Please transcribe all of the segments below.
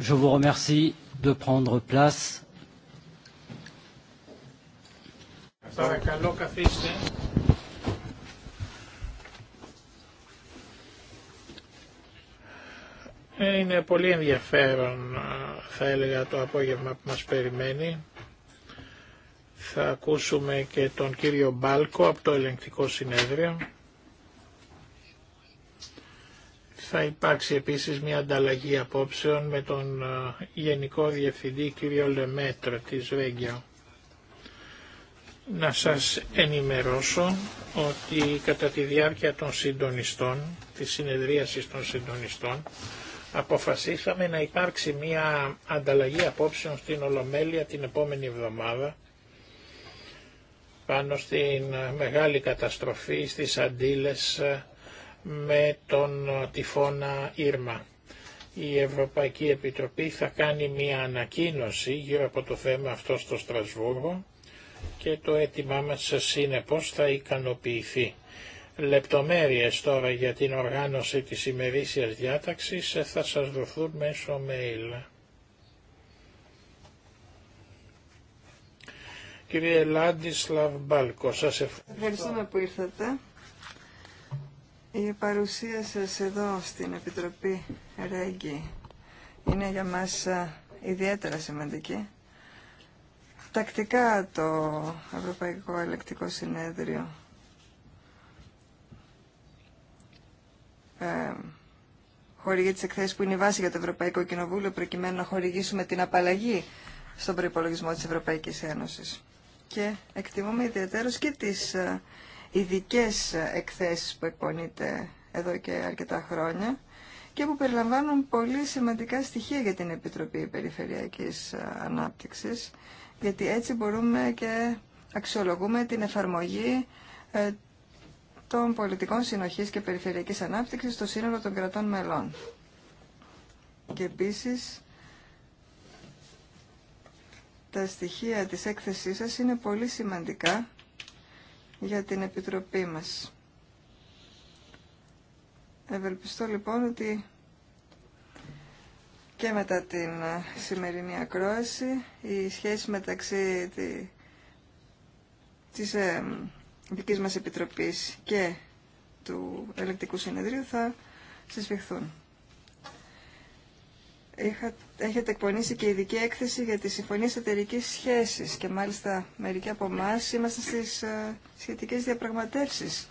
Je de ε, Είναι πολύ ενδιαφέρον ε, θα έλεγα το απόγευμα που μας περιμένει. Θα ακούσουμε και τον κύριο Μπάλκο από το ελεγκτικό συνέδριο. Θα υπάρξει επίσης μια ανταλλαγή απόψεων με τον ε, Γενικό Διευθυντή κ. Λεμέτρ της Βέγγια. Να σας ενημερώσω ότι κατά τη διάρκεια των συντονιστών, της συνεδρίασης των συντονιστών, αποφασίσαμε να υπάρξει μια ανταλλαγή απόψεων στην Ολομέλεια την επόμενη εβδομάδα πάνω στην ε, μεγάλη καταστροφή στις αντίλες ε, με τον τυφώνα Ήρμα. Η Ευρωπαϊκή Επιτροπή θα κάνει μια ανακοίνωση γύρω από το θέμα αυτό στο Στρασβούργο και το αίτημά μας σύνεπως θα ικανοποιηθεί. Λεπτομέρειες τώρα για την οργάνωση της ημερήσιας διάταξης θα σας δοθούν μέσω mail. Κύριε Λάντισλαβ Μπάλκο, σας ευχαριστώ. Ευχαριστούμε που ήρθατε. Η παρουσία σας εδώ στην Επιτροπή Ρέγγι είναι για μας ε, ιδιαίτερα σημαντική. Τακτικά το Ευρωπαϊκό Ελεκτικό Συνέδριο ε, χορηγεί τις εκθέσεις που είναι η βάση για το Ευρωπαϊκό Κοινοβούλιο προκειμένου να χορηγήσουμε την απαλλαγή στον προϋπολογισμό της Ευρωπαϊκής Ένωσης. Και εκτιμούμε ιδιαίτερως και τις ε, ειδικέ εκθέσεις που εκπονείται εδώ και αρκετά χρόνια και που περιλαμβάνουν πολύ σημαντικά στοιχεία για την Επιτροπή Περιφερειακής Ανάπτυξης, γιατί έτσι μπορούμε και αξιολογούμε την εφαρμογή ε, των πολιτικών συνοχής και περιφερειακής ανάπτυξης στο σύνολο των κρατών μελών. Και επίσης, τα στοιχεία της έκθεσής σας είναι πολύ σημαντικά για την Επιτροπή μας. Ευελπιστώ λοιπόν ότι και μετά την ε, σημερινή ακρόαση η σχέση μεταξύ τη, της ε, δικής μας Επιτροπής και του Ελεκτικού Συνεδρίου θα συσφιχθούν έχετε εκπονήσει και ειδική έκθεση για τη Συμφωνία Εταιρικής Σχέσης και μάλιστα μερικοί από εμά είμαστε στις ε, σχετικές διαπραγματεύσεις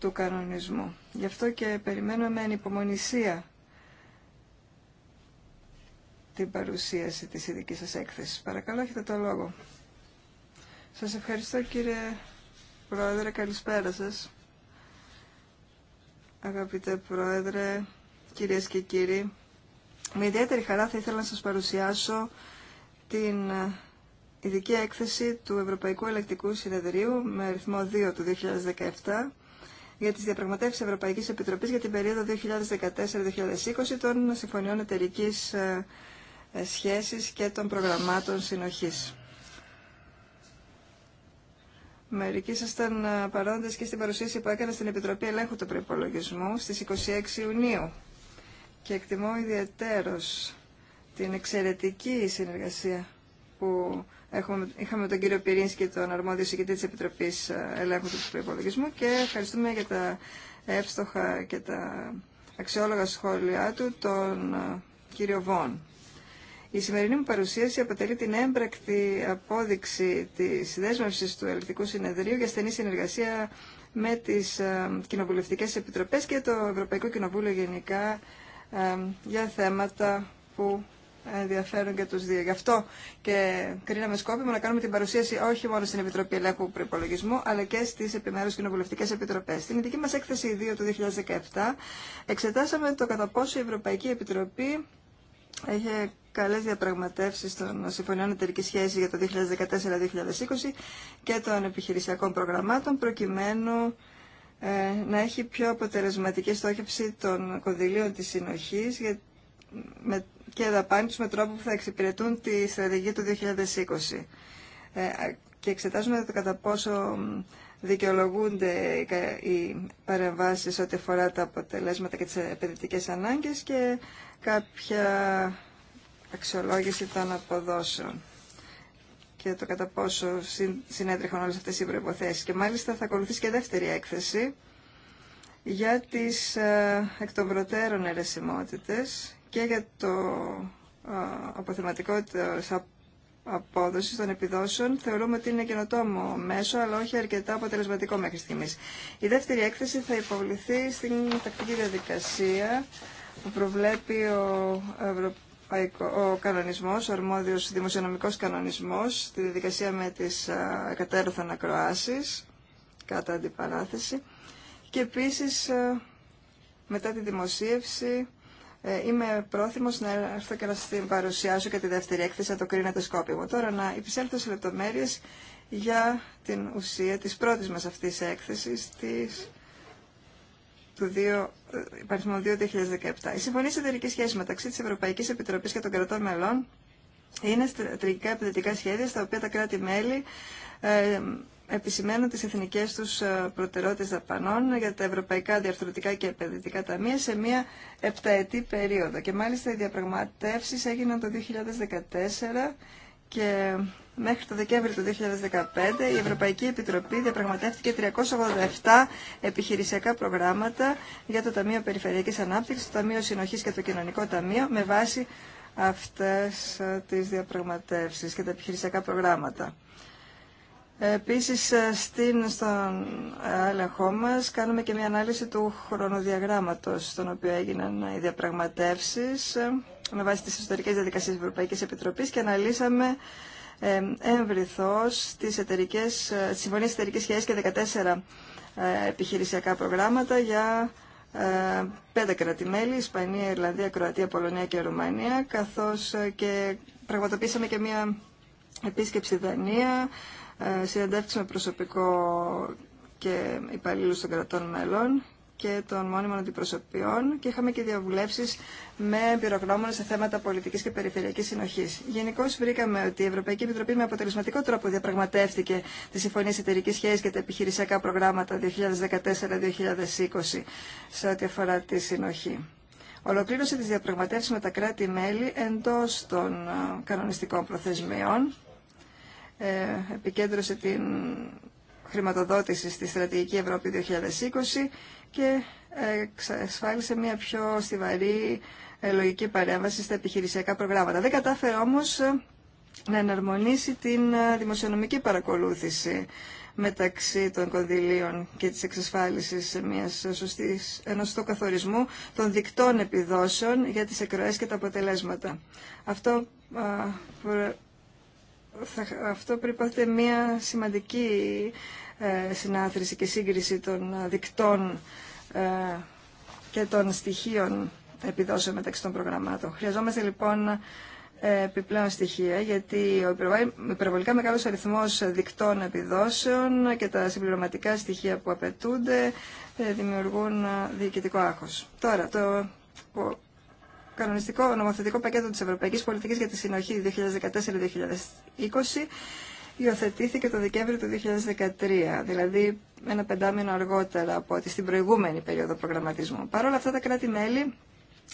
του κανονισμού. Γι' αυτό και περιμένουμε με ανυπομονησία την παρουσίαση της ειδικής σας έκθεσης. Παρακαλώ, έχετε το λόγο. Σας ευχαριστώ κύριε Πρόεδρε, καλησπέρα σας. Αγαπητέ Πρόεδρε, κυρίες και κύριοι, με ιδιαίτερη χαρά θα ήθελα να σας παρουσιάσω την ε, ειδική έκθεση του Ευρωπαϊκού Ελεκτικού Συνεδρίου με αριθμό 2 του 2017 για τις διαπραγματεύσεις Ευρωπαϊκής Επιτροπής για την περίοδο 2014-2020 των συμφωνιών εταιρική ε, ε, σχέσης και των προγραμμάτων συνοχής. Μερικοί ήταν παρόντες και στην παρουσίαση που έκανα στην Επιτροπή Ελέγχου του Προϋπολογισμού στις 26 Ιουνίου και εκτιμώ ιδιαίτερως την εξαιρετική συνεργασία που έχουμε, είχαμε τον κύριο Πυρίνσκι, τον αρμόδιο συγκεκριτή της Επιτροπής ε, Ελέγχου του Προϋπολογισμού και ευχαριστούμε για τα εύστοχα και τα αξιόλογα σχόλιά του τον ε, κύριο Βόν. Η σημερινή μου παρουσίαση αποτελεί την έμπρακτη απόδειξη της δέσμευσης του Ελεκτικού Συνεδρίου για στενή συνεργασία με τις ε, κοινοβουλευτικές επιτροπές και το Ευρωπαϊκό Κοινοβούλιο γενικά για θέματα που ενδιαφέρουν και τους δύο. Γι' αυτό και κρίναμε σκόπιμο να κάνουμε την παρουσίαση όχι μόνο στην Επιτροπή Ελέγχου Προπολογισμού, αλλά και στις επιμέρους κοινοβουλευτικές επιτροπές. Στην ειδική μας έκθεση 2 του 2017 εξετάσαμε το κατά πόσο η Ευρωπαϊκή Επιτροπή έχει καλέ διαπραγματεύσει των συμφωνιών εταιρική σχέση για το 2014-2020 και των επιχειρησιακών προγραμμάτων προκειμένου ε, να έχει πιο αποτελεσματική στόχευση των κονδυλίων της συνοχής και δαπάνη τους με τρόπο που θα εξυπηρετούν τη στρατηγική του 2020. Ε, και εξετάζουμε το κατά πόσο δικαιολογούνται οι παρεμβάσεις ό,τι αφορά τα αποτελέσματα και τις επενδυτικές ανάγκες και κάποια αξιολόγηση των αποδόσεων και το κατά πόσο συνέτρεχαν όλες αυτές οι προϋποθέσεις. Και μάλιστα θα ακολουθήσει και δεύτερη έκθεση για τις ε, εκ των προτέρων και για το ε, αποθεματικό της απόδοση των επιδόσεων θεωρούμε ότι είναι καινοτόμο μέσο, αλλά όχι αρκετά αποτελεσματικό μέχρι στιγμής. Η δεύτερη έκθεση θα υποβληθεί στην τακτική διαδικασία που προβλέπει ο Ευρωπαϊκός ο κανονισμός, ο αρμόδιος δημοσιονομικός κανονισμός, τη διαδικασία με τις κατέρωθαν ακροάσεις, κατά αντιπαράθεση, και επίσης μετά τη δημοσίευση ε, είμαι πρόθυμος να έρθω και να σας την παρουσιάσω και τη δεύτερη έκθεση, να το κρίνετε σκόπιμο. Τώρα να επισέλθω σε λεπτομέρειες για την ουσία της πρώτης μας αυτής έκθεσης, της του 2, 2017. Η Συμφωνία Εταιρική Σχέση μεταξύ τη Ευρωπαϊκή Επιτροπή και των κρατών μελών είναι στρατηγικά επενδυτικά σχέδια στα οποία τα κράτη-μέλη ε, επισημαίνουν τι εθνικέ του ε, προτεραιότητε δαπανών για τα ευρωπαϊκά διαρθρωτικά και επενδυτικά ταμεία σε μία επταετή περίοδο. Και μάλιστα οι διαπραγματεύσει έγιναν το 2014 και μέχρι το Δεκέμβριο του 2015 η Ευρωπαϊκή Επιτροπή διαπραγματεύτηκε 387 επιχειρησιακά προγράμματα για το Ταμείο Περιφερειακής Ανάπτυξης, το Ταμείο Συνοχής και το Κοινωνικό Ταμείο με βάση αυτές ε, τις διαπραγματεύσεις και τα επιχειρησιακά προγράμματα. Επίσης, ε, στην, στον ε, έλεγχό μας κάνουμε και μια ανάλυση του χρονοδιαγράμματος, στον οποίο έγιναν οι διαπραγματεύσεις με βάση τις ιστορικές διαδικασίες Ευρωπαϊκής Επιτροπής και αναλύσαμε ε, εμβριθώς τις, εταιρικές, ε, τις συμφωνίες εταιρικής σχέσης και 14 ε, επιχειρησιακά προγράμματα για ε, πέντε κράτη-μέλη, Ισπανία, Ιρλανδία, Κροατία, Πολωνία και Ρουμανία, καθώς και πραγματοποίησαμε και μια επίσκεψη Δανία, συνεντεύξεις με προσωπικό και υπαλλήλους των κρατών μελών και των μόνιμων αντιπροσωπιών και είχαμε και διαβουλεύσεις με εμπειρογνώμονες σε θέματα πολιτικής και περιφερειακής συνοχής. Γενικώ βρήκαμε ότι η Ευρωπαϊκή Επιτροπή με αποτελεσματικό τρόπο διαπραγματεύτηκε τη Συμφωνία εταιρική σχέση και τα επιχειρησιακά προγράμματα 2014-2020 σε ό,τι αφορά τη συνοχή. Ολοκλήρωσε τις διαπραγματεύσεις με τα κράτη-μέλη εντός των κανονιστικών προθεσμιών. Ε, επικέντρωσε την χρηματοδότηση στη Στρατηγική Ευρώπη 2020 και ε, εξασφάλισε μια πιο στιβαρή ε, λογική παρέμβαση στα επιχειρησιακά προγράμματα. Δεν κατάφερε όμως ε, να εναρμονίσει την δημοσιονομική παρακολούθηση μεταξύ των κονδυλίων και της εξασφάλισης μιας σωστής καθορισμού των δικτών επιδόσεων για τις εκροές και τα αποτελέσματα. Αυτό, αυτό είναι μια σημαντική συνάθρηση και σύγκριση των δικτών ε, και των στοιχείων επιδόσεων μεταξύ των προγραμμάτων. Χρειαζόμαστε λοιπόν ε, επιπλέον στοιχεία, γιατί ο υπερβολικά μεγάλο αριθμό δικτών επιδόσεων και τα συμπληρωματικά στοιχεία που απαιτούνται ε, δημιουργούν διοικητικό άγχο. Τώρα, το κανονιστικό νομοθετικό πακέτο τη Ευρωπαϊκή Πολιτική για τη Συνοχή 2014-2020 υιοθετήθηκε το Δεκέμβριο του 2013, δηλαδή ένα πεντάμινο αργότερα από ότι στην προηγούμενη περίοδο προγραμματισμού. Παρ' όλα αυτά τα κράτη-μέλη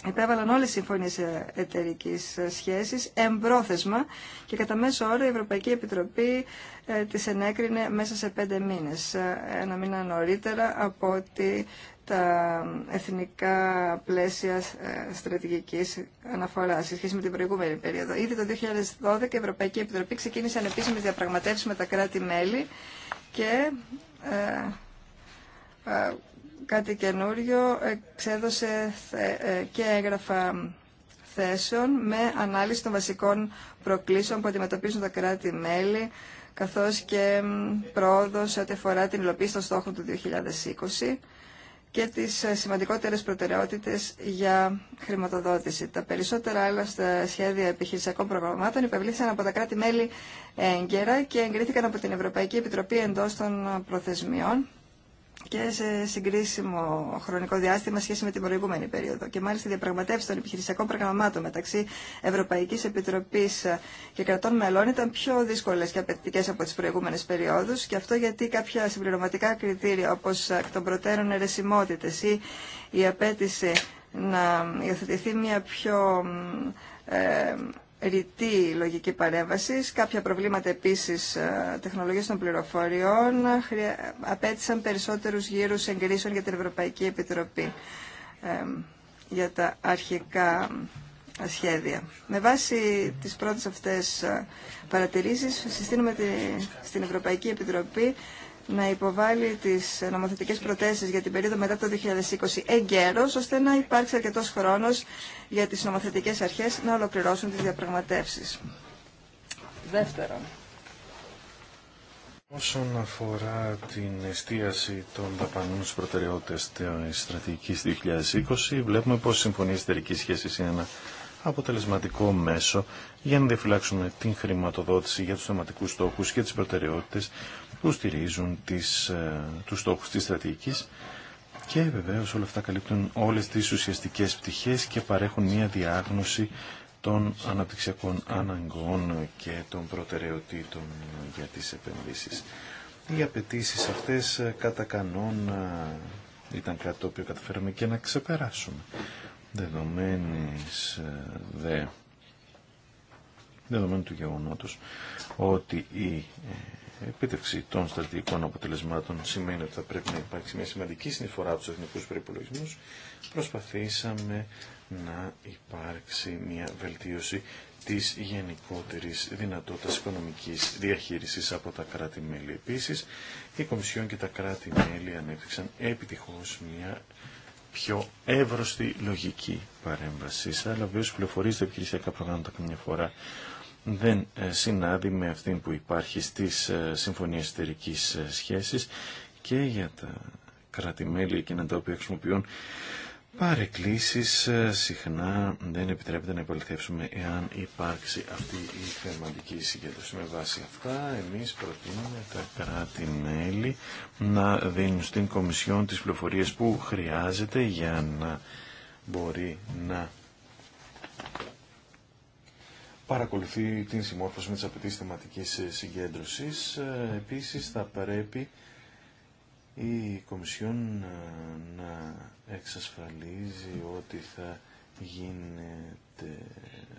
επέβαλαν όλες οι συμφωνίε εταιρική σχέσης εμπρόθεσμα και κατά μέσο όρο η Ευρωπαϊκή Επιτροπή ε, τι ενέκρινε μέσα σε πέντε μήνες, ε, ένα μήνα νωρίτερα από ότι τα εθνικά πλαίσια ε, στρατηγικής αναφοράς σε σχέση με την προηγούμενη περίοδο. Ήδη το 2012 η Ευρωπαϊκή Επιτροπή ξεκίνησε ανεπίσημες διαπραγματεύσεις με τα κράτη-μέλη και ε, ε κάτι καινούριο εξέδωσε ε, και έγραφα θέσεων με ανάλυση των βασικών προκλήσεων που αντιμετωπίζουν τα κράτη-μέλη καθώς και πρόοδο σε ό,τι αφορά την υλοποίηση των στόχων του 2020 και τις ε, σημαντικότερες προτεραιότητες για χρηματοδότηση. Τα περισσότερα άλλα στα σχέδια επιχειρησιακών προγραμμάτων υπευλήθησαν από τα κράτη-μέλη έγκαιρα και εγκρίθηκαν από την Ευρωπαϊκή Επιτροπή εντός των προθεσμιών και σε συγκρίσιμο χρονικό διάστημα σχέση με την προηγούμενη περίοδο. Και μάλιστα διαπραγματεύσει των επιχειρησιακών προγραμμάτων μεταξύ Ευρωπαϊκή Επιτροπή και κρατών μελών ήταν πιο δύσκολε και απαιτητικέ από τι προηγούμενε περιόδου. Και αυτό γιατί κάποια συμπληρωματικά κριτήρια όπω των προτέρων ερεσιμότητε ή η απέτηση να υιοθετηθεί μια πιο ε, ρητή λογική παρέμβαση. Κάποια προβλήματα επίση ε, τεχνολογίας των πληροφοριών απέτησαν περισσότερου γύρου εγκρίσεων για την Ευρωπαϊκή Επιτροπή για τα αρχικά ε, σχέδια. Με βάση τις πρώτες αυτές ε, παρατηρήσεις συστήνουμε στην Ευρωπαϊκή Επιτροπή να υποβάλει τις νομοθετικές προτέσεις για την περίοδο μετά το 2020 εγκαίρως, ώστε να υπάρξει αρκετός χρόνος για τις νομοθετικές αρχές να ολοκληρώσουν τις διαπραγματεύσεις. Δεύτερον. Όσον αφορά την εστίαση των δαπανών στους προτεραιότητες της στρατηγικής 2020, βλέπουμε πως η Συμφωνία Εσωτερικής Σχέσης είναι ένα αποτελεσματικό μέσο για να διαφυλάξουμε την χρηματοδότηση για τους θεματικούς στόχους και τις προτεραιότητες που στηρίζουν τις, ε, τους στόχους της στρατηγικής και βεβαίως όλα αυτά καλύπτουν όλες τις ουσιαστικές πτυχές και παρέχουν μια διάγνωση των αναπτυξιακών αναγκών και των προτεραιοτήτων για τις επενδύσεις. Οι απαιτήσει αυτές ε, κατά κανόν ε, ήταν κάτι το οποίο καταφέραμε και να ξεπεράσουμε. Δεδομένης δε, δεδομένου του γεγονότος ότι η επίτευξη των στρατηγικών αποτελεσμάτων σημαίνει ότι θα πρέπει να υπάρξει μια σημαντική συνεισφορά από του εθνικού προπολογισμού. Προσπαθήσαμε να υπάρξει μια βελτίωση της γενικότερης δυνατότητας οικονομικής διαχείρισης από τα κράτη-μέλη. Επίσης, η Κομισιόν και τα κράτη-μέλη ανέπτυξαν επιτυχώς μια πιο εύρωστη λογική παρέμβαση. Αλλά βέβαια οι πληροφορίε τα επιχειρησιακά προγράμματα καμιά φορά δεν ε, συνάδει με αυτήν που υπάρχει στις ε, συμφωνίες εταιρική ε, σχέσης και για τα κράτη-μέλη εκείνα τα οποία χρησιμοποιούν παρεκκλήσεις συχνά δεν επιτρέπεται να υποληθεύσουμε εάν υπάρξει αυτή η θεματική συγκέντρωση. Με βάση αυτά εμείς προτείνουμε τα κρατη να δίνουν στην Κομισιόν τις πληροφορίες που χρειάζεται για να μπορεί να παρακολουθεί την συμμόρφωση με τις απαιτήσεις θεματικής ε, συγκέντρωσης. Ε, επίσης θα πρέπει η Κομισιόν ε, να εξασφαλίζει ότι θα γίνεται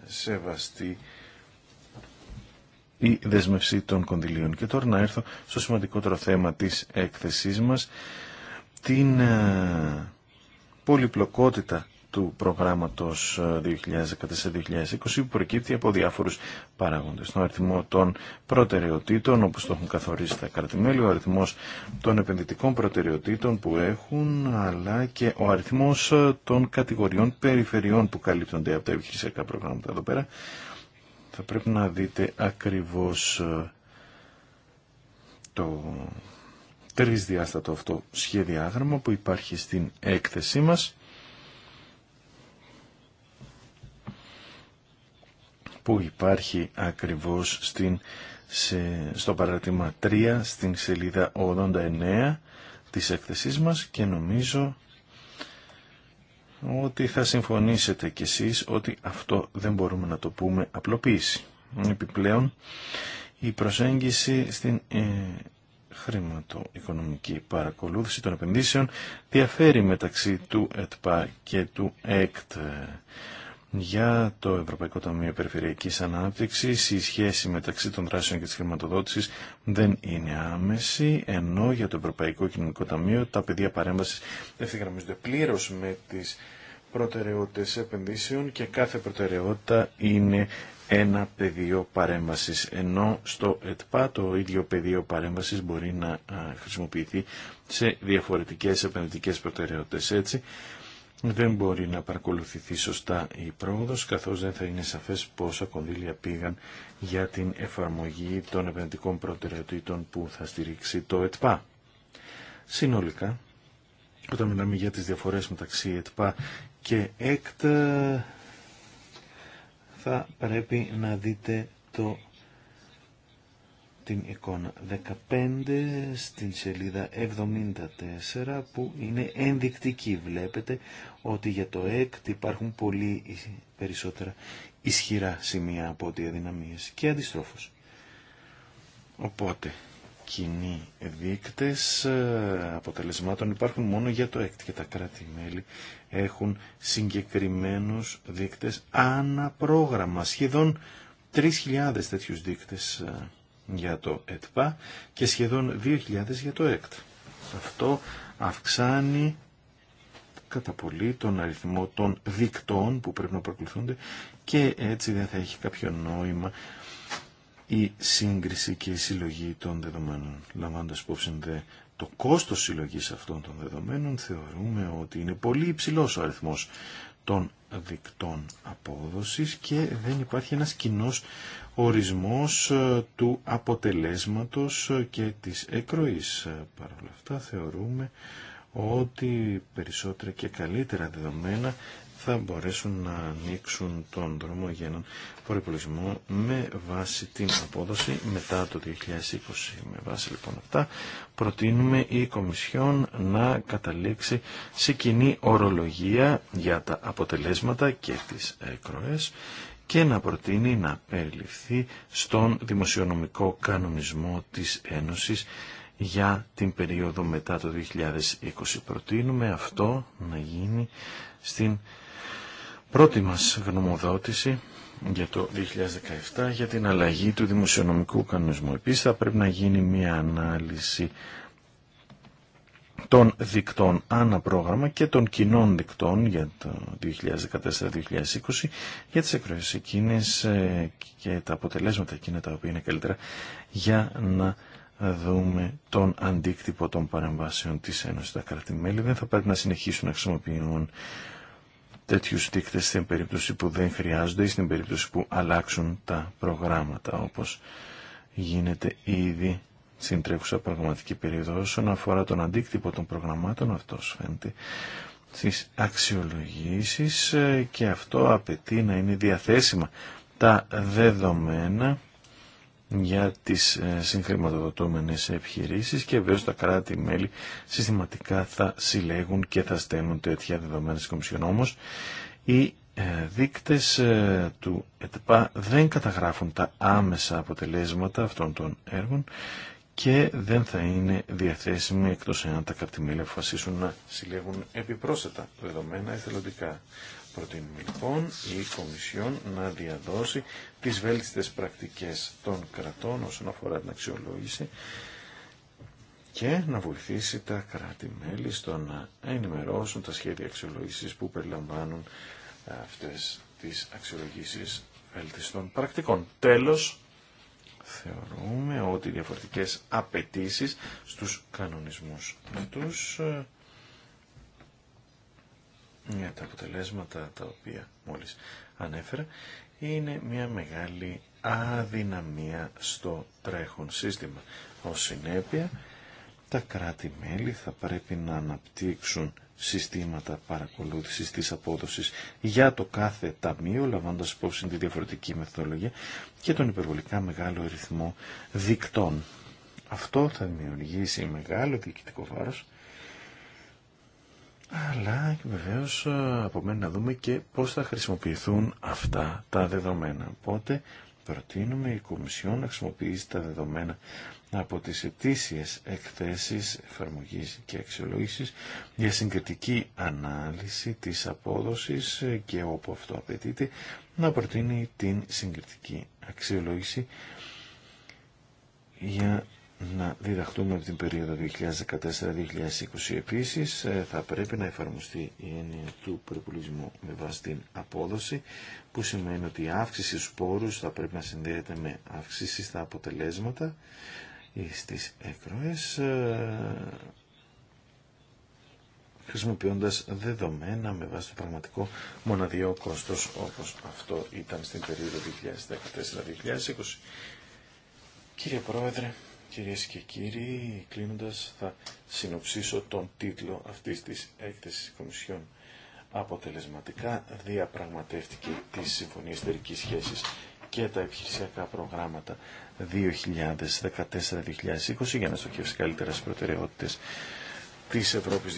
σεβαστή η δεσμευσή των κονδυλίων. Και τώρα να έρθω στο σημαντικότερο θέμα της έκθεσής μας, την πολυπλοκότητα του προγράμματος 2014-2020 ε, που προκύπτει από διάφορους παράγοντες. Τον αριθμό των προτεραιοτήτων όπως το έχουν καθορίσει τα κρατημέλη, ο αριθμός των επενδυτικών προτεραιοτήτων που έχουν αλλά και ο αριθμός ε, των κατηγοριών περιφερειών που καλύπτονται από τα επιχειρησιακά προγράμματα εδώ πέρα. Θα πρέπει να δείτε ακριβώς ε, το τρισδιάστατο αυτό σχεδιάγραμμα που υπάρχει στην έκθεσή μας που υπάρχει ακριβώς στην, στο παρατήμα 3 στην σελίδα 89 της έκθεσής μας και νομίζω ότι θα συμφωνήσετε κι εσείς ότι αυτό δεν μπορούμε να το πούμε απλοποίηση. Επιπλέον, η προσέγγιση στην ε, χρηματοοικονομική παρακολούθηση των επενδύσεων διαφέρει μεταξύ του ΕΤΠΑ και του ΕΚΤ για το Ευρωπαϊκό Ταμείο Περιφερειακής Ανάπτυξης η σχέση μεταξύ των δράσεων και της χρηματοδότησης δεν είναι άμεση, ενώ για το Ευρωπαϊκό Κοινωνικό Ταμείο τα πεδία παρέμβασης ευθυγραμμίζονται πλήρω με τις προτεραιότητες επενδύσεων και κάθε προτεραιότητα είναι ένα πεδίο παρέμβασης, ενώ στο ΕΤΠΑ το ίδιο πεδίο παρέμβασης μπορεί να χρησιμοποιηθεί σε διαφορετικές επενδυτικές προτεραιότητες. Έτσι, δεν μπορεί να παρακολουθηθεί σωστά η πρόοδος, καθώς δεν θα είναι σαφές πόσα κονδύλια πήγαν για την εφαρμογή των επενδυτικών προτεραιοτήτων που θα στηρίξει το ΕΤΠΑ. Συνολικά, όταν μιλάμε για τις διαφορές μεταξύ ΕΤΠΑ και ΕΚΤ, θα πρέπει να δείτε το την εικόνα 15 στην σελίδα 74 που είναι ενδεικτική. Βλέπετε ότι για το ΕΚΤ υπάρχουν πολύ περισσότερα ισχυρά σημεία από ό,τι αδυναμίες και αντιστρόφως. Οπότε, κοινοί δείκτες ε, αποτελεσμάτων υπάρχουν μόνο για το ΕΚΤ και τα κράτη-μέλη έχουν συγκεκριμένους δείκτες αναπρόγραμμα, σχεδόν 3.000 τέτοιους δείκτες ε, για το ΕΤΠΑ και σχεδόν 2.000 για το ΕΚΤ. Αυτό αυξάνει κατά πολύ τον αριθμό των δικτών που πρέπει να προκληθούνται και έτσι δεν θα έχει κάποιο νόημα η σύγκριση και η συλλογή των δεδομένων. Λαμβάνοντας υπόψη δε το κόστος συλλογής αυτών των δεδομένων θεωρούμε ότι είναι πολύ υψηλός ο αριθμός των δικτών απόδοσης και δεν υπάρχει ένας κοινός ορισμός ε, του αποτελέσματος και της εκροής. Παρ' όλα αυτά θεωρούμε ότι περισσότερα και καλύτερα δεδομένα θα μπορέσουν να ανοίξουν τον δρόμο για έναν με βάση την απόδοση μετά το 2020. Με βάση λοιπόν αυτά προτείνουμε η Κομισιόν να καταλήξει σε κοινή ορολογία για τα αποτελέσματα και τις εκροές και να προτείνει να περιληφθεί στον δημοσιονομικό κανονισμό της Ένωσης για την περίοδο μετά το 2020. Προτείνουμε αυτό να γίνει στην πρώτη μας γνωμοδότηση για το 2017 για την αλλαγή του δημοσιονομικού κανονισμού. Επίσης θα πρέπει να γίνει μια ανάλυση των δικτών ανά πρόγραμμα και των κοινών δικτών για το 2014-2020 για τις εκλογέ εκείνες ε, και τα αποτελέσματα εκείνα τα οποία είναι καλύτερα για να δούμε τον αντίκτυπο των παρεμβάσεων της Ένωσης. Τα κρατημέλη δεν θα πρέπει να συνεχίσουν να χρησιμοποιούν τέτοιους δείκτες στην περίπτωση που δεν χρειάζονται ή στην περίπτωση που αλλάξουν τα προγράμματα όπως γίνεται ήδη στην πραγματική περίοδο. Όσον αφορά τον αντίκτυπο των προγραμμάτων, αυτός φαίνεται στις αξιολογήσεις ε, και αυτό απαιτεί να είναι διαθέσιμα τα δεδομένα για τις ε, συγχρηματοδοτούμενες επιχειρήσεις και βέβαια τα κράτη-μέλη συστηματικά θα συλλέγουν και θα στέλνουν τέτοια δεδομένα στις Κομισιόν. Όμως, οι ε, δείκτες του ΕΤΠΑ δεν καταγράφουν τα άμεσα αποτελέσματα αυτών των έργων και δεν θα είναι διαθέσιμη εκτός εάν τα κρατημέλη αποφασίσουν να συλλέγουν επιπρόσθετα δεδομένα εθελοντικά. Προτείνουμε λοιπόν η Κομισιόν να διαδώσει τις βέλτιστες πρακτικές των κρατών όσον αφορά την αξιολόγηση και να βοηθήσει τα κράτη-μέλη στο να ενημερώσουν τα σχέδια αξιολόγησης που περιλαμβάνουν αυτές τις αξιολογήσεις βέλτιστων πρακτικών. Τέλος, θεωρούμε ότι διαφορετικές απαιτήσει στους κανονισμούς τους ε, για τα αποτελέσματα τα οποία μόλις ανέφερα είναι μια μεγάλη αδυναμία στο τρέχον σύστημα. Ως συνέπεια, τα κράτη-μέλη θα πρέπει να αναπτύξουν συστήματα παρακολούθησης της απόδοσης για το κάθε ταμείο, λαμβάνοντας υπόψη τη διαφορετική μεθοδολογία και τον υπερβολικά μεγάλο ρυθμό δικτών. Αυτό θα δημιουργήσει μεγάλο διοικητικό βάρος, αλλά βεβαίως ε, απομένει να δούμε και πώς θα χρησιμοποιηθούν αυτά τα δεδομένα. Οπότε Προτείνουμε η Κομισιόν να χρησιμοποιήσει τα δεδομένα από τις ετήσιες εκθέσεις εφαρμογής και αξιολόγησης για συγκριτική ανάλυση της απόδοσης και όπου αυτό απαιτείται να προτείνει την συγκριτική αξιολόγηση για να διδαχτούμε από την περίοδο 2014-2020 επίσης ε, θα πρέπει να εφαρμοστεί η έννοια του προπολισμού με βάση την απόδοση που σημαίνει ότι η αύξηση στους θα πρέπει να συνδέεται με αύξηση στα αποτελέσματα ή ε, στις εκροές ε, χρησιμοποιώντας δεδομένα με βάση το πραγματικό μοναδιό κόστος όπως αυτό ήταν στην περίοδο 2014-2020. Κύριε Πρόεδρε, Κυρίες και κύριοι, κλείνοντας θα συνοψίσω τον τίτλο αυτής της έκθεσης Κομισιόν. Αποτελεσματικά διαπραγματεύτηκε τη Συμφωνία Τερικής Σχέσης και τα επιχειρησιακά προγράμματα 2014-2020 για να στοχεύσει καλύτερα στις προτεραιότητες της Ευρώπης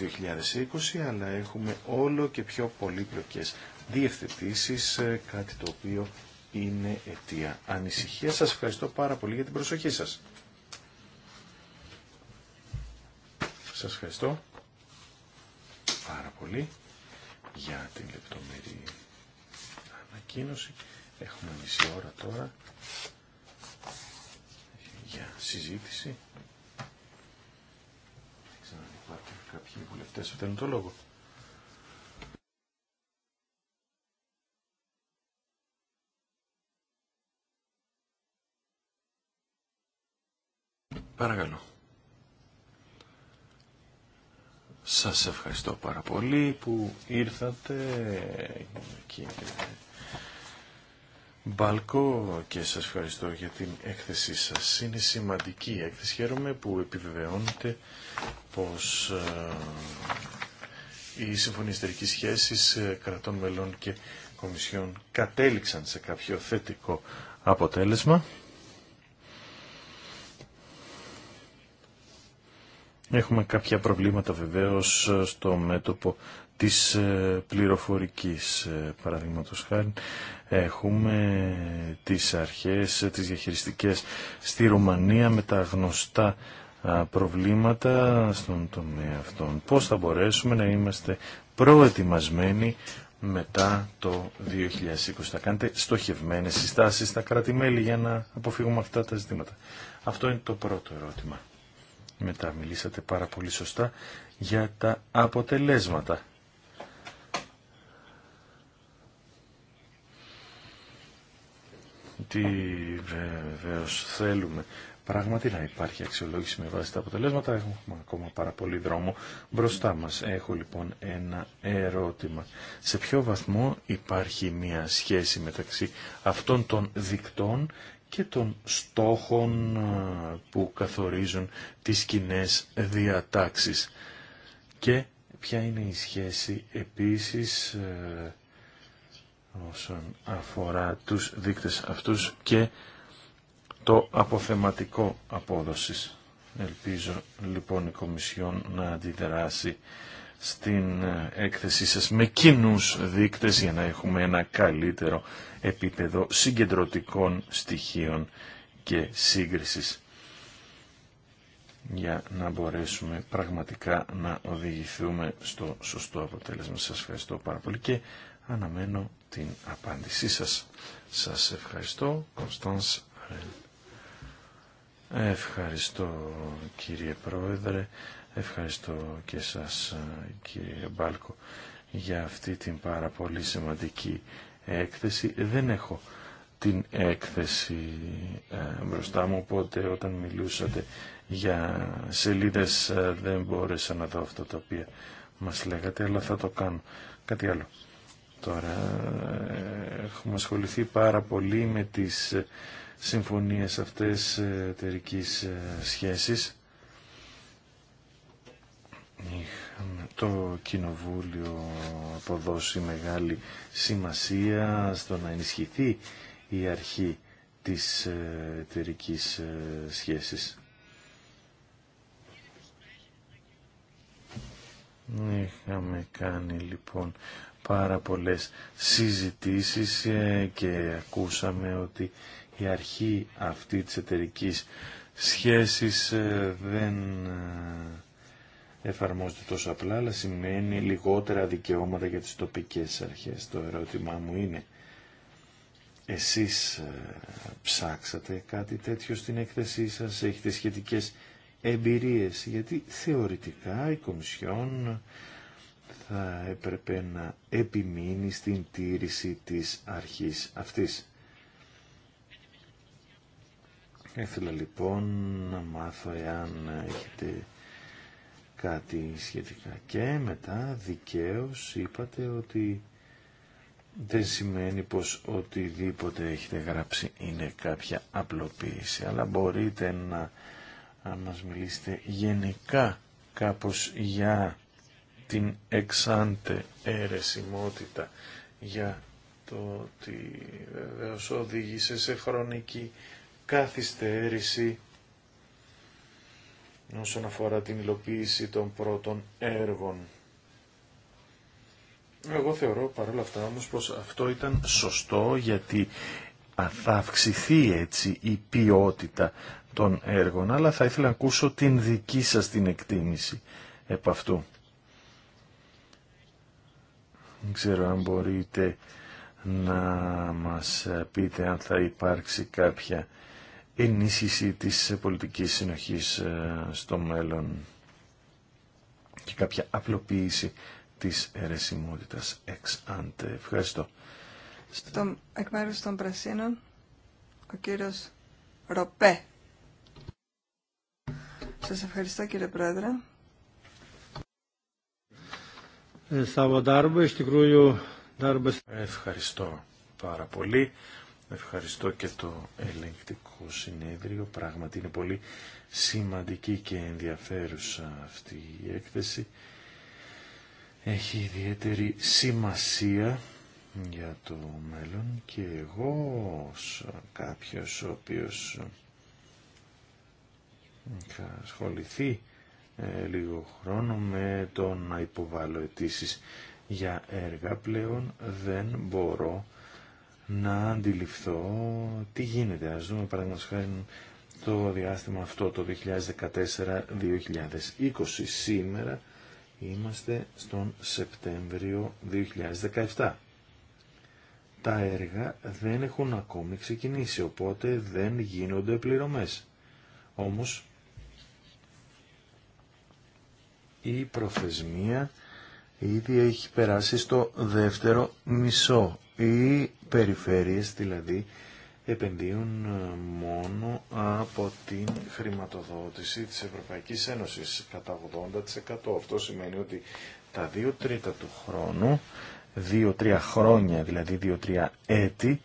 2020, αλλά έχουμε όλο και πιο πολύπλοκες διευθετήσεις, ε, κάτι το οποίο είναι αιτία ανησυχία. Σας ευχαριστώ πάρα πολύ για την προσοχή σας. Σας ευχαριστώ πάρα πολύ για την λεπτομερή ανακοίνωση. Έχουμε μισή ώρα τώρα για συζήτηση. Δεν ξέρω αν υπάρχουν κάποιοι βουλευτές που θέλουν το λόγο. Παρακαλώ. Σας ευχαριστώ πάρα πολύ που ήρθατε κύριε Μπάλκο και σας ευχαριστώ για την έκθεσή σας. Είναι σημαντική η έκθεση. Χαίρομαι που επιβεβαιώνεται πως ε, οι συμφωνίες σχέσεις ε, κρατών μελών και κομισιών κατέληξαν σε κάποιο θετικό αποτέλεσμα. Έχουμε κάποια προβλήματα βεβαίως ε, στο μέτωπο της ε, πληροφορικής ε, παραδείγματος χάρη. Έχουμε τις αρχές, τις διαχειριστικές στη Ρουμανία με τα γνωστά προβλήματα στον τομέα αυτών. Πώς θα μπορέσουμε να είμαστε προετοιμασμένοι μετά το 2020. Θα κάνετε στοχευμένες συστάσεις στα κράτη-μέλη για να αποφύγουμε αυτά τα ζητήματα. Αυτό είναι το πρώτο ερώτημα μετά μιλήσατε πάρα πολύ σωστά για τα αποτελέσματα. Τι βεβαίω θέλουμε πράγματι να υπάρχει αξιολόγηση με βάση τα αποτελέσματα. Έχουμε ακόμα πάρα πολύ δρόμο μπροστά μας. Έχω λοιπόν ένα ερώτημα. Σε ποιο βαθμό υπάρχει μια σχέση μεταξύ αυτών των δικτών και των στόχων ε, που καθορίζουν τις κοινέ διατάξεις. Και ποια είναι η σχέση επίσης ε, όσον αφορά τους δείκτες αυτούς και το αποθεματικό απόδοσης. Ελπίζω λοιπόν η Κομισιόν να αντιδράσει στην ε, έκθεσή σας με κοινού δείκτες για να έχουμε ένα καλύτερο επίπεδο συγκεντρωτικών στοιχείων και σύγκρισης για να μπορέσουμε πραγματικά να οδηγηθούμε στο σωστό αποτέλεσμα. Σας ευχαριστώ πάρα πολύ και αναμένω την απάντησή σας. Σας ευχαριστώ, Κωνσταντς Ευχαριστώ κύριε Πρόεδρε. Ευχαριστώ και σας ε, κύριε Μπάλκο για αυτή την πάρα πολύ σημαντική έκθεση. Δεν έχω την έκθεση ε, μπροστά μου, οπότε όταν μιλούσατε για σελίδες ε, δεν μπόρεσα να δω αυτό το οποίο μας λέγατε, αλλά θα το κάνω. Κάτι άλλο. Τώρα έχουμε ασχοληθεί πάρα πολύ με τις συμφωνίες αυτές εταιρικής σχέσης το Κοινοβούλιο αποδώσει μεγάλη σημασία στο να ενισχυθεί η αρχή της ε, εταιρική ε, σχέσης. Είχαμε κάνει λοιπόν πάρα πολλές συζητήσεις ε, και ακούσαμε ότι η αρχή αυτή της εταιρική σχέσης δεν εφαρμόζεται τόσο απλά, αλλά σημαίνει λιγότερα δικαιώματα για τις τοπικές αρχές. Το ερώτημά μου είναι, εσείς ε, ψάξατε κάτι τέτοιο στην έκθεσή σας, έχετε σχετικές εμπειρίες, γιατί θεωρητικά η Κομισιόν θα έπρεπε να επιμείνει στην τήρηση της αρχής αυτής. Ήθελα λοιπόν να μάθω εάν έχετε κάτι σχετικά. Και μετά δικαίως είπατε ότι δεν σημαίνει πως οτιδήποτε έχετε γράψει είναι κάποια απλοποίηση, αλλά μπορείτε να, να μας μιλήσετε γενικά κάπως για την εξάντε αιρεσιμότητα, για το ότι βεβαίως οδήγησε σε χρονική καθυστέρηση όσον αφορά την υλοποίηση των πρώτων έργων. Εγώ θεωρώ παρόλα αυτά όμως πως αυτό ήταν σωστό γιατί θα αυξηθεί έτσι η ποιότητα των έργων, αλλά θα ήθελα να ακούσω την δική σας την εκτίμηση επ' αυτού. Δεν ξέρω αν μπορείτε να μας πείτε αν θα υπάρξει κάποια ενίσχυση της πολιτικής συνοχής ε, στο μέλλον και κάποια απλοποίηση της αιρεσιμότητας εξ άντε. Ευχαριστώ. Στο, εκ μέρους των Πρασίνων, ο κύριος Ροπέ. Σας ευχαριστώ κύριε Πρόεδρε. Ε, ευχαριστώ πάρα πολύ. Ευχαριστώ και το ελεγκτικό συνέδριο. Πράγματι είναι πολύ σημαντική και ενδιαφέρουσα αυτή η έκθεση. Έχει ιδιαίτερη σημασία για το μέλλον και εγώ ως κάποιος ο οποίος θα ασχοληθεί ε, λίγο χρόνο με το να υποβάλω αιτήσει για έργα πλέον δεν μπορώ να αντιληφθώ τι γίνεται. Ας δούμε παραδείγματος χάρη το διάστημα αυτό το 2014-2020. Σήμερα είμαστε στον Σεπτέμβριο 2017. Τα έργα δεν έχουν ακόμη ξεκινήσει, οπότε δεν γίνονται πληρωμές. Όμως, η προθεσμία ήδη έχει περάσει στο δεύτερο μισό οι περιφέρειες δηλαδή επενδύουν ε, μόνο από την χρηματοδότηση της Ευρωπαϊκής Ένωσης κατά 80%. Αυτό σημαίνει ότι τα 2 τρίτα του χρόνου, 2-3 χρόνια δηλαδή 2-3 έτη,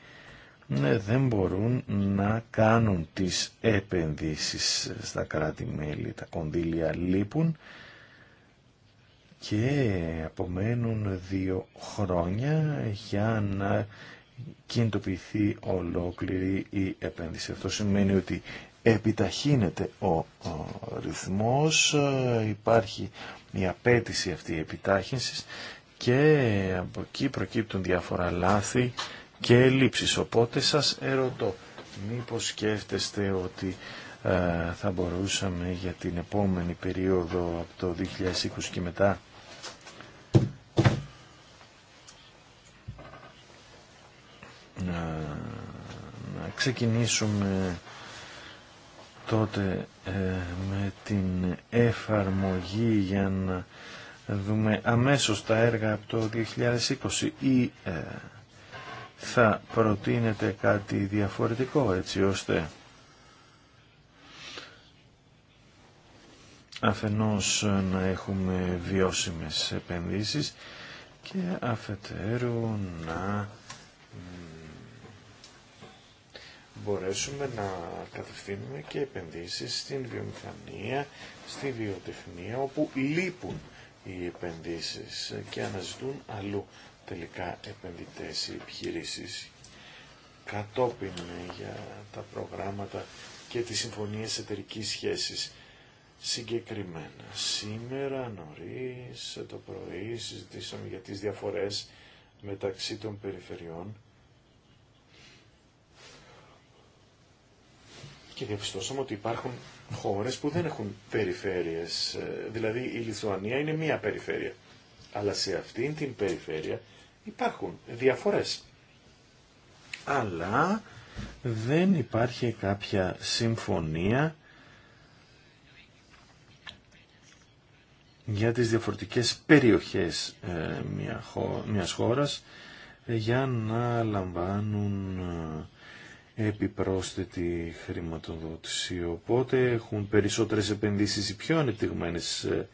ναι, δεν μπορούν να κάνουν τις επενδύσεις στα κράτη-μέλη. Τα κονδύλια λείπουν και απομένουν δύο χρόνια για να κινητοποιηθεί ολόκληρη η επένδυση. Αυτό σημαίνει ότι επιταχύνεται ο, ρυθμός, υπάρχει η απέτηση αυτή επιτάχυνσης και από εκεί προκύπτουν διάφορα λάθη και ελλείψεις. Οπότε σας ερωτώ, μήπως σκέφτεστε ότι ε, θα μπορούσαμε για την επόμενη περίοδο από το 2020 και μετά να ξεκινήσουμε τότε ε, με την εφαρμογή για να δούμε αμέσως τα έργα από το 2020 ή ε, θα προτείνετε κάτι διαφορετικό έτσι ώστε αφενός να έχουμε βιώσιμες επενδύσεις και αφετέρου να μπορέσουμε να κατευθύνουμε και επενδύσεις στην βιομηχανία, στη βιοτεχνία, όπου λείπουν οι επενδύσεις και αναζητούν αλλού τελικά επενδυτές ή επιχειρήσεις. Κατόπιν για τα προγράμματα και τις συμφωνίες εταιρικής σχέσης. Συγκεκριμένα, σήμερα νωρίς το πρωί συζητήσαμε για τις διαφορές μεταξύ των περιφερειών και διαπιστώσαμε ότι υπάρχουν χώρες που δεν έχουν περιφέρειες. Ε, δηλαδή η Λιθουανία είναι μία περιφέρεια. Αλλά σε αυτήν την περιφέρεια υπάρχουν διαφορές. Αλλά δεν υπάρχει κάποια συμφωνία για τις διαφορετικές περιοχές ε, μιας χώρας ε, για να λαμβάνουν επιπρόσθετη χρηματοδότηση. Οπότε έχουν περισσότερες επενδύσεις οι πιο ανεπτυγμένες ε,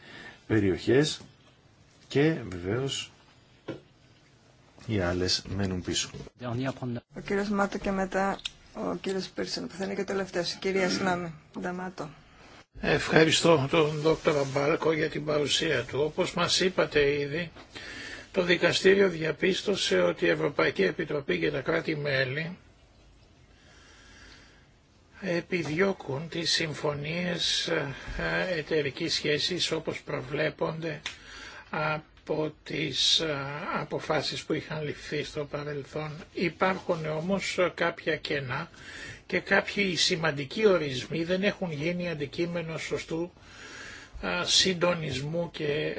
περιοχές και βεβαίως οι άλλες μένουν πίσω. Ο κύριος Μάτο και μετά ο κύριος Πίρσεν που θα είναι και τελευταίος. κυρία Ευχαριστώ τον δόκτωρα Μπάρκο για την παρουσία του. Όπως μας είπατε ήδη, το δικαστήριο διαπίστωσε ότι η Ευρωπαϊκή Επιτροπή για τα κράτη-μέλη επιδιώκουν τις συμφωνίες ε, εταιρικής σχέσης όπως προβλέπονται από τις ε, αποφάσεις που είχαν ληφθεί στο παρελθόν. Υπάρχουν όμως κάποια κενά και κάποιοι σημαντικοί ορισμοί δεν έχουν γίνει αντικείμενο σωστού ε, συντονισμού και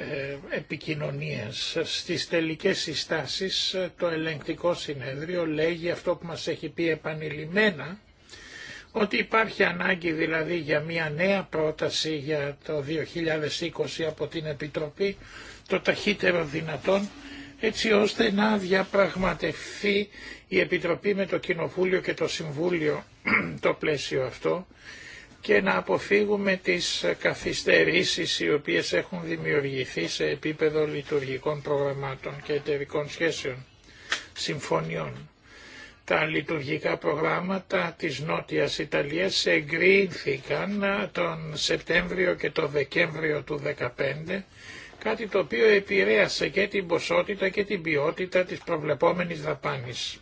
επικοινωνίας. Στις τελικές συστάσεις το ελεγκτικό συνέδριο λέγει αυτό που μας έχει πει επανειλημμένα ότι υπάρχει ανάγκη δηλαδή για μια νέα πρόταση για το 2020 από την Επιτροπή το ταχύτερο δυνατόν έτσι ώστε να διαπραγματευθεί η Επιτροπή με το Κοινοβούλιο και το Συμβούλιο το πλαίσιο αυτό και να αποφύγουμε τις καθυστερήσεις οι οποίες έχουν δημιουργηθεί σε επίπεδο λειτουργικών προγραμμάτων και εταιρικών σχέσεων, συμφωνιών τα λειτουργικά προγράμματα της Νότιας Ιταλίας εγκρίνθηκαν ε, τον Σεπτέμβριο και τον Δεκέμβριο του 2015, κάτι το οποίο επηρέασε και την ποσότητα και την ποιότητα της προβλεπόμενης δαπάνης.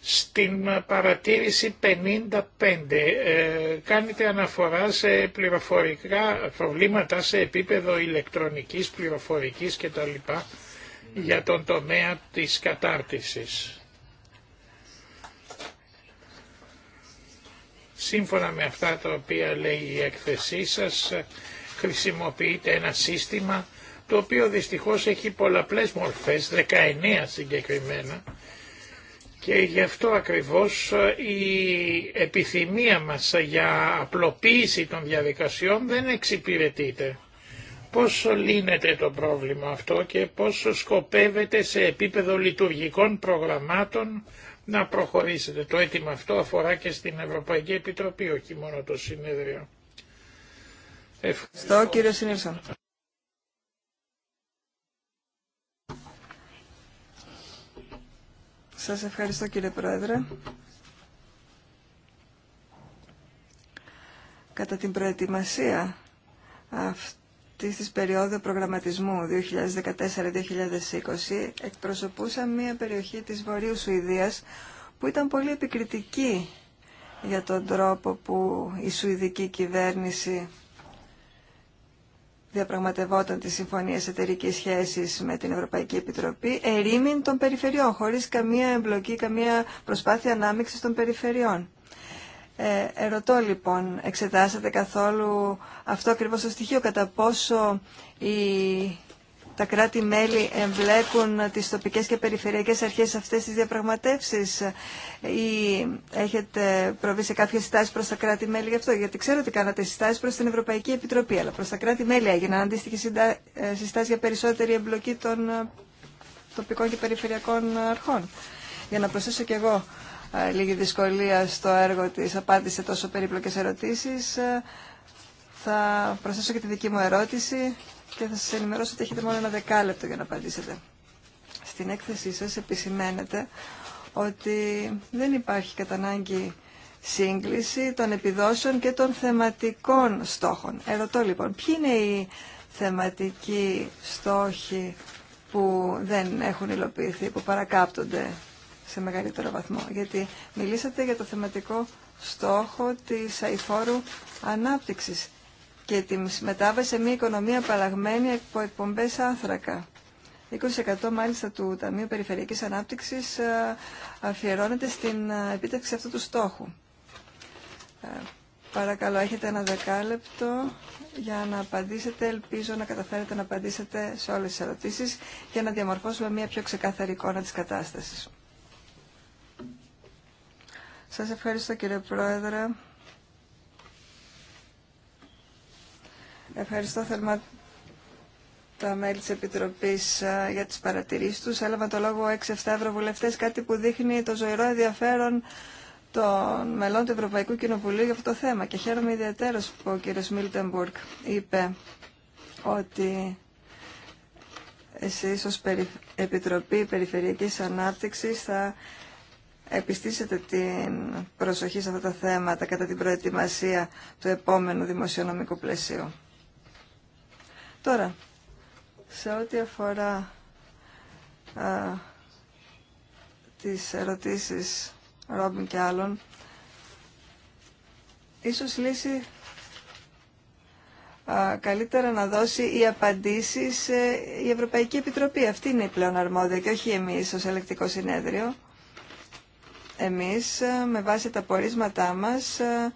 Στην ε, παρατήρηση 55 ε, κάνετε αναφορά σε πληροφορικά προβλήματα σε επίπεδο ηλεκτρονικής, πληροφορικής κτλ. για τον τομέα της κατάρτισης. Σύμφωνα με αυτά τα οποία λέει η έκθεσή σας, χρησιμοποιείται ένα σύστημα το οποίο δυστυχώς έχει πολλαπλές μορφές, 19 συγκεκριμένα, και γι' αυτό ακριβώς η επιθυμία μας για απλοποίηση των διαδικασιών δεν εξυπηρετείται. Πώς λύνεται το πρόβλημα αυτό και πώς σκοπεύεται σε επίπεδο λειτουργικών προγραμμάτων να προχωρήσετε. Το αίτημα αυτό αφορά και στην Ευρωπαϊκή Επιτροπή, όχι μόνο το συνέδριο. Ευχαριστώ κύριε Σινίρσον. Σας ευχαριστώ κύριε Πρόεδρε. Κατά την προετοιμασία αυτή αυτής της περίοδου προγραμματισμού 2014-2020 εκπροσωπούσα μια περιοχή της Βορείου Σουηδίας που ήταν πολύ επικριτική για τον τρόπο που η Σουηδική κυβέρνηση διαπραγματευόταν τις συμφωνίες εταιρική σχέσης με την Ευρωπαϊκή Επιτροπή, ερήμην των περιφερειών, χωρίς καμία εμπλοκή, καμία προσπάθεια ανάμειξης των περιφερειών. Ε, ερωτώ λοιπόν, εξετάσατε καθόλου αυτό ακριβώς το στοιχείο, κατά πόσο η, τα κράτη-μέλη εμπλέκουν τις τοπικές και περιφερειακές αρχές σε αυτές τις διαπραγματεύσεις ή έχετε προβεί σε κάποιες συστάσεις προς τα κράτη-μέλη γι' αυτό, γιατί ξέρω ότι κάνατε συστάσεις προς την Ευρωπαϊκή Επιτροπή, αλλά προς τα κράτη-μέλη έγιναν αντίστοιχε συστάσεις για περισσότερη εμπλοκή των ε, τοπικών και περιφερειακών αρχών. Για να προσθέσω κι εγώ λίγη δυσκολία στο έργο της απάντησε τόσο περίπλοκες ερωτήσεις. Ε, θα προσθέσω και τη δική μου ερώτηση και θα σας ενημερώσω ότι έχετε μόνο ένα δεκάλεπτο για να απαντήσετε. Στην έκθεσή σας επισημαίνετε ότι δεν υπάρχει κατά ανάγκη σύγκληση των επιδόσεων και των θεματικών στόχων. Ερωτώ λοιπόν, ποιοι είναι οι θεματικοί στόχοι που δεν έχουν υλοποιηθεί, που παρακάπτονται σε μεγαλύτερο βαθμό. Γιατί μιλήσατε για το θεματικό στόχο της αηφόρου ανάπτυξης και τη μετάβαση σε μια οικονομία απαλλαγμένη από εκπομπές άνθρακα. 20% μάλιστα του Ταμείου Περιφερειακής Ανάπτυξης ε, αφιερώνεται στην ε, επίτευξη αυτού του στόχου. Ε, παρακαλώ, έχετε ένα δεκάλεπτο για να απαντήσετε. Ελπίζω να καταφέρετε να απαντήσετε σε όλες τις ερωτήσεις για να διαμορφώσουμε μια πιο ξεκάθαρη εικόνα της κατάστασης. Σας ευχαριστώ κύριε Πρόεδρε. Ευχαριστώ θερμά τα μέλη της Επιτροπής ε, για τις παρατηρήσεις τους. Έλαβα το λόγο 6-7 ευρωβουλευτές, κάτι που δείχνει το ζωηρό ενδιαφέρον των μελών του Ευρωπαϊκού Κοινοβουλίου για αυτό το θέμα. Και χαίρομαι ιδιαίτερα που ο κύριος Μίλτεμπουργκ είπε ότι εσείς ως Επιτροπή Περιφερειακής Ανάπτυξης θα επιστήσετε την προσοχή σε αυτά τα θέματα κατά την προετοιμασία του επόμενου δημοσιονομικού πλαισίου. Τώρα, σε ό,τι αφορά α, τις ερωτήσεις Ρόμπιν και άλλων, ίσως λύση καλύτερα να δώσει οι απαντήσεις η Ευρωπαϊκή Επιτροπή. Αυτή είναι η πλέον αρμόδια και όχι εμείς ως ελεκτικό συνέδριο εμείς ε, με βάση τα πορίσματά μας ε,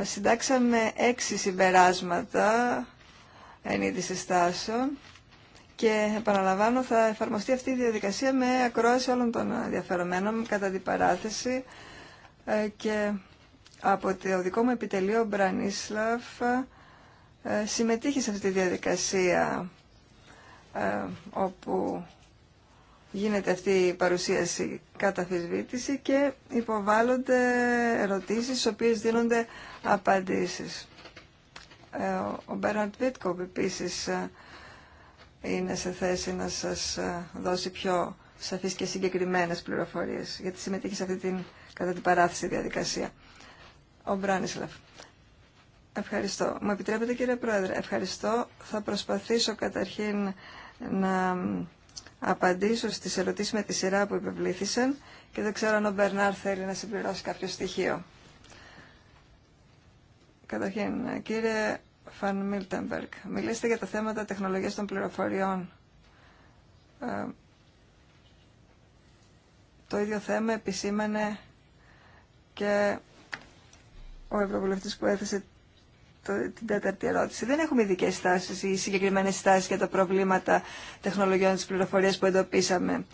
ε, συντάξαμε έξι συμπεράσματα ενίδησης στάσεων και επαναλαμβάνω θα εφαρμοστεί αυτή η διαδικασία με ακρόαση όλων των ενδιαφερομένων κατά την παράθεση και από το δικό μου επιτελείο Μπρανίσλαφ συμμετείχε σε αυτή τη διαδικασία όπου γίνεται αυτή η παρουσίαση κατά αφισβήτηση και υποβάλλονται ερωτήσεις στις οποίες δίνονται απαντήσεις. Ε, ο Μπέραντ Βίτκοπ επίσης ε, είναι σε θέση να σας ε, δώσει πιο σαφείς και συγκεκριμένες πληροφορίες γιατί συμμετείχε σε αυτή την κατά την παράθεση διαδικασία. Ο Μπράνισλαφ. Ευχαριστώ. Μου επιτρέπετε κύριε Πρόεδρε. Ευχαριστώ. Θα προσπαθήσω καταρχήν να απαντήσω στις ερωτήσεις με τη σειρά που υπευλήθησαν και δεν ξέρω αν ο Μπερνάρ θέλει να συμπληρώσει κάποιο στοιχείο. Καταρχήν, κύριε Φαν Μίλτεμπεργκ, μιλήσετε για τα θέματα τεχνολογίας των πληροφοριών. Ε, το ίδιο θέμα επισήμανε και ο Ευρωβουλευτής που έθεσε την τέταρτη ερώτηση. Δεν έχουμε ειδικέ στάσει ή συγκεκριμένε στάσει για τα προβλήματα τεχνολογιών τη πληροφορία που εντοπίσαμε.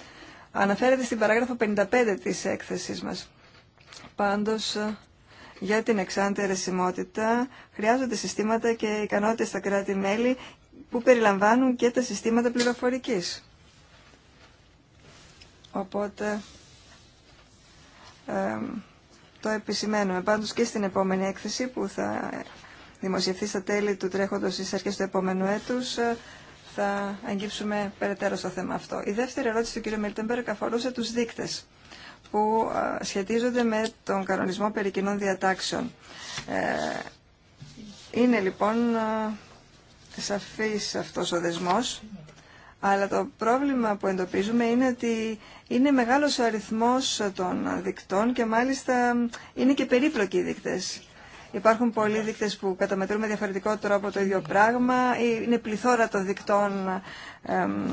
Αναφέρεται στην παράγραφο 55 της έκθεσής μας. Πάντως, ε, για την εξάντια ερεσιμότητα χρειάζονται συστήματα και ικανότητες στα κράτη-μέλη που περιλαμβάνουν και τα συστήματα πληροφορικής. Οπότε, ε, το επισημαίνουμε πάντως και στην επόμενη έκθεση που θα δημοσιευθεί στα τέλη του τρέχοντος ή στις αρχές του επόμενου έτους, θα αγγίψουμε περαιτέρω στο θέμα αυτό. Η δεύτερη ερώτηση του κ. Μιλτέμπερκ αφορούσε τους δείκτες που σχετίζονται με τον κανονισμό περί κοινών διατάξεων. Ε, είναι λοιπόν σαφής αυτός ο δεσμός, αλλά το πρόβλημα που εντοπίζουμε είναι ότι είναι μεγάλος ο αριθμός των δικτών και μάλιστα είναι και περίπλοκοι οι δείκτες. Υπάρχουν πολλοί δείκτες που καταμετρούν με διαφορετικό τρόπο το ίδιο πράγμα. Είναι πληθώρα των δικτών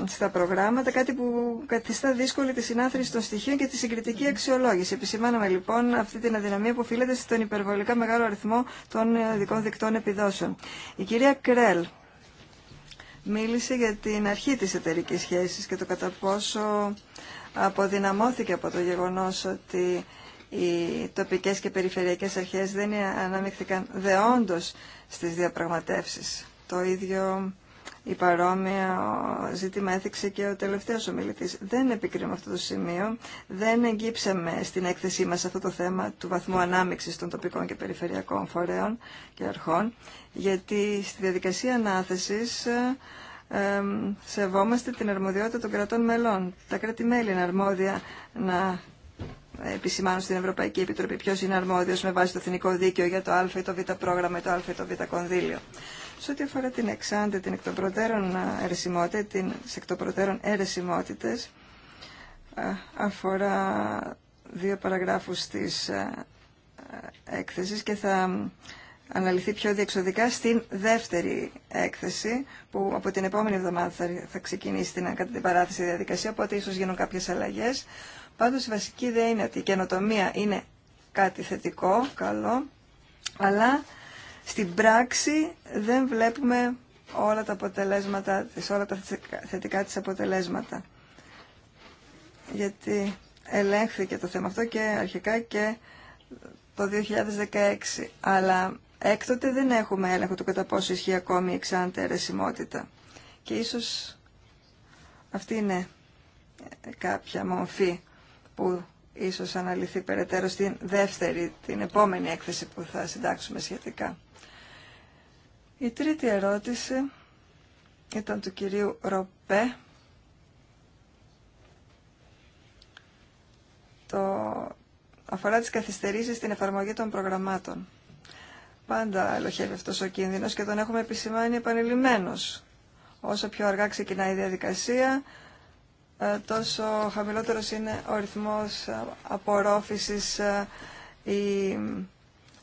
στα προγράμματα, κάτι που καθιστά δύσκολη τη συνάθρηση των στοιχείων και τη συγκριτική αξιολόγηση. Επισημάναμε λοιπόν αυτή την αδυναμία που οφείλεται στον υπερβολικά μεγάλο αριθμό των ε, ειδικών δικτών επιδόσεων. Η κυρία Κρέλ μίλησε για την αρχή της εταιρικής σχέσης και το κατά πόσο αποδυναμώθηκε από το γεγονός ότι οι τοπικές και περιφερειακές αρχές δεν αναμειχθήκαν δεόντως στις διαπραγματεύσεις. Το ίδιο η παρόμοια ζήτημα έθιξε και ο τελευταίος ομιλητής. Δεν επικρίνουμε αυτό το σημείο, δεν εγγύψαμε στην έκθεσή μας αυτό το θέμα του βαθμού ανάμειξης των τοπικών και περιφερειακών φορέων και αρχών, γιατί στη διαδικασία ανάθεσης σεβόμαστε την αρμοδιότητα των κρατών μελών. Τα κράτη-μέλη είναι αρμόδια να Επισημάνω στην Ευρωπαϊκή Επιτροπή ποιο είναι αρμόδιος με βάση το εθνικό δίκαιο για το α ή το β πρόγραμμα ή το α ή το β κονδύλιο. Σε ό,τι αφορά την εξάντια, την εκ των προτέρων αιρεσιμότητα, την εκ των προτέρων αιρεσιμότητε, αφορά δύο παραγράφους της έκθεσης και θα αναλυθεί πιο διεξοδικά στην δεύτερη έκθεση που από την επόμενη εβδομάδα θα, ξεκινήσει την, κατά την παράθεση διαδικασία, οπότε ίσως γίνουν κάποιες αλλαγές. Πάντως η βασική ιδέα είναι ότι η καινοτομία είναι κάτι θετικό, καλό, αλλά στην πράξη δεν βλέπουμε όλα τα αποτελέσματα, όλα τα θετικά της αποτελέσματα. Γιατί ελέγχθηκε το θέμα αυτό και αρχικά και το 2016, αλλά έκτοτε δεν έχουμε έλεγχο του κατά πόσο ισχύει ακόμη η εξάντε αιρεσιμότητα. Και ίσως αυτή είναι κάποια μορφή που ίσως αναλυθεί περαιτέρω στην δεύτερη, την επόμενη έκθεση που θα συντάξουμε σχετικά. Η τρίτη ερώτηση ήταν του κυρίου Ροπέ. Το αφορά τις καθυστερήσεις στην εφαρμογή των προγραμμάτων. Πάντα ελοχεύει αυτός ο κίνδυνος και τον έχουμε επισημάνει επανειλημμένος. Όσο πιο αργά ξεκινάει η διαδικασία, ε, τόσο χαμηλότερος είναι ο ρυθμός ε, απορρόφησης ή ε,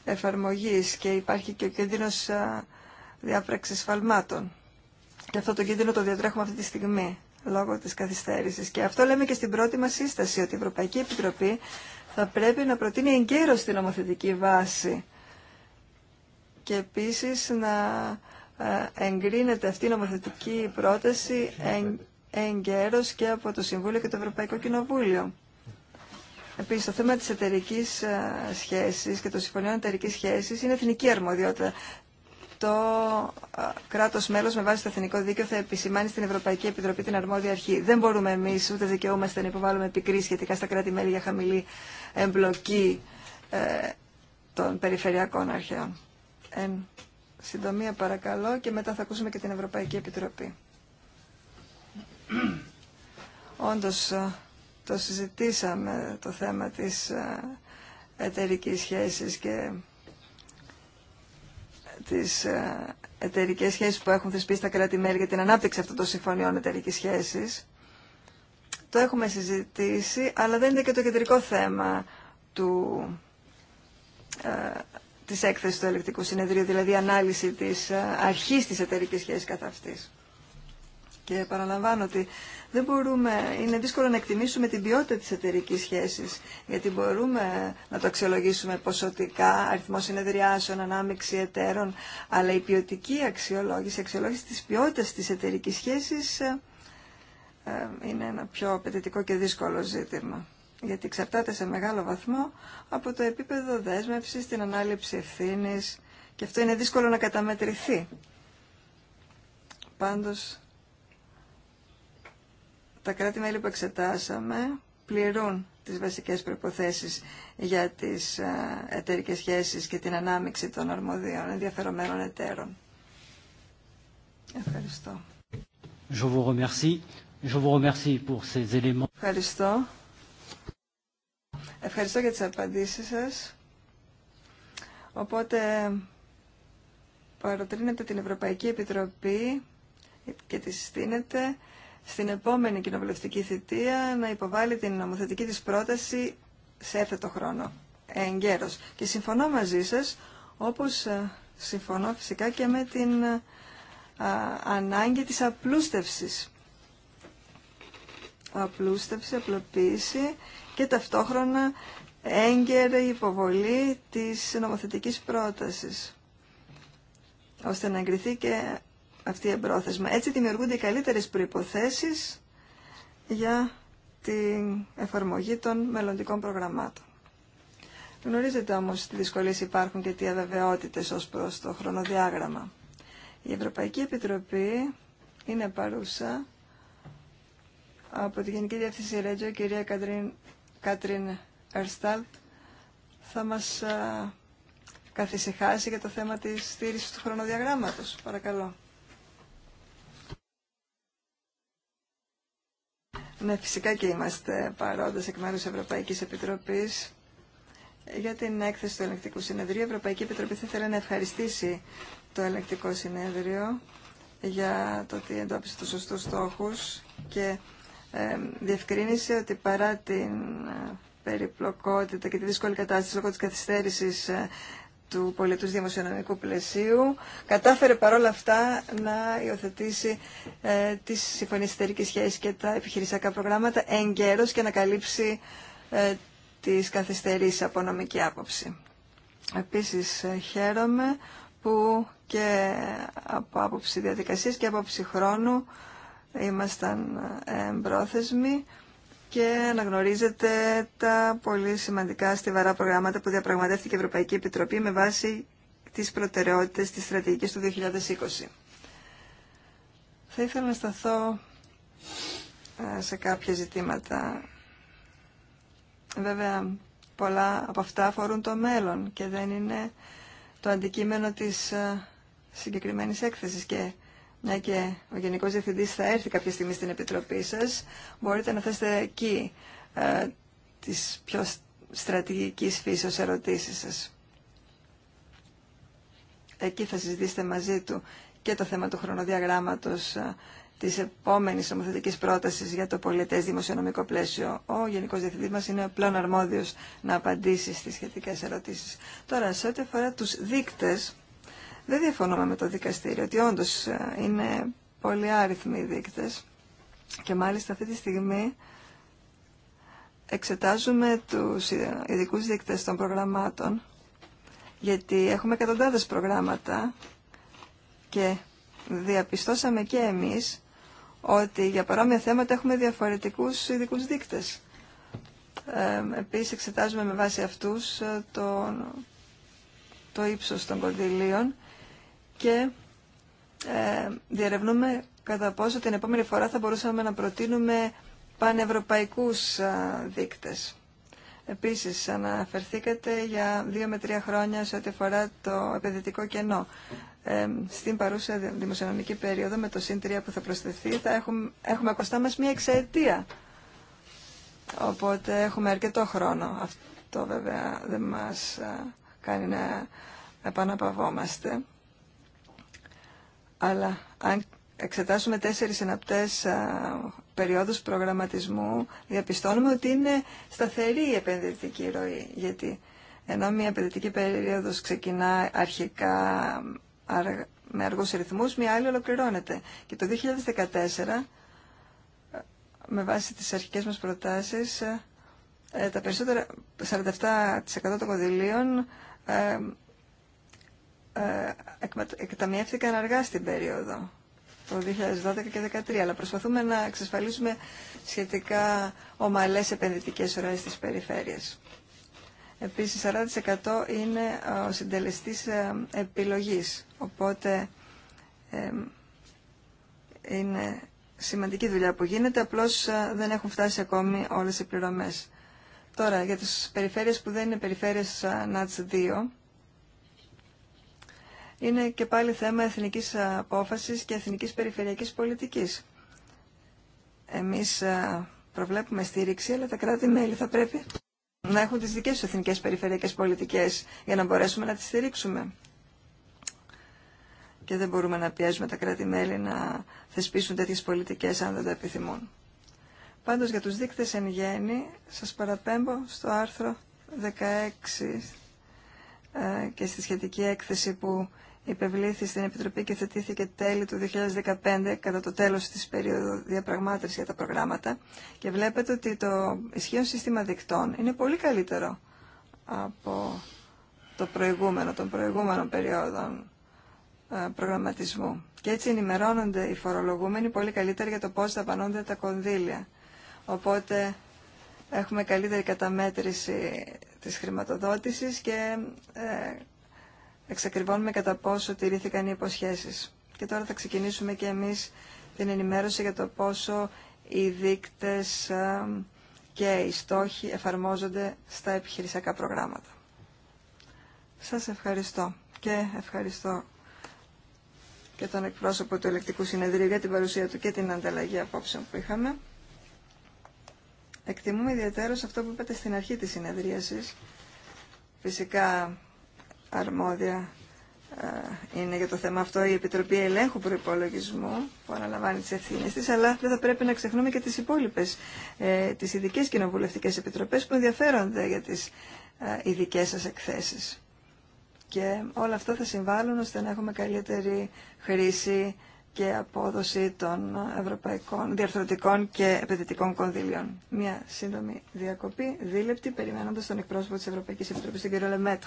εφαρμογής και υπάρχει και ο κίνδυνος διάπραξης φαλμάτων. Και αυτό το κίνδυνο το διατρέχουμε αυτή τη στιγμή λόγω της καθυστέρησης. Και αυτό λέμε και στην πρώτη μας σύσταση, ότι η Ευρωπαϊκή Επιτροπή θα πρέπει να προτείνει εγκαίρω την νομοθετική βάση και επίσης να εγκρίνεται αυτή η νομοθετική πρόταση εγκαίρως και από το Συμβούλιο και το Ευρωπαϊκό Κοινοβούλιο. Επίσης, το θέμα της εταιρική ε, σχέσης και των συμφωνιών εταιρική σχέσης είναι εθνική αρμοδιότητα. Το ε, κράτος μέλος με βάση το εθνικό δίκαιο θα επισημάνει στην Ευρωπαϊκή Επιτροπή την αρμόδια αρχή. Δεν μπορούμε εμείς ούτε δικαιούμαστε να υποβάλουμε επικρίσεις σχετικά στα κράτη-μέλη για χαμηλή εμπλοκή ε, των περιφερειακών αρχαίων. Ε συντομία παρακαλώ και μετά θα ακούσουμε και την Ευρωπαϊκή Επιτροπή. Όντως ε, το συζητήσαμε το θέμα της ε, εταιρική σχέσης και τις ε, εταιρικέ σχέσεις που έχουν θεσπίσει τα κράτη-μέλη για την ανάπτυξη αυτών των συμφωνιών εταιρική σχέσης. Το έχουμε συζητήσει, αλλά δεν είναι και το κεντρικό θέμα του, ε, της έκθεσης του ελεκτικού συνεδρίου, δηλαδή ανάλυση της αρχής της εταιρική σχέσης καθ' αυτής. Και παραλαμβάνω ότι δεν μπορούμε, είναι δύσκολο να εκτιμήσουμε την ποιότητα της εταιρική σχέσης, γιατί μπορούμε να το αξιολογήσουμε ποσοτικά, αριθμό συνεδριάσεων, ανάμειξη εταίρων, αλλά η ποιοτική αξιολόγηση, η αξιολόγηση της ποιότητας της εταιρική σχέσης ε, ε, είναι ένα πιο απαιτητικό και δύσκολο ζήτημα γιατί εξαρτάται σε μεγάλο βαθμό από το επίπεδο δέσμευσης, την ανάληψη ευθύνης και αυτό είναι δύσκολο να καταμετρηθεί. Πάντως τα κράτη-μέλη που εξετάσαμε πληρούν τις βασικές προϋποθέσεις για τις ε, εταιρικές σχέσεις και την ανάμειξη των αρμοδίων ενδιαφερομένων εταίρων. Ευχαριστώ. Je vous remercie. Je vous remercie pour ces éléments. Ευχαριστώ. Ευχαριστώ για τις απαντήσεις σας. Οπότε παροτρύνετε την Ευρωπαϊκή Επιτροπή και τη συστήνετε στην επόμενη κοινοβουλευτική θητεία να υποβάλει την νομοθετική της πρόταση σε έφετο χρόνο, ε, εγκαίρος. Και συμφωνώ μαζί σας, όπως ε, συμφωνώ φυσικά και με την ε, ανάγκη της απλούστευσης. Απλούστευση, απλοποίηση και ταυτόχρονα έγκαιρη υποβολή της νομοθετικής πρότασης, ώστε να εγκριθεί και αυτή εμπρόθεσμα. Έτσι δημιουργούνται οι καλύτερες προϋποθέσεις για την εφαρμογή των μελλοντικών προγραμμάτων. Γνωρίζετε όμως τι δυσκολίες υπάρχουν και τι αβεβαιότητες ως προς το χρονοδιάγραμμα. Η Ευρωπαϊκή Επιτροπή είναι παρούσα από τη Γενική Διεύθυνση Ρέτζο, η κυρία Κατρίν, Κατρίν Ερστάλ, θα μας καθησυχάσει για το θέμα της στήριξης του χρονοδιαγράμματος. Παρακαλώ. Ναι, φυσικά και είμαστε παρόντες εκ μέρους Ευρωπαϊκής Επιτροπής για την έκθεση του Ελεκτικού Συνεδρίου. Η Ευρωπαϊκή Επιτροπή θα ήθελε να ευχαριστήσει το Ελεκτικό Συνέδριο για το ότι εντόπισε τους σωστούς στόχους και ε, διευκρίνησε ότι παρά την ε, περιπλοκότητα και τη δύσκολη κατάσταση λόγω της καθυστέρησης ε, του Πολιτού δημοσιονομικού πλαισίου, κατάφερε παρόλα αυτά να υιοθετήσει ε, τις συμφωνίε σχέσεις και τα επιχειρησιακά προγράμματα εγκαίρως και να καλύψει ε, τις καθυστερήσεις από νομική άποψη. Επίσης ε, χαίρομαι που και από άποψη διαδικασίας και από άποψη χρόνου ήμασταν εμπρόθεσμοι και γνωρίζετε τα πολύ σημαντικά στιβαρά προγράμματα που διαπραγματεύτηκε η Ευρωπαϊκή Επιτροπή με βάση τις προτεραιότητες της στρατηγικής του 2020. Θα ήθελα να σταθώ ε, σε κάποια ζητήματα. Βέβαια, πολλά από αυτά αφορούν το μέλλον και δεν είναι το αντικείμενο της ε, συγκεκριμένης έκθεσης και ναι και ο Γενικό Διευθυντή θα έρθει κάποια στιγμή στην Επιτροπή σα, μπορείτε να θέσετε εκεί ε, τι πιο στρατηγική φύσεω ερωτήσει σα. Εκεί θα συζητήσετε μαζί του και το θέμα του χρονοδιαγράμματος τη ε, της επόμενης πρόταση πρότασης για το πολιτέ δημοσιονομικό πλαίσιο. Ο Γενικό Διευθυντής μας είναι πλέον αρμόδιο να απαντήσει στις σχετικέ ερωτήσει. Τώρα, σε ό,τι αφορά του δείκτε δεν διαφωνούμε με το δικαστήριο ότι όντω ε, είναι πολύ άριθμοι οι δείκτες και μάλιστα αυτή τη στιγμή εξετάζουμε τους ειδικού δείκτες των προγραμμάτων γιατί έχουμε εκατοντάδες προγράμματα και διαπιστώσαμε και εμείς ότι για παρόμοια θέματα έχουμε διαφορετικούς ειδικού δείκτες. Ε, επίσης εξετάζουμε με βάση αυτούς ε, το, το ύψος των κονδυλίων και ε, διερευνούμε κατά πόσο την επόμενη φορά θα μπορούσαμε να προτείνουμε πανευρωπαϊκούς α, δείκτες. Επίσης, αναφερθήκατε για δύο με τρία χρόνια σε ό,τι αφορά το επενδυτικό κενό. Ε, στην παρούσα δημοσιονομική περίοδο, με το σύντρία που θα προσθεθεί, θα έχουμε, έχουμε κοστά μας μία εξαιτία. Οπότε έχουμε αρκετό χρόνο. Αυτό βέβαια δεν μας κάνει να επαναπαυόμαστε. Αλλά αν εξετάσουμε τέσσερις συναπτές περιόδους προγραμματισμού, διαπιστώνουμε ότι είναι σταθερή η επενδυτική ροή. Γιατί ενώ μια επενδυτική περίοδος ξεκινά αρχικά με αργούς ρυθμούς, μια άλλη ολοκληρώνεται. Και το 2014, με βάση τις αρχικές μας προτάσεις, ε, τα περισσότερα 47% των κονδυλίων ε, ε, εκταμιεύτηκαν αργά στην περίοδο το 2012 και 2013, αλλά προσπαθούμε να εξασφαλίσουμε σχετικά ομαλές επενδυτικές ώρες στις περιφέρειες. Επίσης, 40% είναι ε, ο συντελεστής ε, επιλογής, οπότε ε, είναι σημαντική δουλειά που γίνεται, απλώς δεν έχουν φτάσει ακόμη όλες οι πληρωμές. Τώρα, για τις περιφέρειες που δεν είναι περιφέρειες NATS 2, είναι και πάλι θέμα εθνικής απόφασης και εθνικής περιφερειακής πολιτικής. Εμείς ε, προβλέπουμε στήριξη, αλλά τα κράτη-μέλη θα πρέπει να έχουν τις δικές τους εθνικές περιφερειακές πολιτικές για να μπορέσουμε να τις στηρίξουμε. Και δεν μπορούμε να πιέζουμε τα κράτη-μέλη να θεσπίσουν τέτοιες πολιτικές αν δεν τα επιθυμούν. Πάντως για τους δείκτες εν γέννη σας παραπέμπω στο άρθρο 16 ε, και στη σχετική έκθεση που υπευλήθη στην Επιτροπή και θετήθηκε τέλη του 2015 κατά το τέλος της περίοδου διαπραγμάτευσης για τα προγράμματα και βλέπετε ότι το ισχύον σύστημα δικτών είναι πολύ καλύτερο από το προηγούμενο, των προηγούμενων περίοδων ε, προγραμματισμού. Και έτσι ενημερώνονται οι φορολογούμενοι πολύ καλύτερα για το πώς δαπανώνται τα κονδύλια. Οπότε έχουμε καλύτερη καταμέτρηση της χρηματοδότησης και ε, εξακριβώνουμε κατά πόσο τηρήθηκαν οι υποσχέσεις. Και τώρα θα ξεκινήσουμε και εμείς την ενημέρωση για το πόσο οι δείκτες και οι στόχοι εφαρμόζονται στα επιχειρησιακά προγράμματα. Σας ευχαριστώ και ευχαριστώ και τον εκπρόσωπο του Ελεκτικού Συνεδρίου για την παρουσία του και την ανταλλαγή απόψεων που είχαμε. Εκτιμούμε ιδιαίτερα αυτό που είπατε στην αρχή της συνεδρίασης. Φυσικά αρμόδια ε, είναι για το θέμα αυτό η Επιτροπή Ελέγχου Προπολογισμού που αναλαμβάνει τι ευθύνε τη, αλλά δεν θα πρέπει να ξεχνούμε και τις υπόλοιπε, ε, τι ειδικέ κοινοβουλευτικέ επιτροπέ που ενδιαφέρονται για τις ε, ειδικέ σα εκθέσει. Και όλα αυτά θα συμβάλλουν ώστε να έχουμε καλύτερη χρήση και απόδοση των ευρωπαϊκών διαρθρωτικών και επενδυτικών κονδύλιων. Μια σύντομη διακοπή, δίλεπτη, περιμένοντας τον εκπρόσωπο της Ευρωπαϊκής Επιτροπής, τον κύριο Λεμέτρ.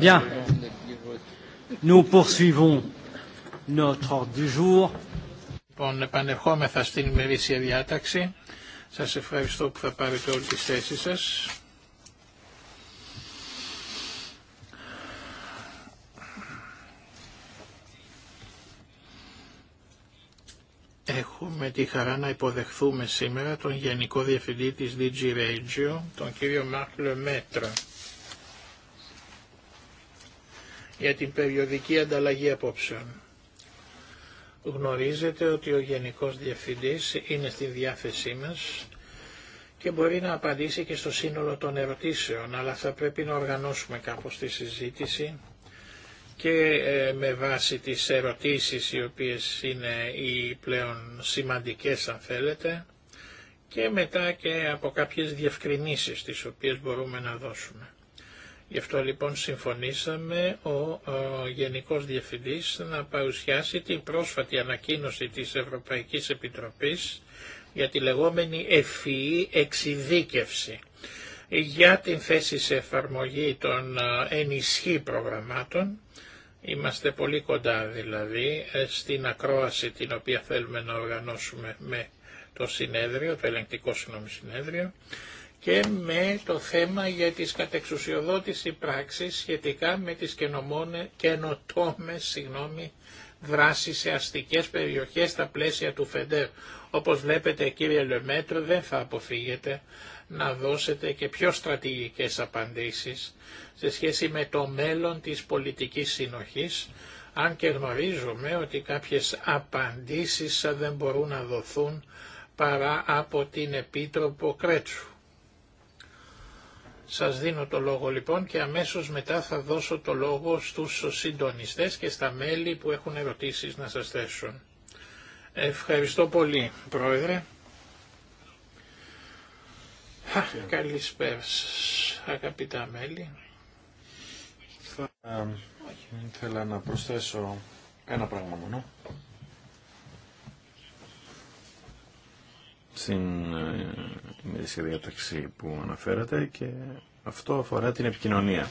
Bien. Nous poursuivons notre ordre du jour. Λοιπόν, επανερχόμεθα στην ημερήσια διάταξη. Σας ευχαριστώ που θα πάρετε όλες τις θέσεις σας. Έχουμε τη χαρά να υποδεχθούμε σήμερα τον Γενικό Διευθυντή της DG Regio, τον κύριο Μάρκ Λεμέτρα. για την περιοδική ανταλλαγή απόψεων. Γνωρίζετε ότι ο Γενικός Διευθυντής είναι στη διάθεσή μας και μπορεί να απαντήσει και στο σύνολο των ερωτήσεων, αλλά θα πρέπει να οργανώσουμε κάπως τη συζήτηση και ε, με βάση τις ερωτήσεις οι οποίες είναι οι πλέον σημαντικές αν θέλετε και μετά και από κάποιες διευκρινήσεις τις οποίες μπορούμε να δώσουμε. Γι' αυτό λοιπόν συμφωνήσαμε ο, ε, Γενικός Διευθυντής να παρουσιάσει την πρόσφατη ανακοίνωση της Ευρωπαϊκής Επιτροπής για τη λεγόμενη ευφυή εξειδίκευση για την θέση σε εφαρμογή των ε, ενισχύ προγραμμάτων. Είμαστε πολύ κοντά δηλαδή ε, στην ακρόαση την οποία θέλουμε να οργανώσουμε με το συνέδριο, το ελεγκτικό συνόμι συνέδριο και με το θέμα για τις κατεξουσιοδότηση πράξεις σχετικά με τις καινοτόμες συγγνώμη, δράσεις σε αστικές περιοχές στα πλαίσια του ΦΕΝΤΕΡ. Όπως βλέπετε κύριε Λεμέτρο δεν θα αποφύγετε να δώσετε και πιο στρατηγικές απαντήσεις σε σχέση με το μέλλον της πολιτικής συνοχής, αν και γνωρίζουμε ότι κάποιες απαντήσεις δεν μπορούν να δοθούν παρά από την Επίτροπο Κρέτσου. Σας δίνω το λόγο λοιπόν και αμέσως μετά θα δώσω το λόγο στους συντονιστές και στα μέλη που έχουν ερωτήσεις να σας θέσουν. Ευχαριστώ πολύ, Πρόεδρε. Καλησπέρα σας, αγαπητά μέλη. Θα ε, ήθελα να προσθέσω ένα πράγμα μόνο. στην ημερήσια ε, διάταξη που αναφέρατε και αυτό αφορά την επικοινωνία.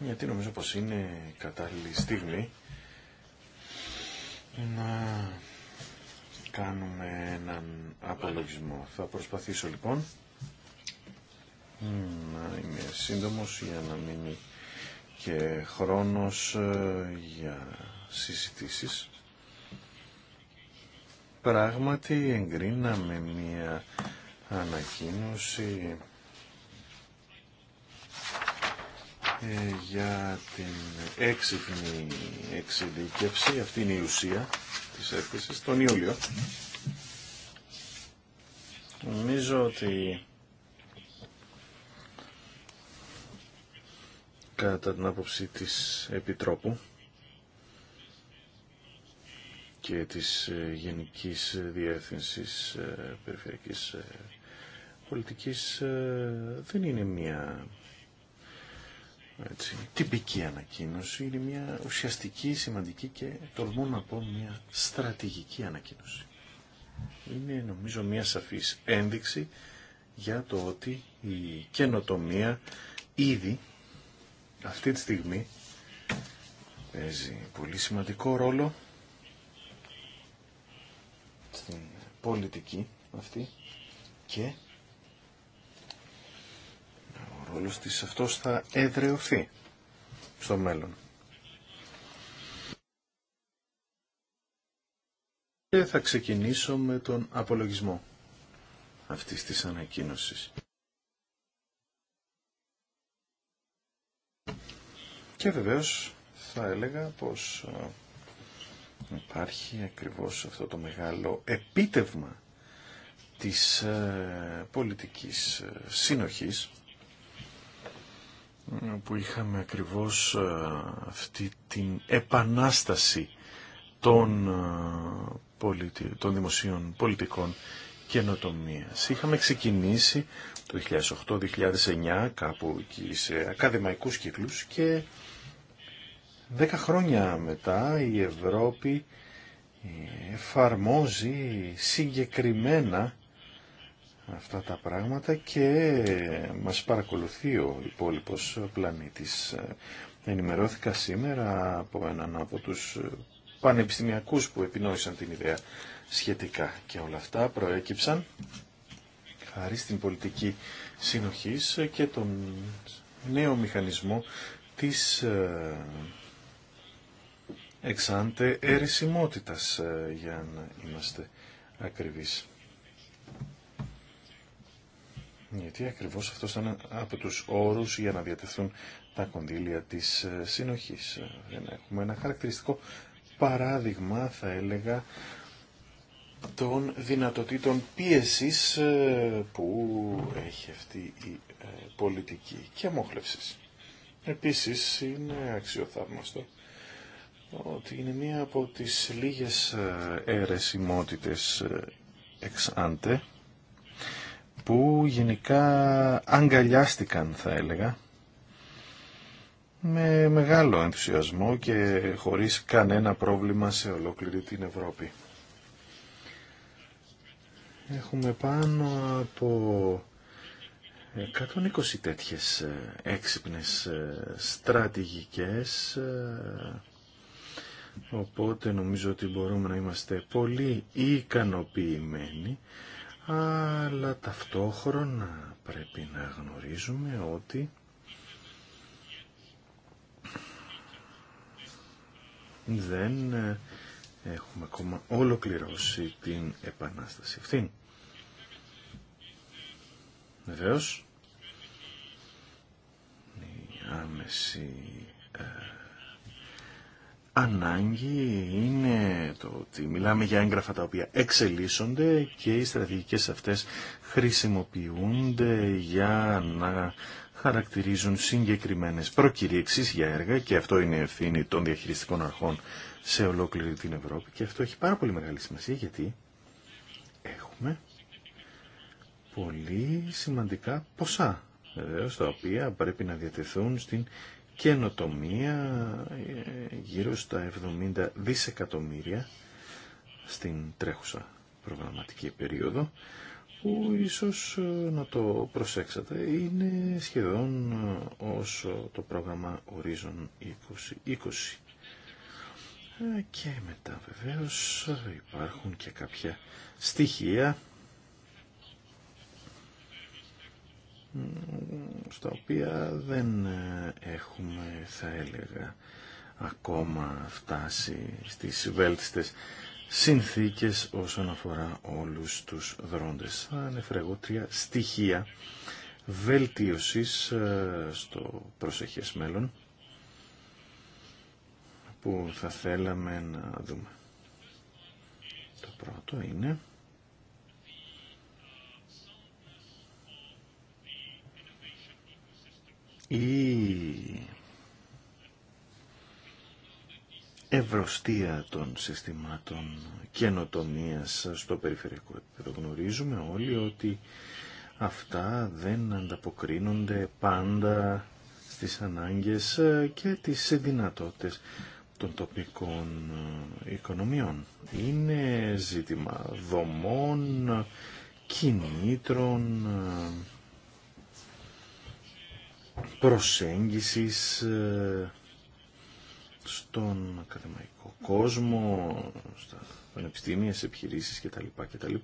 Γιατί νομίζω πως είναι κατάλληλη στιγμή να κάνουμε έναν απολογισμό. Θα προσπαθήσω λοιπόν να είμαι σύντομος για να μείνει και χρόνος ε, για συζητήσεις πράγματι εγκρίναμε μία ανακοίνωση ε, για την έξυπνη εξειδίκευση, αυτή είναι η ουσία της έκθεσης, τον Ιούλιο. Νομίζω ότι κατά την άποψη της Επιτρόπου και της ε, Γενικής Διεύθυνσης ε, Περιφερειακής ε, Πολιτικής δεν είναι μια τυπική ανακοίνωση, είναι μια ουσιαστική, σημαντική και τολμώ να πω μια στρατηγική ανακοίνωση. Είναι νομίζω μια σαφής ένδειξη για το ότι η καινοτομία ήδη αυτή τη στιγμή παίζει πολύ σημαντικό ρόλο πολιτική αυτή και ο ρόλος της αυτός θα εδρεωθεί στο μέλλον. Και θα ξεκινήσω με τον απολογισμό αυτής της ανακοίνωσης. Και βεβαίως θα έλεγα πως ε, υπάρχει ακριβώς αυτό το μεγάλο επίτευμα της ε, πολιτικής ε, συνοχής ε, που είχαμε ακριβώς αυτή την επανάσταση των, πολιτι... των δημοσίων πολιτικών καινοτομία. Είχαμε ξεκινήσει το 2008-2009 κάπου εκεί σε ακαδημαϊκούς κύκλους και Δέκα χρόνια μετά η Ευρώπη ε, εφαρμόζει συγκεκριμένα αυτά τα πράγματα και ε, μας παρακολουθεί ο υπόλοιπος πλανήτης. Ε, ενημερώθηκα σήμερα από έναν από τους πανεπιστημιακούς που επινόησαν την ιδέα σχετικά και όλα αυτά προέκυψαν χάρη στην πολιτική συνοχής και τον νέο μηχανισμό της εξάντε ερησιμότητας, ε, για να είμαστε ακριβείς. Γιατί ακριβώς αυτό ήταν από τους όρους για να διατεθούν τα κονδύλια της ε, συνοχής. Ε, έχουμε ένα χαρακτηριστικό παράδειγμα, θα έλεγα, των δυνατοτήτων πίεσης που έχει αυτή η πολιτική και μόχλευσης. Επίσης είναι αξιοθαύμαστο ότι είναι μία από τις λίγες ε, αίρεσιμότητες ε, εξ άντε που γενικά αγκαλιάστηκαν θα έλεγα με μεγάλο ενθουσιασμό και χωρίς κανένα πρόβλημα σε ολόκληρη την Ευρώπη. Έχουμε πάνω από 120 τέτοιες ε, έξυπνες στρατηγικές Οπότε νομίζω ότι μπορούμε να είμαστε πολύ ικανοποιημένοι, αλλά ταυτόχρονα πρέπει να γνωρίζουμε ότι δεν ε, έχουμε ακόμα ολοκληρώσει την επανάσταση αυτή. Βεβαίω, η άμεση ε, ανάγκη είναι το ότι μιλάμε για έγγραφα τα οποία εξελίσσονται και οι στρατηγικές αυτές χρησιμοποιούνται για να χαρακτηρίζουν συγκεκριμένες προκηρύξεις για έργα και αυτό είναι ευθύνη των διαχειριστικών αρχών σε ολόκληρη την Ευρώπη και αυτό έχει πάρα πολύ μεγάλη σημασία γιατί έχουμε πολύ σημαντικά ποσά βεβαίως, τα οποία πρέπει να διατεθούν στην καινοτομία ε, γύρω στα 70 δισεκατομμύρια στην τρέχουσα προγραμματική περίοδο που ίσως ε, να το προσέξατε είναι σχεδόν ε, όσο το πρόγραμμα Horizon 2020. Και μετά βεβαίως υπάρχουν και κάποια στοιχεία στα οποία δεν ε, έχουμε, θα έλεγα, ακόμα φτάσει στις βέλτιστες συνθήκες όσον αφορά όλους τους δρόντες. Θα τρία στοιχεία βελτίωσης ε, στο προσεχές μέλλον που θα θέλαμε να δούμε. Το πρώτο είναι η ευρωστία των συστημάτων καινοτομίας στο περιφερειακό επίπεδο. Γνωρίζουμε όλοι ότι αυτά δεν ανταποκρίνονται πάντα στις ανάγκες και τις δυνατότητες των τοπικών οικονομιών. Είναι ζήτημα δομών, κινήτρων, προσέγγισης ε, στον ακαδημαϊκό κόσμο, στα πανεπιστήμια, σε επιχειρήσεις κτλ.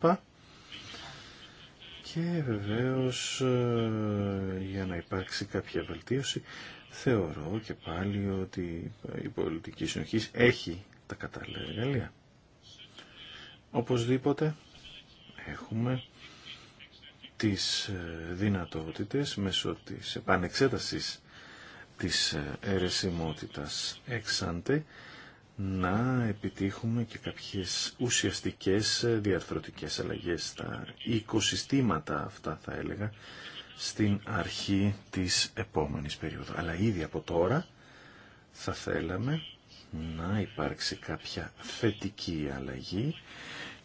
Και βεβαίως ε, για να υπάρξει κάποια βελτίωση θεωρώ και πάλι ότι η πολιτική συνοχή έχει τα κατάλληλα εργαλεία. Οπωσδήποτε έχουμε τις ε, δυνατότητες μέσω της επανεξέτασης της ε, αιρεσιμότητας εξάντε να επιτύχουμε και κάποιες ουσιαστικές ε, διαρθρωτικές αλλαγές στα οικοσυστήματα αυτά θα έλεγα στην αρχή της επόμενης περίοδου. Αλλά ήδη από τώρα θα θέλαμε να υπάρξει κάποια θετική αλλαγή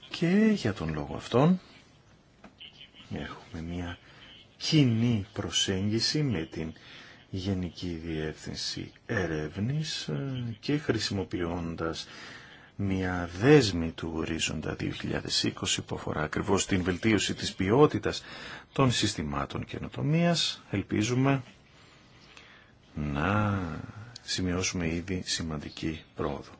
και για τον λόγο αυτόν έχουμε μια κοινή προσέγγιση με την Γενική Διεύθυνση Ερεύνης ε, και χρησιμοποιώντας μια δέσμη του ορίζοντα 2020 που αφορά ακριβώς την βελτίωση της ποιότητας των συστημάτων καινοτομίας. Ελπίζουμε να σημειώσουμε ήδη σημαντική πρόοδο.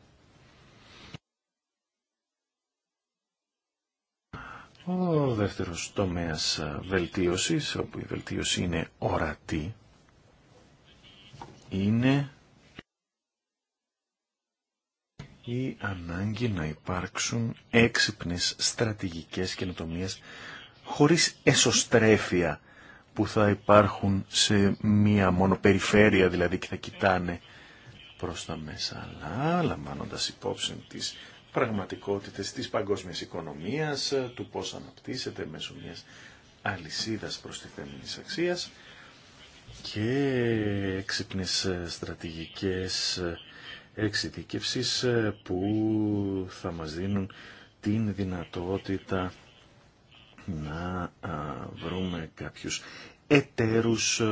Ο δεύτερος τομέας βελτίωσης, όπου η βελτίωση είναι ορατή, είναι η ανάγκη να υπάρξουν έξυπνες στρατηγικές καινοτομίες χωρίς εσωστρέφεια που θα υπάρχουν σε μία μόνο περιφέρεια δηλαδή και θα κοιτάνε προς τα μέσα αλλά λαμβάνοντας υπόψη τις πραγματικότητες της παγκόσμιας οικονομίας, ε, του πώς αναπτύσσεται μέσω μιας αλυσίδας προστιθέμενης αξίας και έξυπνες ε, στρατηγικές ε, εξειδικεύσεις που θα μας δίνουν την δυνατότητα να βρούμε κάποιους εταίρους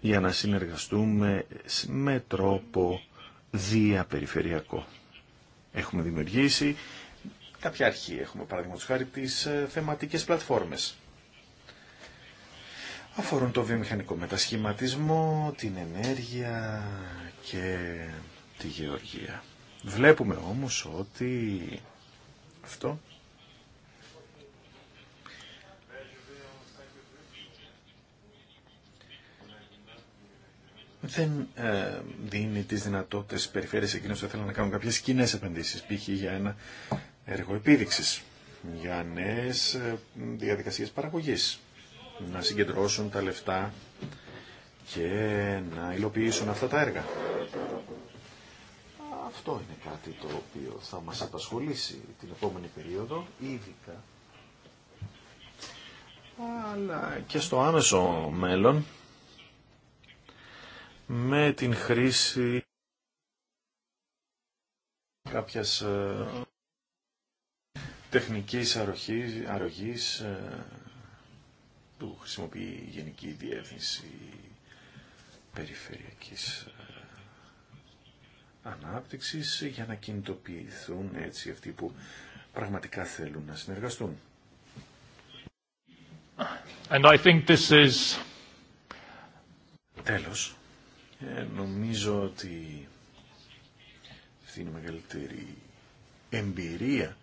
για να συνεργαστούμε με τρόπο διαπεριφερειακό έχουμε δημιουργήσει. Κάποια αρχή έχουμε, παραδείγματος χάρη, τις ε, θεματικές πλατφόρμες. Αφορούν το βιομηχανικό μετασχηματισμό, την ενέργεια και τη γεωργία. Βλέπουμε όμως ότι αυτό δεν ε, δίνει τις δυνατότητες στις περιφέρειες που θέλουν να κάνουν κάποιες κοινέ επενδύσεις, π.χ. για ένα έργο επίδειξης, για νέες ε, διαδικασίες παραγωγής, να συγκεντρώσουν τα λεφτά και να υλοποιήσουν αυτά τα έργα. Αυτό είναι κάτι το οποίο θα μας απασχολήσει την επόμενη περίοδο, ειδικά, αλλά και στο άμεσο μέλλον, με την χρήση κάποιας ε, τεχνικής αρρωγής, αρωγής ε, που χρησιμοποιεί η Γενική Διεύθυνση Περιφερειακής ε, Ανάπτυξης για να κινητοποιηθούν έτσι αυτοί που πραγματικά θέλουν να συνεργαστούν. And I think Τέλος. Ε, νομίζω ότι αυτή είναι η μεγαλύτερη εμπειρία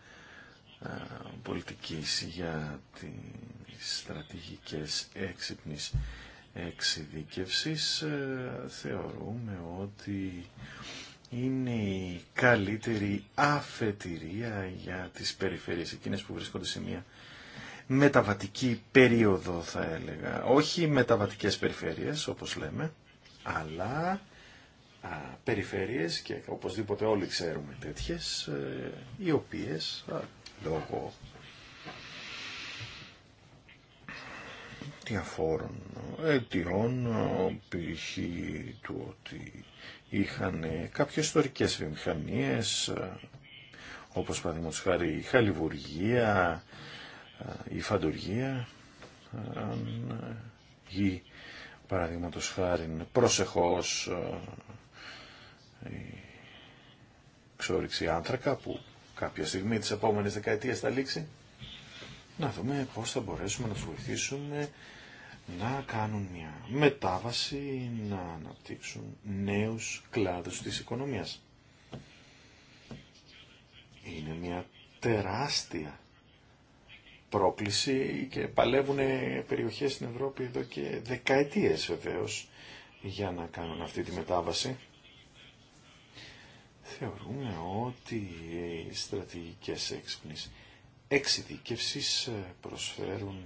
πολιτικής για τις στρατηγικές έξυπνης εξειδίκευσης ε, θεωρούμε ότι είναι η καλύτερη αφετηρία για τις περιφέρειες εκείνες που βρίσκονται σε μια μεταβατική περίοδο θα έλεγα όχι μεταβατικές περιφέρειες όπως λέμε αλλά α, περιφέρειες και οπωσδήποτε όλοι ξέρουμε τέτοιες, ε, οι οποίες λόγω διαφόρων αιτιών, π.χ. του ότι είχαν κάποιες ιστορικές βιομηχανίες, όπως παραδείγματος χάρη η χαλιβουργία, η φαντουργία, η παραδείγματο χάρη προσεχώς ε, η ξόριξη άνθρακα που κάποια στιγμή τις επόμενες δεκαετίες θα λήξει. Να δούμε πώς θα μπορέσουμε να τους βοηθήσουμε να κάνουν μια μετάβαση, να αναπτύξουν νέους κλάδους της οικονομίας. Είναι μια τεράστια πρόκληση και παλεύουν περιοχές στην Ευρώπη εδώ και δεκαετίες βεβαίω για να κάνουν αυτή τη μετάβαση. Θεωρούμε ότι οι στρατηγικές και εξειδικεύσεις προσφέρουν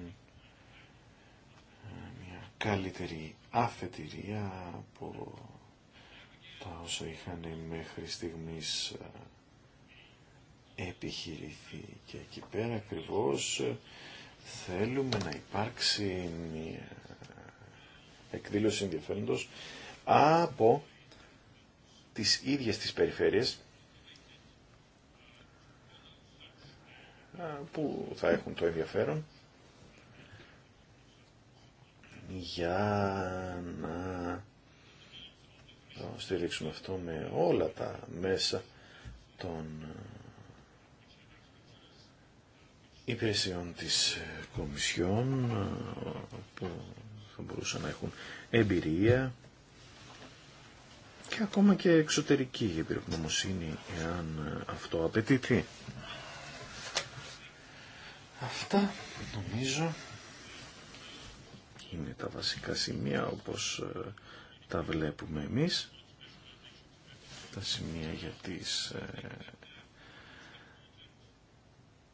μια καλύτερη αφετηρία από τα όσα είχαν μέχρι στιγμής επιχειρηθεί. Και εκεί πέρα ακριβώς ε, θέλουμε να υπάρξει μια εκδήλωση ενδιαφέροντος από τις ίδιες τις περιφέρειες ε, που θα έχουν το ενδιαφέρον για να στηρίξουμε αυτό με όλα τα μέσα των ε, υπηρεσιών της ε, Κομισιόν ε, που θα μπορούσαν να έχουν εμπειρία και ακόμα και εξωτερική εμπειρογνωμοσύνη εάν ε, αυτό απαιτείται. Αυτά νομίζω είναι τα βασικά σημεία όπως τα βλέπουμε εμείς τα σημεία για τις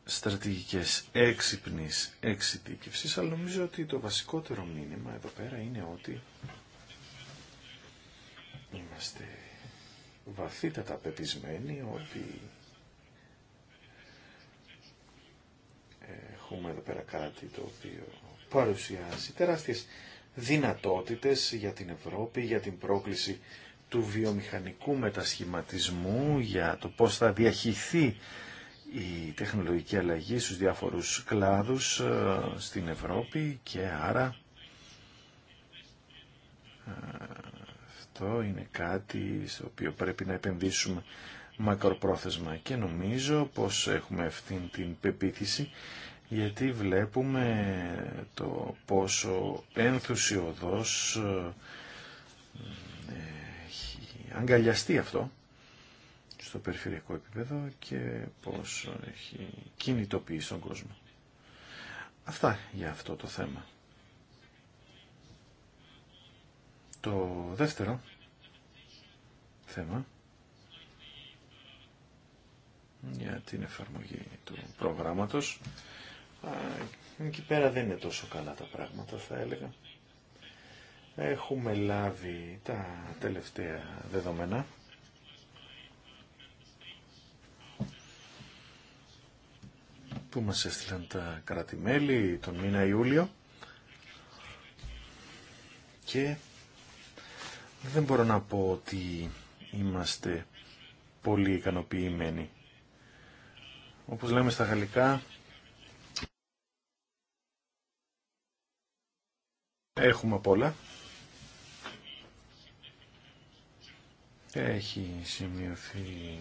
στρατηγικές έξυπνης εξειδίκευσης, αλλά νομίζω ότι το βασικότερο μήνυμα εδώ πέρα είναι ότι είμαστε βαθύτατα πεπισμένοι ότι έχουμε εδώ πέρα κάτι το οποίο παρουσιάζει τεράστιες δυνατότητες για την Ευρώπη, για την πρόκληση του βιομηχανικού μετασχηματισμού, για το πώς θα διαχειθεί η τεχνολογική αλλαγή στους διάφορους κλάδους ε, στην Ευρώπη και άρα ε, αυτό είναι κάτι στο οποίο πρέπει να επενδύσουμε μακροπρόθεσμα και νομίζω πως έχουμε αυτήν την πεποίθηση γιατί βλέπουμε το πόσο ενθουσιοδός ε, έχει αγκαλιαστεί αυτό στο περιφερειακό επίπεδο και πώς έχει κινητοποιήσει τον κόσμο. Αυτά για αυτό το θέμα. Το δεύτερο θέμα για την εφαρμογή του προγράμματος. Εκεί πέρα δεν είναι τόσο καλά τα πράγματα θα έλεγα. Έχουμε λάβει τα τελευταία δεδομένα που μας έστειλαν τα κρατη τον μήνα Ιούλιο και δεν μπορώ να πω ότι είμαστε πολύ ικανοποιημένοι. Όπως λέμε στα γαλλικά, έχουμε απ' όλα. Έχει σημειωθεί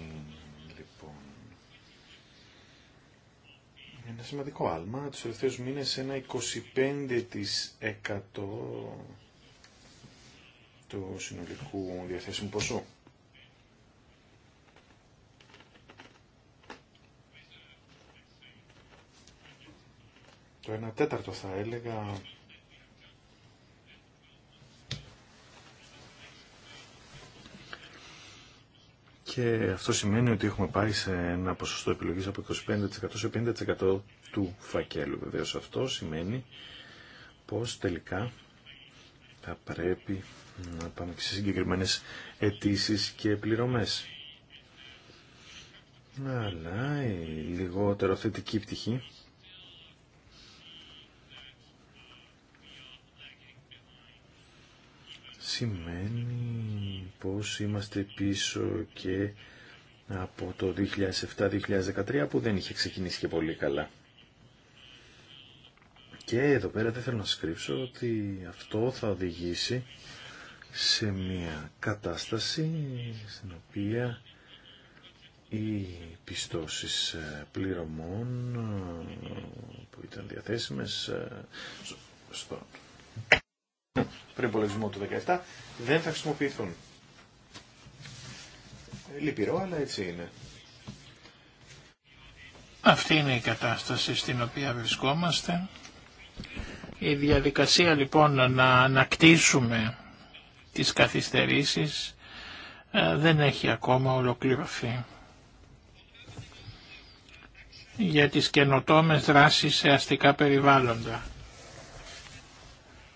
ένα σημαντικό άλμα. Τους τελευταίους μήνες ένα 25% του συνολικού διαθέσιμου ποσού. Το 1 τέταρτο θα έλεγα και αυτό σημαίνει ότι έχουμε πάει σε ένα ποσοστό επιλογής από 25% σε 50% του φακέλου. Βεβαίως αυτό σημαίνει πως τελικά θα πρέπει να πάμε και σε συγκεκριμένες αιτήσει και πληρωμές. Αλλά η λιγότερο θετική πτυχή σημαίνει πως είμαστε πίσω και από το 2007-2013 που δεν είχε ξεκινήσει και πολύ καλά. Και εδώ πέρα δεν θέλω να σας κρύψω ότι αυτό θα οδηγήσει σε μια κατάσταση στην οποία οι πιστώσεις ε, πληρωμών ε, που ήταν διαθέσιμες ε, στο προπολογισμό του 2017 δεν θα χρησιμοποιηθούν λυπηρό, αλλά έτσι είναι. Αυτή είναι η κατάσταση στην οποία βρισκόμαστε. Η διαδικασία λοιπόν να ανακτήσουμε τις καθυστερήσεις ε, δεν έχει ακόμα ολοκληρωθεί. Για τις καινοτόμες δράσεις σε αστικά περιβάλλοντα.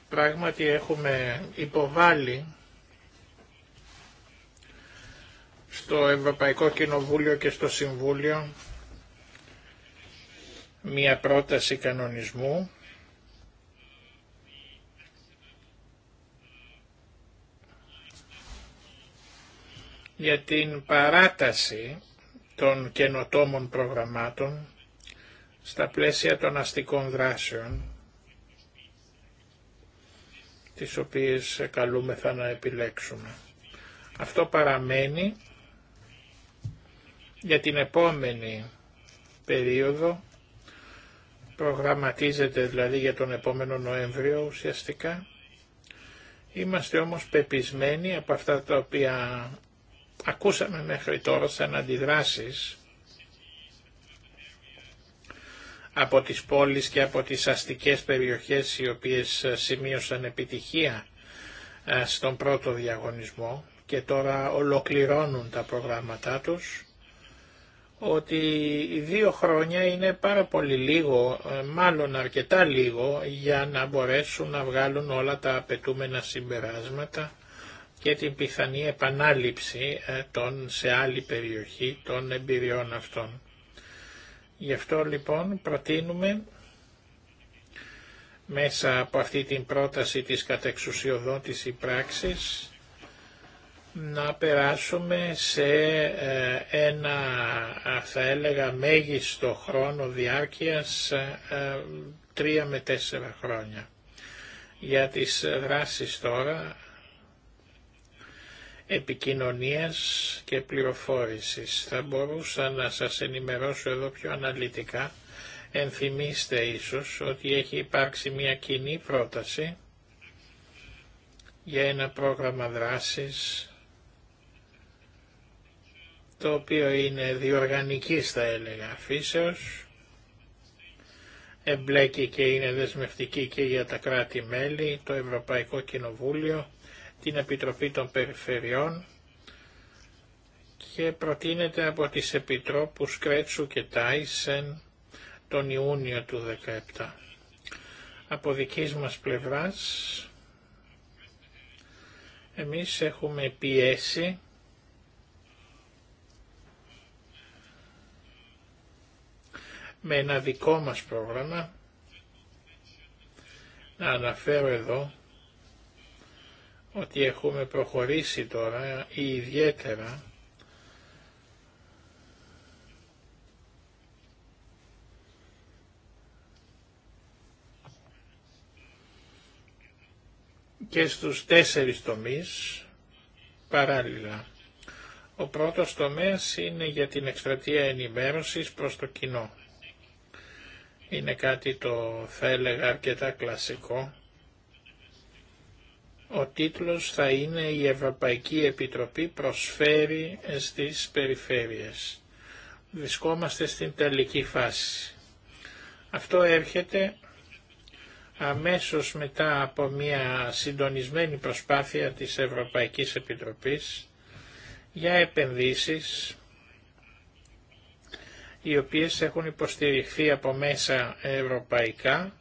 Πράγματι έχουμε υποβάλει στο Ευρωπαϊκό Κοινοβούλιο και στο Συμβούλιο μία πρόταση κανονισμού για την παράταση των καινοτόμων προγραμμάτων στα πλαίσια των αστικών δράσεων, τις οποίες καλούμεθα να επιλέξουμε. Αυτό παραμένει για την επόμενη περίοδο, προγραμματίζεται δηλαδή για τον επόμενο Νοέμβριο ουσιαστικά, είμαστε όμως πεπισμένοι από αυτά τα οποία ακούσαμε μέχρι τώρα σαν αντιδράσεις από τις πόλεις και από τις αστικές περιοχές οι οποίες σημείωσαν επιτυχία ε, στον πρώτο διαγωνισμό και τώρα ολοκληρώνουν τα προγράμματά τους ότι δύο χρόνια είναι πάρα πολύ λίγο, ε, μάλλον αρκετά λίγο, για να μπορέσουν να βγάλουν όλα τα απαιτούμενα συμπεράσματα και την πιθανή επανάληψη ε, των, σε άλλη περιοχή των εμπειριών αυτών. Γι' αυτό λοιπόν προτείνουμε μέσα από αυτή την πρόταση της κατεξουσιοδότηση πράξης να περάσουμε σε ε, ένα, θα έλεγα, μέγιστο χρόνο διάρκειας 3 ε, ε, με 4 χρόνια. Για τις δράσεις τώρα επικοινωνίας και πληροφόρησης. Θα μπορούσα να σας ενημερώσω εδώ πιο αναλυτικά. Ενθυμίστε ίσως ότι έχει υπάρξει μια κοινή πρόταση για ένα πρόγραμμα δράσης το οποίο είναι διοργανικής θα έλεγα φύσεως, εμπλέκει και είναι δεσμευτική και για τα κράτη-μέλη, το Ευρωπαϊκό Κοινοβούλιο, την Επιτροπή των Περιφερειών και προτείνεται από τις Επιτρόπους Κρέτσου και Τάισεν τον Ιούνιο του 2017. Από δικής μας πλευράς εμείς έχουμε πιέσει με ένα δικό μας πρόγραμμα. Να αναφέρω εδώ ότι έχουμε προχωρήσει τώρα ιδιαίτερα και στους τέσσερις τομείς παράλληλα. Ο πρώτος τομέας είναι για την εκστρατεία ενημέρωσης προς το κοινό είναι κάτι το θα έλεγα αρκετά κλασικό. Ο τίτλος θα είναι «Η Ευρωπαϊκή Επιτροπή προσφέρει στις περιφέρειες». Βρισκόμαστε στην τελική φάση. Αυτό έρχεται αμέσως μετά από μια συντονισμένη προσπάθεια της Ευρωπαϊκής Επιτροπής για επενδύσεις οι οποίες έχουν υποστηριχθεί από μέσα ευρωπαϊκά.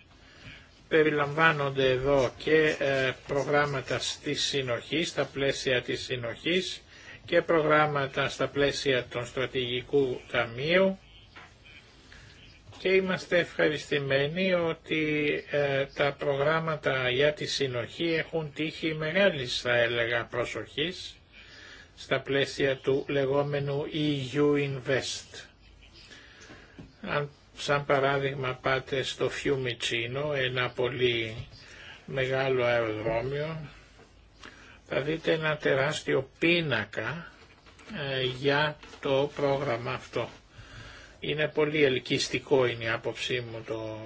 Περιλαμβάνονται εδώ και ε, προγράμματα στη συνοχή, στα πλαίσια της συνοχής και προγράμματα στα πλαίσια των στρατηγικού ταμείου και είμαστε ευχαριστημένοι ότι ε, τα προγράμματα για τη συνοχή έχουν τύχει μεγάλης θα έλεγα προσοχής στα πλαίσια του λεγόμενου EU Invest. Αν σαν παράδειγμα πάτε στο Φιουμιτσίνο, ένα πολύ μεγάλο αεροδρόμιο, θα δείτε ένα τεράστιο πίνακα ε, για το πρόγραμμα αυτό. Είναι πολύ ελκυστικό είναι η άποψή μου το,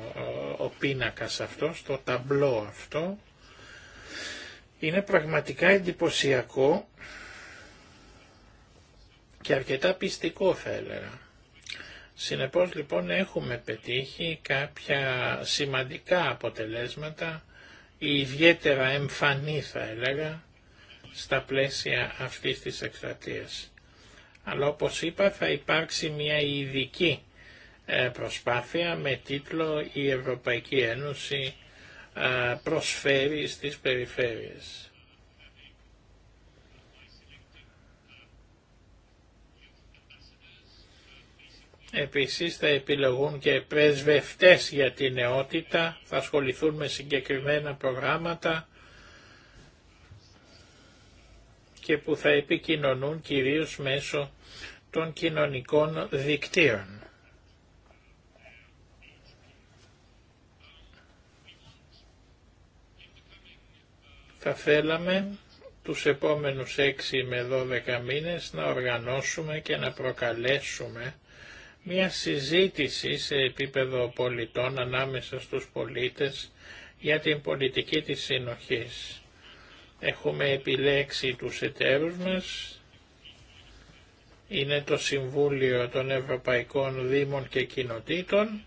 ο πίνακας αυτό, το ταμπλό αυτό. Είναι πραγματικά εντυπωσιακό και αρκετά πιστικό θα έλεγα. Συνεπώς λοιπόν έχουμε πετύχει κάποια σημαντικά αποτελέσματα, ιδιαίτερα εμφανή θα έλεγα, στα πλαίσια αυτής της εκστρατείας. Αλλά όπως είπα θα υπάρξει μια ειδική ε, προσπάθεια με τίτλο «Η Ευρωπαϊκή Ένωση ε, προσφέρει στις περιφέρειες». Επίσης θα επιλεγούν και πρεσβευτές για την νεότητα, θα ασχοληθούν με συγκεκριμένα προγράμματα και που θα επικοινωνούν κυρίως μέσω των κοινωνικών δικτύων. Θα θέλαμε τους επόμενους 6 με 12 μήνες να οργανώσουμε και να προκαλέσουμε μια συζήτηση σε επίπεδο πολιτών ανάμεσα στους πολίτες για την πολιτική της συνοχής. Έχουμε επιλέξει τους εταίρους μας, είναι το Συμβούλιο των Ευρωπαϊκών Δήμων και Κοινοτήτων,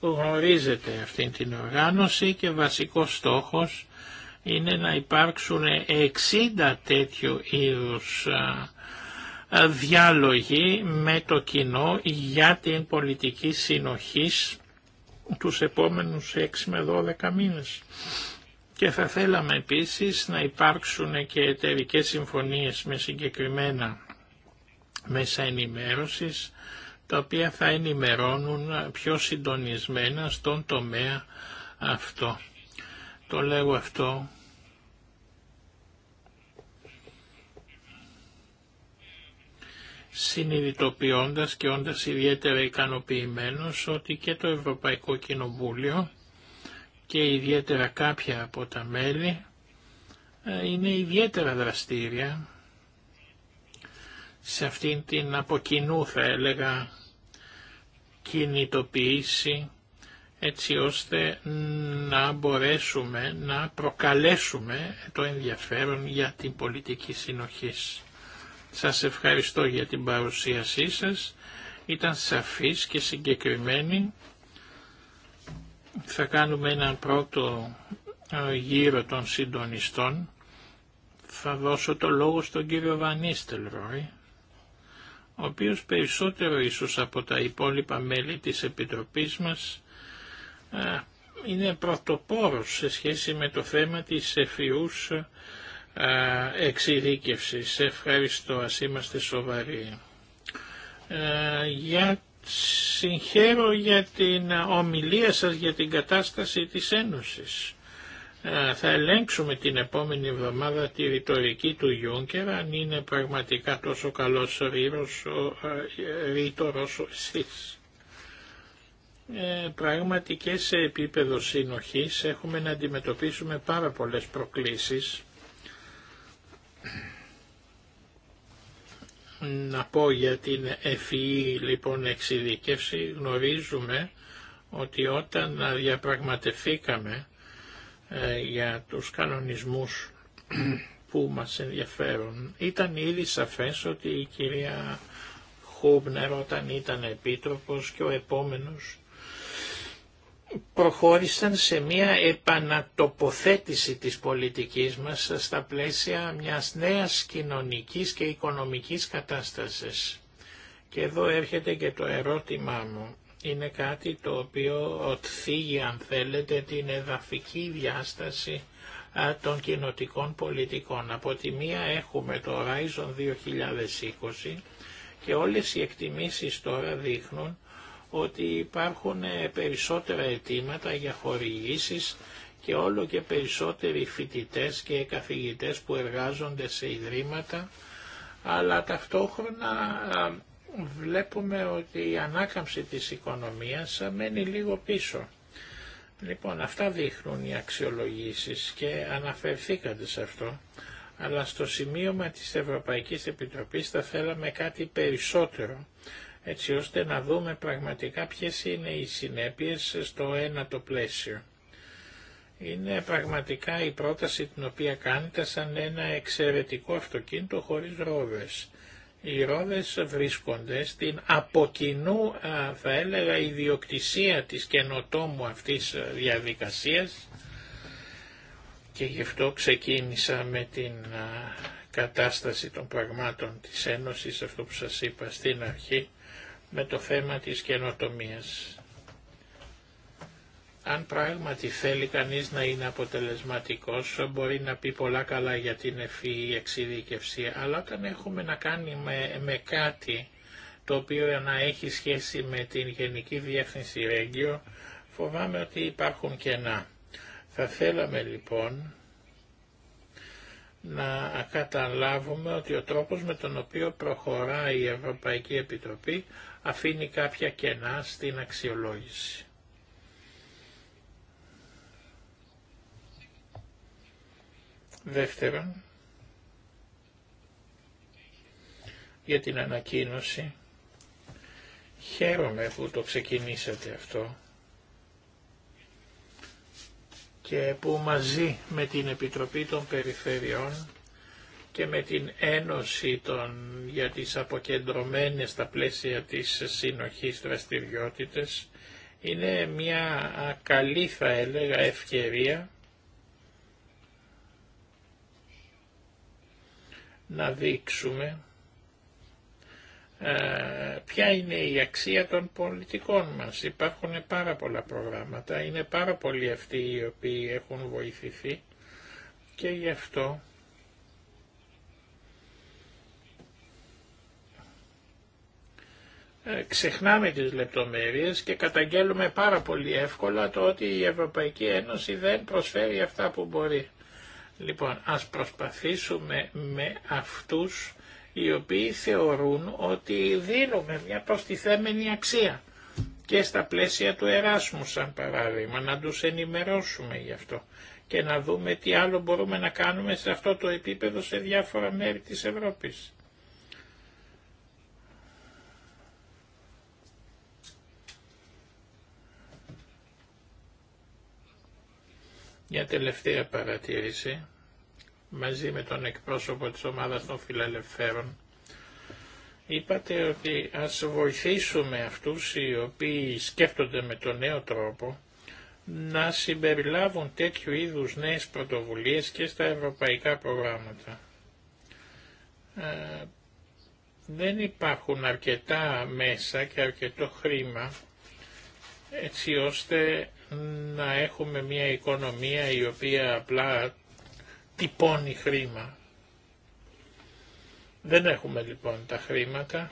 γνωρίζετε αυτή την οργάνωση και βασικός στόχος είναι να υπάρξουν 60 τέτοιου είδους διάλογοι με το κοινό για την πολιτική συνοχής τους επόμενους 6 με 12 μήνες. Και θα θέλαμε επίσης να υπάρξουν και εταιρικέ συμφωνίες με συγκεκριμένα μέσα ενημέρωσης, τα οποία θα ενημερώνουν πιο συντονισμένα στον τομέα αυτό. Το λέω αυτό συνειδητοποιώντας και όντας ιδιαίτερα ικανοποιημένος ότι και το Ευρωπαϊκό Κοινοβούλιο και ιδιαίτερα κάποια από τα μέλη ε, είναι ιδιαίτερα δραστήρια σε αυτήν την αποκοινού θα έλεγα κινητοποίηση έτσι ώστε να μπορέσουμε να προκαλέσουμε το ενδιαφέρον για την πολιτική συνοχής. Σας ευχαριστώ για την παρουσίασή σας. Ήταν σαφής και συγκεκριμένη. Θα κάνουμε έναν πρώτο ε, γύρο των συντονιστών. Θα δώσω το λόγο στον κύριο Βανίστελ ο οποίος περισσότερο ίσως από τα υπόλοιπα μέλη της Επιτροπής μας ε, είναι πρωτοπόρος σε σχέση με το θέμα της εφιούς ε, εξειδίκευσης. Ευχαριστώ, ας είμαστε σοβαροί. Ε, για συγχαίρω για την ομιλία σας για την κατάσταση της Ένωσης. Ε, θα ελέγξουμε την επόμενη εβδομάδα τη ρητορική του Γιούνκερ αν είναι πραγματικά τόσο καλός ρήρος ο ρήτορος ο εσείς. Ε, σε επίπεδο συνοχής έχουμε να αντιμετωπίσουμε πάρα πολλές προκλήσεις να πω για την ευφυή e e, λοιπόν εξειδικεύση γνωρίζουμε ότι όταν διαπραγματευθήκαμε ε, για τους κανονισμούς που μας ενδιαφέρουν ήταν ήδη σαφές ότι η κυρία Χούμπνερ όταν ήταν επίτροπος και ο επόμενος προχώρησαν σε μια επανατοποθέτηση της πολιτικής μας στα πλαίσια μιας νέας κοινωνικής και οικονομικής κατάστασης. Και εδώ έρχεται και το ερώτημά μου. Είναι κάτι το οποίο οτθίγει αν θέλετε την εδαφική διάσταση των κοινοτικών πολιτικών. Από τη μία έχουμε το Horizon 2020 και όλες οι εκτιμήσεις τώρα δείχνουν ότι υπάρχουν ε, περισσότερα αιτήματα για χορηγήσεις και όλο και περισσότεροι φοιτητές και καθηγητές που εργάζονται σε ιδρύματα, αλλά ταυτόχρονα βλέπουμε ότι η ανάκαμψη της οικονομίας μένει λίγο πίσω. Λοιπόν, αυτά δείχνουν οι αξιολογήσεις και αναφερθήκατε σε αυτό, αλλά στο σημείωμα της Ευρωπαϊκής Επιτροπής θα θέλαμε κάτι περισσότερο έτσι ώστε να δούμε πραγματικά ποιες είναι οι συνέπειες στο ένα το πλαίσιο. Είναι πραγματικά η πρόταση την οποία κάνετε σαν ένα εξαιρετικό αυτοκίνητο χωρίς ρόδες. Οι ρόδες βρίσκονται στην αποκοινού, θα έλεγα, ιδιοκτησία της καινοτόμου αυτής διαδικασίας και γι' αυτό ξεκίνησα με την κατάσταση των πραγμάτων της Ένωσης, αυτό που σας είπα στην αρχή με το θέμα της καινοτομίας. Αν πράγματι θέλει κανείς να είναι αποτελεσματικός, μπορεί να πει πολλά καλά για την ευφυή εξειδίκευση, αλλά όταν έχουμε να κάνουμε με κάτι το οποίο να έχει σχέση με την Γενική Διεύθυνση Ρέγγιο, φοβάμαι ότι υπάρχουν κενά. Θα θέλαμε λοιπόν να καταλάβουμε ότι ο τρόπος με τον οποίο προχωράει η Ευρωπαϊκή Επιτροπή αφήνει κάποια κενά στην αξιολόγηση. Δεύτερον, για την ανακοίνωση, χαίρομαι που το ξεκινήσατε αυτό και που μαζί με την Επιτροπή των Περιφερειών και με την ένωση των, για τις αποκεντρωμένες στα πλαίσια της συνοχής δραστηριότητες είναι μια καλή θα έλεγα ευκαιρία να δείξουμε ε, ποια είναι η αξία των πολιτικών μας. Υπάρχουν πάρα πολλά προγράμματα, είναι πάρα πολλοί αυτοί οι οποίοι έχουν βοηθηθεί και γι' αυτό Ε, ξεχνάμε τις λεπτομέρειες και καταγγέλουμε πάρα πολύ εύκολα το ότι η Ευρωπαϊκή Ένωση δεν προσφέρει αυτά που μπορεί. Λοιπόν, ας προσπαθήσουμε με αυτούς οι οποίοι θεωρούν ότι δίνουμε μια προστιθέμενη αξία και στα πλαίσια του Εράσμου σαν παράδειγμα, να τους ενημερώσουμε γι' αυτό και να δούμε τι άλλο μπορούμε να κάνουμε σε αυτό το επίπεδο σε διάφορα μέρη της Ευρώπης. Μια τελευταία παρατήρηση μαζί με τον εκπρόσωπο της ομάδας των φιλελευθέρων. Είπατε ότι ας βοηθήσουμε αυτούς οι οποίοι σκέφτονται με τον νέο τρόπο να συμπεριλάβουν τέτοιου είδους νέες πρωτοβουλίες και στα ευρωπαϊκά προγράμματα. Ε, δεν υπάρχουν αρκετά μέσα και αρκετό χρήμα έτσι ώστε να έχουμε μια οικονομία η οποία απλά τυπώνει χρήμα. Δεν έχουμε λοιπόν τα χρήματα.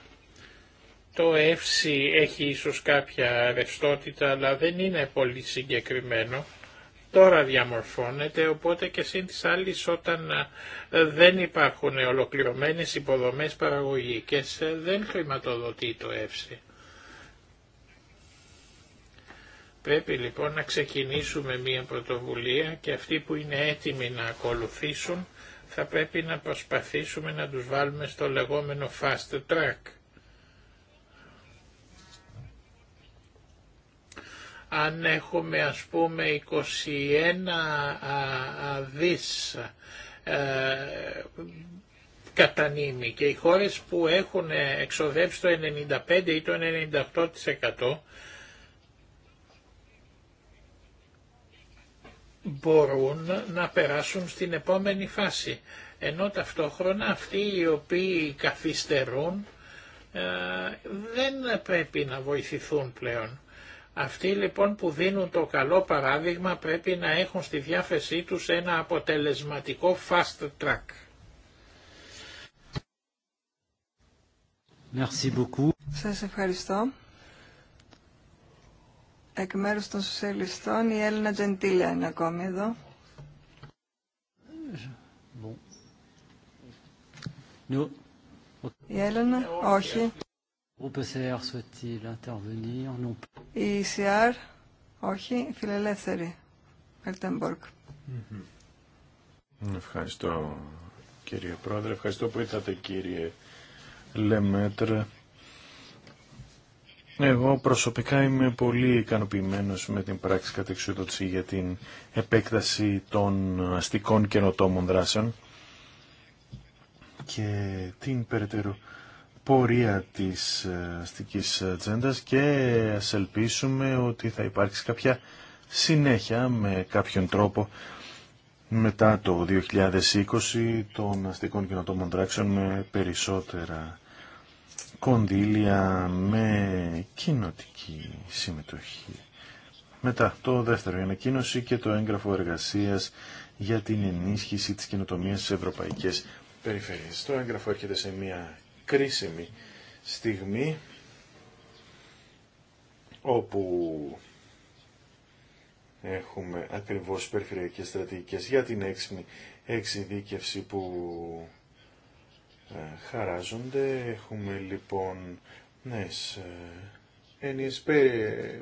Το εύση έχει ίσως κάποια ρευστότητα, αλλά δεν είναι πολύ συγκεκριμένο. Τώρα διαμορφώνεται, οπότε και σύν της άλλης όταν ε, δεν υπάρχουν ολοκληρωμένες υποδομές παραγωγικές, ε, δεν χρηματοδοτεί το εύση. Πρέπει λοιπόν να ξεκινήσουμε μία πρωτοβουλία και αυτοί που είναι έτοιμοι να ακολουθήσουν θα πρέπει να προσπαθήσουμε να τους βάλουμε στο λεγόμενο fast track. Αν έχουμε ας πούμε 21 δις ε, κατανείμει και οι χώρες που έχουν εξοδέψει το 95% ή το 98% μπορούν να περάσουν στην επόμενη φάση. Ενώ ταυτόχρονα αυτοί οι οποίοι καθυστερούν ε, δεν πρέπει να βοηθηθούν πλέον. Αυτοί λοιπόν που δίνουν το καλό παράδειγμα πρέπει να έχουν στη διάθεσή τους ένα αποτελεσματικό fast track. Merci Σας ευχαριστώ. Εκ μέρου των Σοσιαλιστών η Έλληνα Τζεντήλια είναι ακόμη εδώ. Η Έλενα, όχι. Η ECR, όχι. Φιλελεύθερη. Ελτεμπορκ. Ευχαριστώ κύριε Πρόεδρε. Ευχαριστώ που ήρθατε κύριε Λεμέτρ. Εγώ προσωπικά είμαι πολύ ικανοποιημένος με την πράξη κατεξοδότηση για την επέκταση των αστικών καινοτόμων δράσεων και την περαιτέρω πορεία της ε, αστικής ατζέντα και ας ελπίσουμε ότι θα υπάρξει κάποια συνέχεια με κάποιον τρόπο μετά το 2020 των αστικών καινοτόμων δράσεων με περισσότερα κονδύλια με κοινοτική συμμετοχή. Μετά το δεύτερο, η ανακοίνωση και το έγγραφο εργασίας για την ενίσχυση της κοινοτομίας στις ευρωπαϊκές περιφέρειες. Το έγγραφο έρχεται σε μια κρίσιμη στιγμή όπου έχουμε ακριβώς περιφερειακές στρατηγικές για την έξυπνη εξειδίκευση που ε, χαράζονται. Έχουμε λοιπόν νέες ε, έννοιες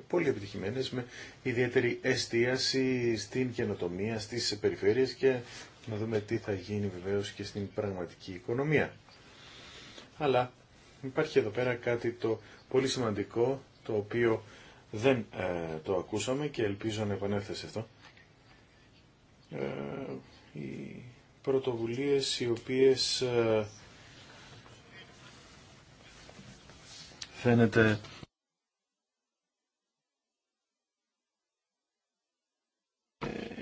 πολύ επιτυχημένες με ιδιαίτερη εστίαση στην καινοτομία, στις περιφέρειες και να δούμε τι θα γίνει βεβαίως και στην πραγματική οικονομία. Αλλά υπάρχει εδώ πέρα κάτι το πολύ σημαντικό το οποίο δεν ε, το ακούσαμε και ελπίζω να επανέλθει σε αυτό. Ε, οι πρωτοβουλίες οι οποίες Φαίνεται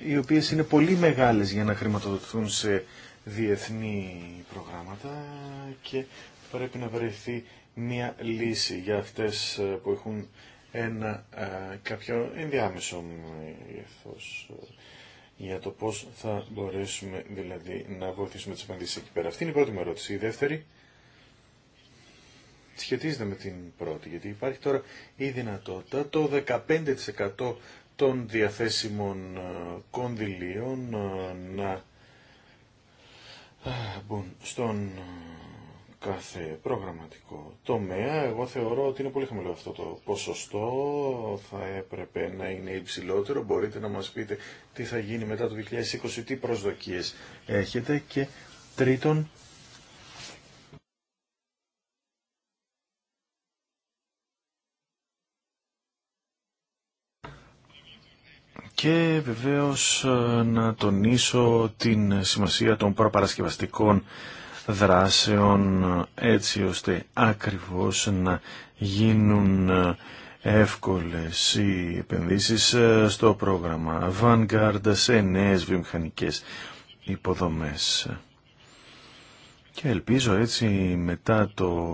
οι οποίες είναι πολύ μεγάλες για να χρηματοδοτηθούν σε διεθνή προγράμματα και πρέπει να βρεθεί μια λύση για αυτές που έχουν ένα κάποιο ενδιάμεσο ε, για το πώς θα μπορέσουμε δηλαδή να βοηθήσουμε τις επενδύσεις εκεί πέρα. Αυτή είναι η πρώτη μου ερώτηση. Η δεύτερη σχετίζεται με την πρώτη, γιατί υπάρχει τώρα η δυνατότητα το 15% των διαθέσιμων ε, κονδυλίων ε, να ε, μπουν στον κάθε προγραμματικό τομέα. Εγώ θεωρώ ότι είναι πολύ χαμηλό αυτό το ποσοστό, θα έπρεπε να είναι υψηλότερο. Μπορείτε να μας πείτε τι θα γίνει μετά το 2020, τι προσδοκίες έχετε και τρίτον και βεβαίως ε, να τονίσω την σημασία των προπαρασκευαστικών δράσεων ε, έτσι ώστε ακριβώς να γίνουν ε, εύκολες οι επενδύσεις στο πρόγραμμα Vanguard σε νέες βιομηχανικές υποδομές. Και ελπίζω έτσι μετά το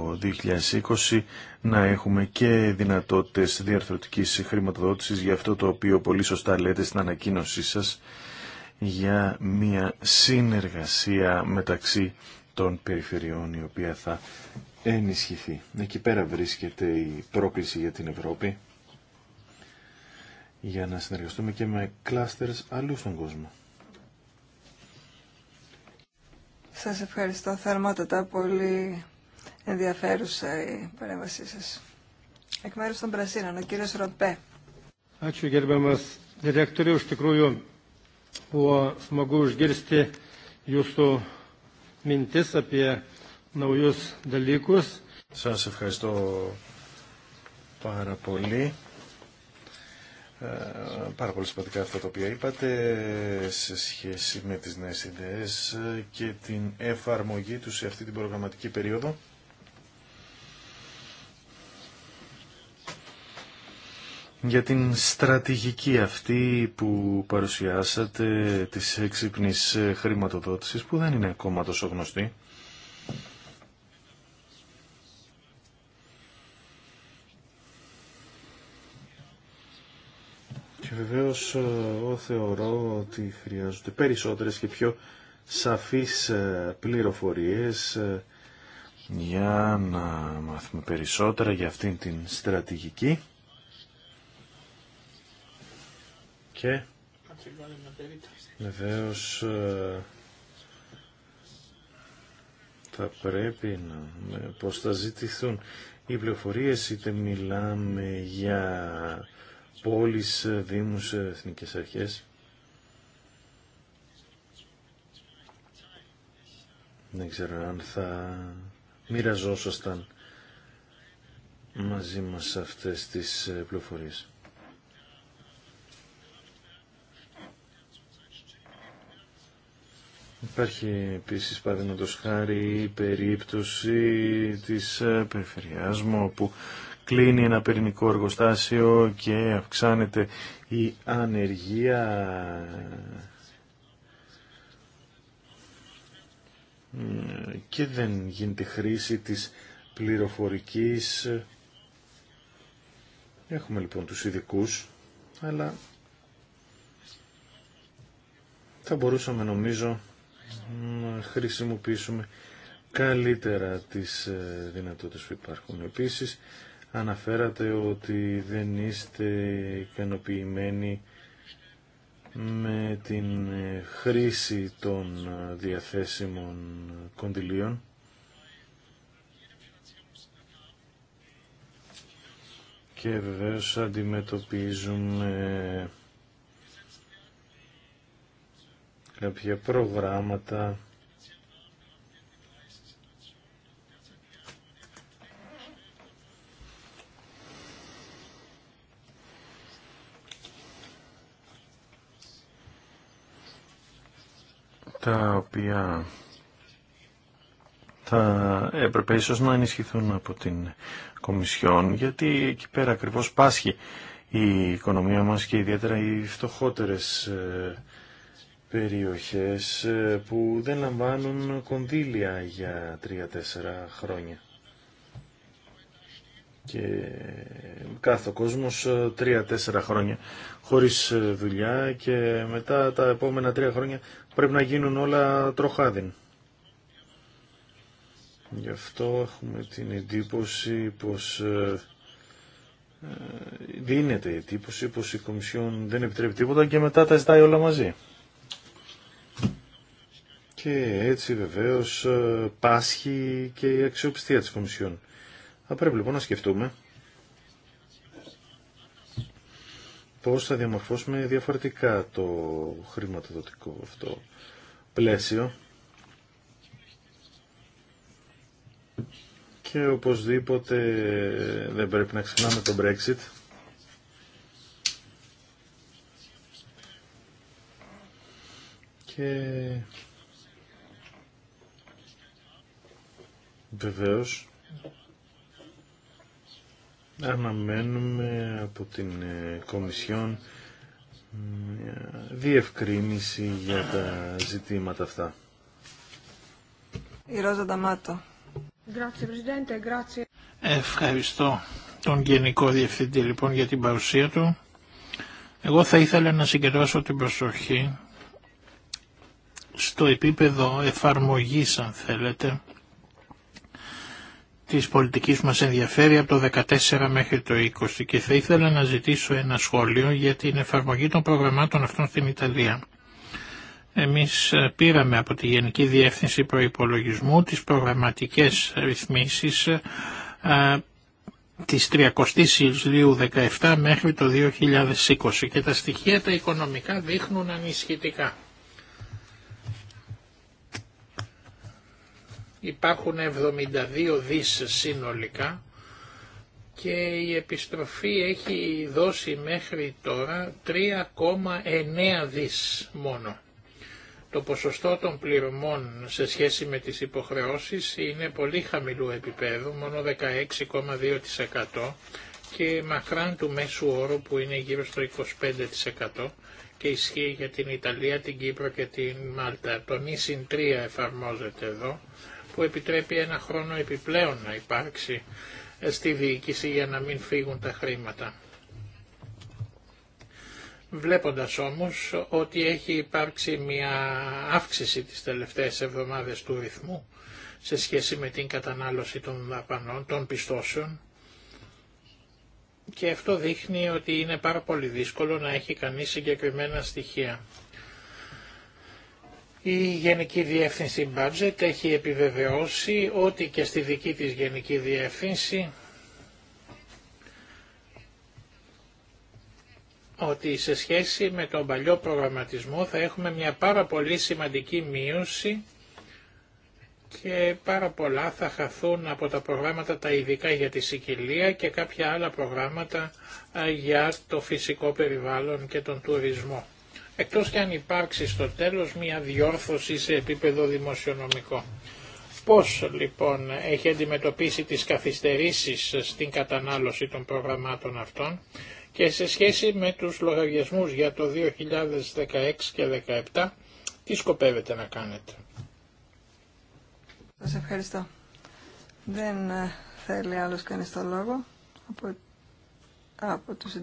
2020 να έχουμε και δυνατότητες διαρθρωτικής χρηματοδότησης για αυτό το οποίο πολύ σωστά λέτε στην ανακοίνωσή σας για μια συνεργασία μεταξύ των περιφερειών η οποία θα ενισχυθεί. Εκεί πέρα βρίσκεται η πρόκληση για την Ευρώπη για να συνεργαστούμε και με κλάστερς αλλού στον κόσμο. Σας ευχαριστώ θερμότατα. Πολύ ενδιαφέρουσα η παρέμβασή σας. Εκ μέρους των Πρασίνων, ο κύριος Ροπέ. Σας ευχαριστώ πάρα πολύ. Ε, πάρα πολύ σημαντικά αυτά τα οποία είπατε σε σχέση με τις νέες ιδέες και την εφαρμογή τους σε αυτή την προγραμματική περίοδο. Για την στρατηγική αυτή που παρουσιάσατε της έξυπνης χρηματοδότησης που δεν είναι ακόμα τόσο γνωστή. Και βεβαίως ε, θεωρώ ότι χρειάζονται περισσότερες και πιο σαφείς ε, πληροφορίες ε, για να μάθουμε περισσότερα για αυτήν την στρατηγική. Και βεβαίω θα πρέπει να πώς θα ζητηθούν οι πληροφορίες, είτε μιλάμε για πόλεις, ε, δήμους, ε, εθνικές αρχές. Δεν ξέρω αν θα μοιραζόσασταν μαζί μας αυτές τις ε, πληροφορίες. Υπάρχει επίσης παραδείγματος χάρη η περίπτωση της περιφερειάς μου όπου κλείνει ένα πυρηνικό εργοστάσιο και αυξάνεται η ανεργία. Και δεν γίνεται χρήση της πληροφορικής. Έχουμε λοιπόν τους ειδικού, αλλά θα μπορούσαμε νομίζω να χρησιμοποιήσουμε καλύτερα τις δυνατότητες που υπάρχουν. Επίσης, αναφέρατε ότι δεν είστε ικανοποιημένοι με την χρήση των διαθέσιμων κοντιλίων Και βεβαίως αντιμετωπίζουμε κάποια προγράμματα τα οποία θα έπρεπε ίσως να ενισχυθούν από την Κομισιόν, γιατί εκεί πέρα ακριβώς πάσχει η οικονομία μας και ιδιαίτερα οι φτωχότερες ε, περιοχές ε, που δεν λαμβάνουν κονδύλια για 3-4 χρόνια και κάθε ο κόσμος ε, τρία-τέσσερα χρόνια χωρίς ε, δουλειά και μετά τα επόμενα τρία χρόνια πρέπει να γίνουν όλα τροχάδιν. Γι' αυτό έχουμε την εντύπωση πως ε, δίνεται η εντύπωση πως η Κομισιόν δεν επιτρέπει τίποτα και μετά τα ζητάει όλα μαζί. Και έτσι βεβαίως πάσχει και η αξιοπιστία της Κομισιόν. Θα πρέπει λοιπόν να σκεφτούμε πώς θα διαμορφώσουμε διαφορετικά το χρηματοδοτικό αυτό πλαίσιο και οπωσδήποτε δεν πρέπει να ξεχνάμε το Brexit και βεβαίως αναμένουμε από την ε, Κομισιόν μια διευκρίνηση για τα ζητήματα αυτά. Η Ρόζα Νταμάτο. Ευχαριστώ τον Γενικό Διευθυντή λοιπόν για την παρουσία του. Εγώ θα ήθελα να συγκεντρώσω την προσοχή στο επίπεδο εφαρμογής αν θέλετε της πολιτικής μας ενδιαφέρει από το 14 μέχρι το 20 και θα ήθελα να ζητήσω ένα σχόλιο για την εφαρμογή των προγραμμάτων αυτών στην Ιταλία. Εμείς ε, πήραμε από τη Γενική Διεύθυνση Προϋπολογισμού τις προγραμματικές ρυθμίσεις ε, της 30ης Ιουλίου 17 μέχρι το 2020 και τα στοιχεία τα οικονομικά δείχνουν ανισχυτικά. Υπάρχουν 72 δις συνολικά και η επιστροφή έχει δώσει μέχρι τώρα 3,9 δις μόνο. Το ποσοστό των πληρωμών σε σχέση με τις υποχρεώσεις είναι πολύ χαμηλού επίπεδου, μόνο 16,2% και μακράν του μέσου όρου που είναι γύρω στο 25% και ισχύει για την Ιταλία, την Κύπρο και την Μάλτα. Το νησιν 3 εφαρμόζεται εδώ που επιτρέπει ένα χρόνο επιπλέον να υπάρξει ε, στη διοίκηση για να μην φύγουν τα χρήματα. Βλέποντας όμως ότι έχει υπάρξει μια αύξηση τις τελευταίες εβδομάδες του ρυθμού σε σχέση με την κατανάλωση των δαπανών, των πιστώσεων, και αυτό δείχνει ότι είναι πάρα πολύ δύσκολο να έχει κανείς συγκεκριμένα στοιχεία. Η Γενική Διεύθυνση Budget έχει επιβεβαιώσει ότι και στη δική της Γενική Διεύθυνση ότι σε σχέση με τον παλιό προγραμματισμό θα έχουμε μια πάρα πολύ σημαντική μείωση και πάρα πολλά θα χαθούν από τα προγράμματα τα ειδικά για τη συγκυλία και κάποια άλλα προγράμματα για το φυσικό περιβάλλον και τον τουρισμό εκτός και αν υπάρξει στο τέλος μια διόρθωση σε επίπεδο δημοσιονομικό. Πώς λοιπόν έχει αντιμετωπίσει τις καθυστερήσεις στην κατανάλωση των προγραμμάτων αυτών και σε σχέση με τους λογαριασμούς για το 2016 και 2017, τι σκοπεύετε να κάνετε. Σας ευχαριστώ. Δεν ε, θέλει άλλος κανείς το λόγο από, από τους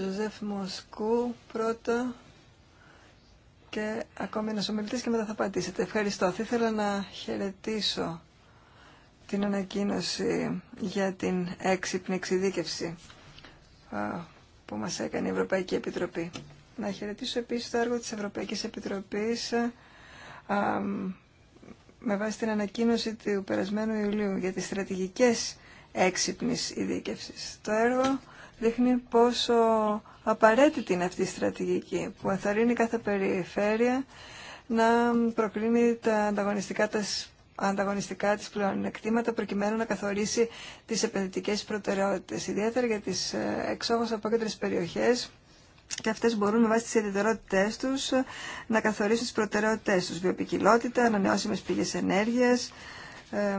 Ζωζεφ Μοσκού πρώτα και ακόμη ένας ομιλητής και μετά θα πατήσετε. Ευχαριστώ. Θα ήθελα να χαιρετήσω την ανακοίνωση για την έξυπνη εξειδίκευση που μας έκανε η Ευρωπαϊκή Επιτροπή. Να χαιρετήσω επίσης το έργο της Ευρωπαϊκής Επιτροπής με βάση την ανακοίνωση του περασμένου Ιουλίου για τις στρατηγικές έξυπνης ειδίκευσης. Το έργο δείχνει πόσο απαραίτητη είναι αυτή η στρατηγική που ενθαρρύνει κάθε περιφέρεια να προκρίνει τα ανταγωνιστικά, τα ανταγωνιστικά της πλεονεκτήματα προκειμένου να καθορίσει τις επενδυτικές προτεραιότητες, ιδιαίτερα για τις ε, εξόχως απόκεντρες περιοχές και αυτές μπορούν με βάση τις ιδιαιτερότητές τους ε, να καθορίσουν τις προτεραιότητές τους. Βιοπικιλότητα, ανανεώσιμες πηγές ενέργειας, ε,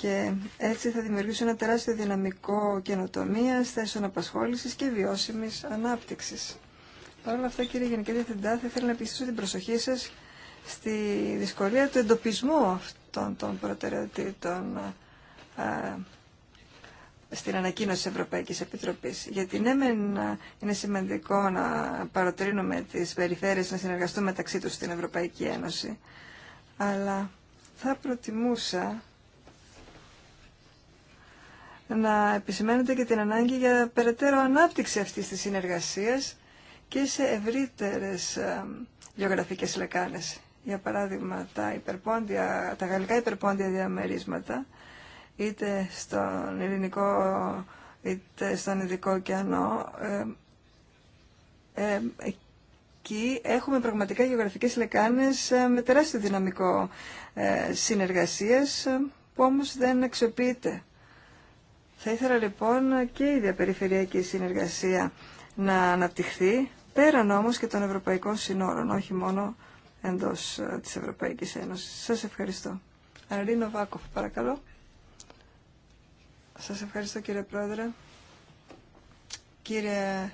και έτσι θα δημιουργήσουν ένα τεράστιο δυναμικό καινοτομία, θέσεων απασχόληση και βιώσιμη ανάπτυξη. Παρ' όλα αυτά, κύριε Γενική Διευθυντά, θα ήθελα να επιστήσω την προσοχή σα στη δυσκολία του εντοπισμού αυτών των προτεραιοτήτων στην ανακοίνωση της Ευρωπαϊκής Επιτροπής. Γιατί ναι, είναι σημαντικό να παροτρύνουμε τις περιφέρειες να συνεργαστούμε μεταξύ τους στην Ευρωπαϊκή Ένωση, αλλά θα προτιμούσα να επισημαίνεται και την ανάγκη για περαιτέρω ανάπτυξη αυτής της συνεργασίας και σε ευρύτερες ε, γεωγραφικές λεκάνες. Για παράδειγμα, τα, υπερπόντια, τα γαλλικά υπερπόντια διαμερίσματα, είτε στον ελληνικό είτε στον ειδικό ωκεανό, ε, ε, εκεί έχουμε πραγματικά γεωγραφικές λεκάνες ε, με τεράστιο δυναμικό ε, συνεργασίας, ε, που όμως δεν αξιοποιείται θα ήθελα λοιπόν και η διαπεριφερειακή συνεργασία να αναπτυχθεί, πέραν όμως και των ευρωπαϊκών συνόρων, όχι μόνο εντός ε, της Ευρωπαϊκής Ένωσης. Σας ευχαριστώ. Αρίνο Βάκοφ, παρακαλώ. Σας ευχαριστώ κύριε Πρόεδρε. Κύριε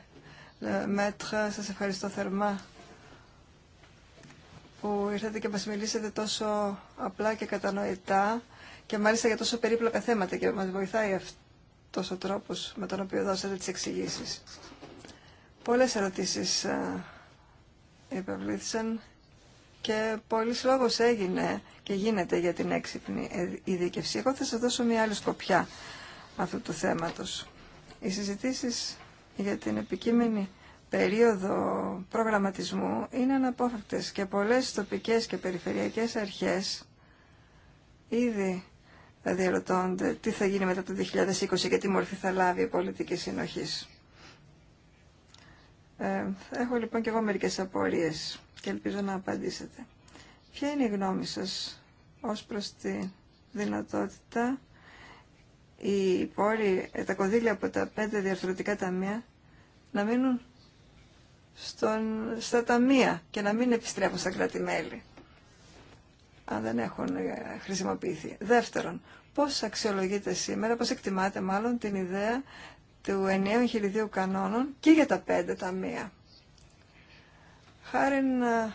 ε, Μέτρα, σας ευχαριστώ θερμά που ήρθατε και μας μιλήσατε τόσο απλά και κατανοητά και μάλιστα για τόσο περίπλοκα θέματα και μας βοηθάει αυτό τόσο τρόπος με τον οποίο δώσατε τις εξηγήσεις. Πολλές ερωτήσεις ε, υπευλήθησαν και πολλής λόγος έγινε και γίνεται για την έξυπνη ειδίκευση. Εγώ θα σας δώσω μια άλλη σκοπιά αυτού του θέματος. Οι συζητήσεις για την επικείμενη περίοδο προγραμματισμού είναι αναπόφευκτες και πολλές τοπικές και περιφερειακές αρχές ήδη ερωτώνται τι θα γίνει μετά το 2020 και τι μορφή θα λάβει η πολιτική συνοχής. Ε, έχω λοιπόν και εγώ μερικές απορίες και ελπίζω να απαντήσετε. Ποια είναι η γνώμη σας ως προς τη δυνατότητα οι πόροι, ε, τα κονδύλια από τα πέντε διαρθρωτικά ταμεία να μείνουν στον, στα ταμεία και να μην επιστρέφουν στα κράτη-μέλη αν δεν έχουν ε, χρησιμοποιηθεί. Δεύτερον, πώς αξιολογείται σήμερα, πώς εκτιμάτε μάλλον την ιδέα του ενιαίου εγχειριδίου κανόνων και για τα πέντε ταμεία. Χάρη ε,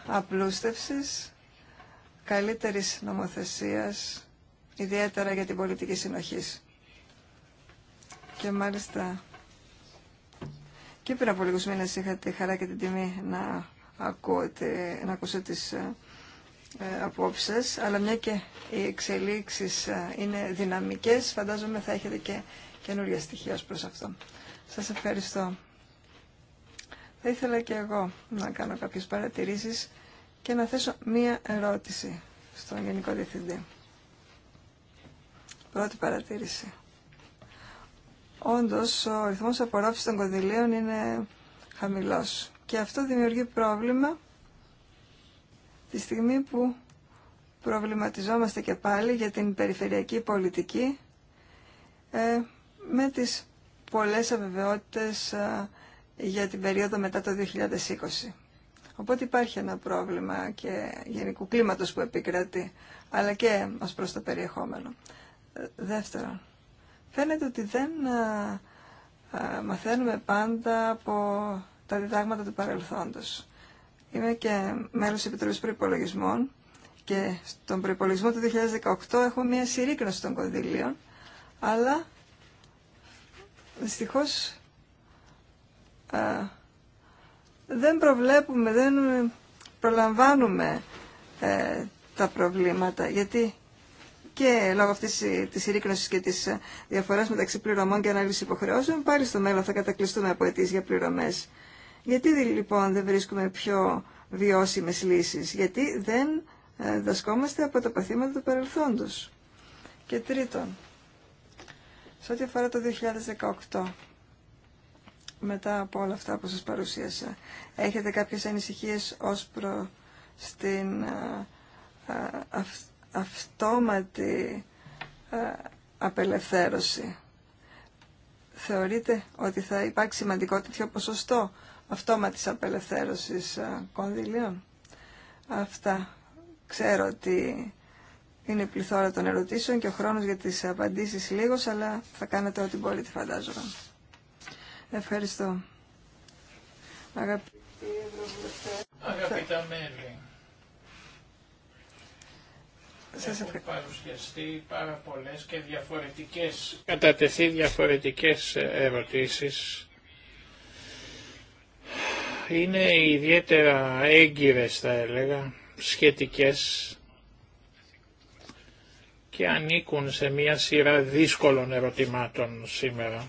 απλούστευσης, καλύτερης νομοθεσίας, ιδιαίτερα για την πολιτική συνοχή. Και μάλιστα και πριν από λίγους μήνες είχα τη χαρά και την τιμή να, να ακούσω τις ε, ε, απόψες, αλλά μια και οι εξελίξεις ε, είναι δυναμικές, φαντάζομαι θα έχετε και καινούργια στοιχεία ως προς αυτό. Σας ευχαριστώ. Θα ήθελα και εγώ να κάνω κάποιες παρατηρήσεις και να θέσω μία ερώτηση στον Γενικό Διευθυντή. Πρώτη παρατήρηση. Όντως, ο ρυθμός απορρόφησης των κονδυλίων είναι χαμηλός και αυτό δημιουργεί πρόβλημα Τη στιγμή που προβληματιζόμαστε και πάλι για την περιφερειακή πολιτική ε, με τις πολλές αβεβαιότητες ε, για την περίοδο μετά το 2020. Οπότε υπάρχει ένα πρόβλημα και γενικού κλίματος που επικρατεί, αλλά και ως προς το περιεχόμενο. Ε, δεύτερον, φαίνεται ότι δεν μαθαίνουμε πάντα από τα διδάγματα του παρελθόντος. Είμαι και μέλος τη Επιτροπής Προϋπολογισμών και στον προϋπολογισμό του 2018 έχω μια συρρήκνωση των κονδύλιων, αλλά δυστυχώς δεν προβλέπουμε, δεν προλαμβάνουμε ε, τα προβλήματα, γιατί και λόγω αυτής της συρρήκνωσης και της διαφοράς μεταξύ πληρωμών και ανάλυση υποχρεώσεων, πάλι στο μέλλον θα κατακλειστούμε από αιτήσεις για πληρωμές. Γιατί λοιπόν δεν βρίσκουμε πιο βιώσιμες λύσεις, γιατί δεν ε, δασκόμαστε από τα παθήματα του παρελθόντος. Και τρίτον, σε ό,τι αφορά το 2018, μετά από όλα αυτά που σας παρουσίασα, έχετε κάποιες ανησυχίες ως προς την ε, ε, αυτόματη απελευθέρωση. Θεωρείτε ότι θα υπάρξει σημαντικό τέτοιο ποσοστό αυτόματης απελευθέρωσης ε, κονδυλίων. Αυτά. Ξέρω ότι είναι πληθώρα των ερωτήσεων και ο χρόνος για τις απαντήσεις λίγος, αλλά θα κάνετε ό,τι μπορείτε φαντάζομαι. Ευχαριστώ. Αγαπητά μέλη, Σας έχουν παρουσιαστεί πάρα πολλές και διαφορετικές, κατατεθεί διαφορετικές ερωτήσεις είναι ιδιαίτερα έγκυρες θα έλεγα, σχετικές και ανήκουν σε μια σειρά δύσκολων ερωτημάτων σήμερα.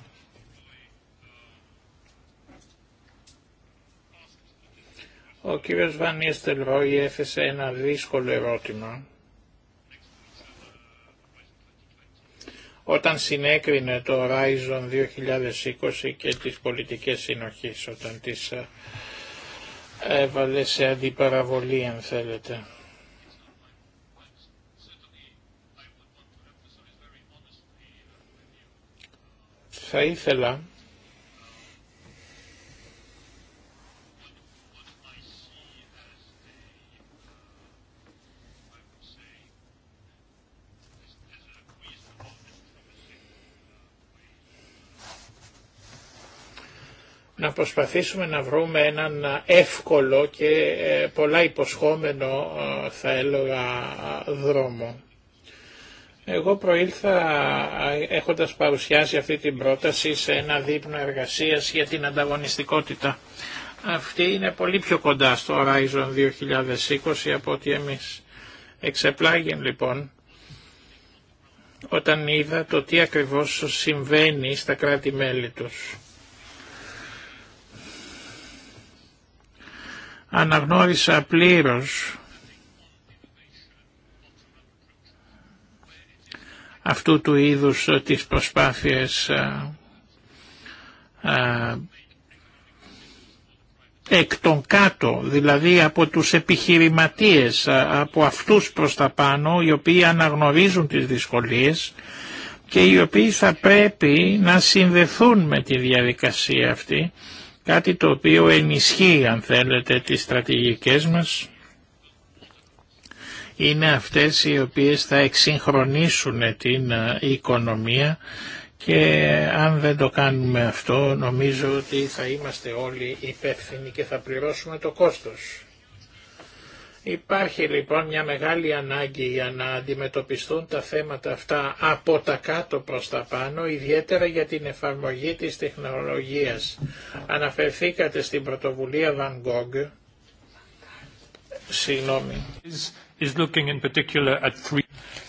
Ο κύριος Βανίστελ Ρόι έθεσε ένα δύσκολο ερώτημα όταν συνέκρινε το Horizon 2020 και τις πολιτικές συνοχής, όταν τις ε, έβαλε σε αντιπαραβολή αν θέλετε. Θα ήθελα να προσπαθήσουμε να βρούμε έναν ε, εύκολο και ε, πολλά υποσχόμενο ε, θα έλεγα δρόμο. Εγώ προήλθα έχοντας παρουσιάσει αυτή την πρόταση σε ένα δείπνο εργασίας για την ανταγωνιστικότητα. Αυτή είναι πολύ πιο κοντά στο Horizon 2020 από ότι εμείς. Εξεπλάγει λοιπόν όταν είδα το τι ακριβώς συμβαίνει στα κράτη-μέλη τους. αναγνώρισα πλήρως αυτού του είδους τις προσπάθειες εκ των κάτω, δηλαδή από τους επιχειρηματίες, από αυτούς προς τα πάνω, οι οποίοι αναγνωρίζουν τις δυσκολίες και οι οποίοι θα πρέπει να συνδεθούν με τη διαδικασία αυτή κάτι το οποίο ενισχύει αν θέλετε τις στρατηγικές μας είναι αυτές οι οποίες θα εξυγχρονίσουν την ε, οικονομία και αν δεν το κάνουμε αυτό νομίζω ότι θα είμαστε όλοι υπεύθυνοι και θα πληρώσουμε το κόστος. Υπάρχει λοιπόν μια μεγάλη ανάγκη για να αντιμετωπιστούν τα θέματα αυτά από τα κάτω προς τα πάνω, ιδιαίτερα για την εφαρμογή της τεχνολογίας. Αναφερθήκατε στην πρωτοβουλία Van Gogh. Συγγνώμη.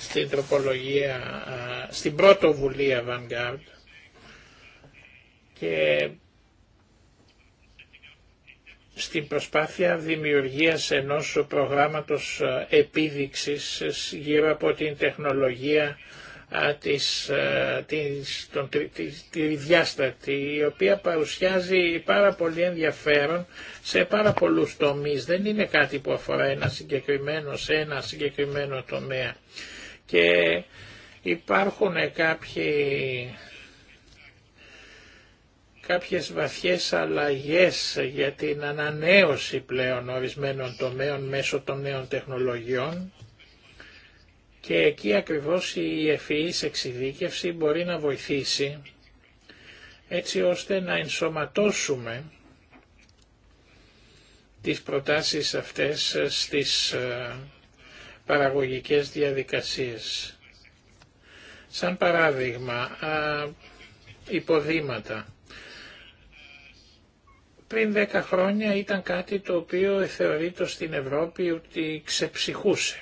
Στην τροπολογία, στην πρωτοβουλία Van Gogh και στην προσπάθεια δημιουργίας ενός προγράμματος ε, επίδειξης ε, γύρω από την τεχνολογία ε, της, της, τη διάστατη η οποία παρουσιάζει πάρα πολύ ενδιαφέρον σε πάρα πολλούς τομείς. Δεν είναι κάτι που αφορά ένα συγκεκριμένο σε ένα συγκεκριμένο τομέα. Και υπάρχουν κάποιοι κάποιες βαθιές αλλαγές για την ανανέωση πλέον ορισμένων τομέων μέσω των νέων τεχνολογιών και εκεί ακριβώς η ευφυής e εξειδίκευση μπορεί να βοηθήσει έτσι ώστε να ενσωματώσουμε τις προτάσεις αυτές στις ε, παραγωγικές διαδικασίες. Σαν παράδειγμα, υποδήματα πριν 10 χρόνια ήταν κάτι το οποίο θεωρείται στην Ευρώπη ότι ξεψυχούσε.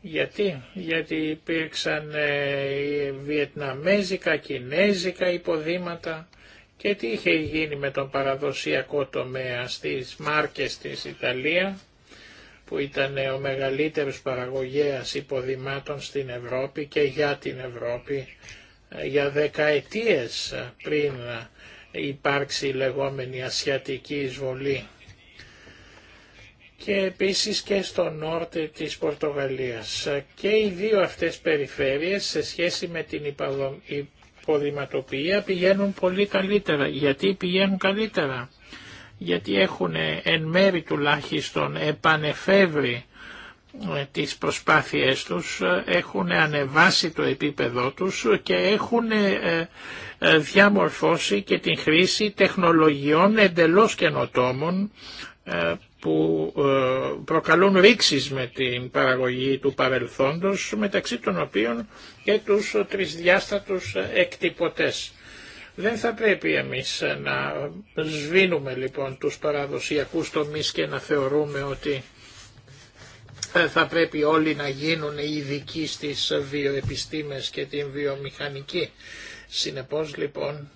Γιατί, γιατί υπήρξαν ε, βιετναμέζικα, κινέζικα υποδήματα και τι είχε γίνει με τον παραδοσιακό τομέα στις μάρκες της Ιταλία που ήταν ο μεγαλύτερος παραγωγέας υποδημάτων στην Ευρώπη και για την Ευρώπη ε, για δεκαετίες πριν υπάρξει η λεγόμενη ασιατική εισβολή και επίσης και στο νόρτε της Πορτογαλίας. Και οι δύο αυτές περιφέρειες σε σχέση με την υποδηματοποιία πηγαίνουν πολύ καλύτερα. Γιατί πηγαίνουν καλύτερα. Γιατί έχουν εν μέρη τουλάχιστον επανεφεύρει ε, τις προσπάθειές τους, ε, έχουν ανεβάσει το επίπεδό τους και έχουν ε, ε, διαμορφώσει και την χρήση τεχνολογιών εντελώς καινοτόμων ε, που ε, προκαλούν ρήξεις με την παραγωγή του παρελθόντος, μεταξύ των οποίων και τους τρισδιάστατους εκτυπωτές. Δεν θα πρέπει εμείς να σβήνουμε λοιπόν τους παραδοσιακούς τομείς και να θεωρούμε ότι θα πρέπει όλοι να γίνουν ειδικοί στις βιοεπιστήμες και την βιομηχανική. Συνεπώς λοιπόν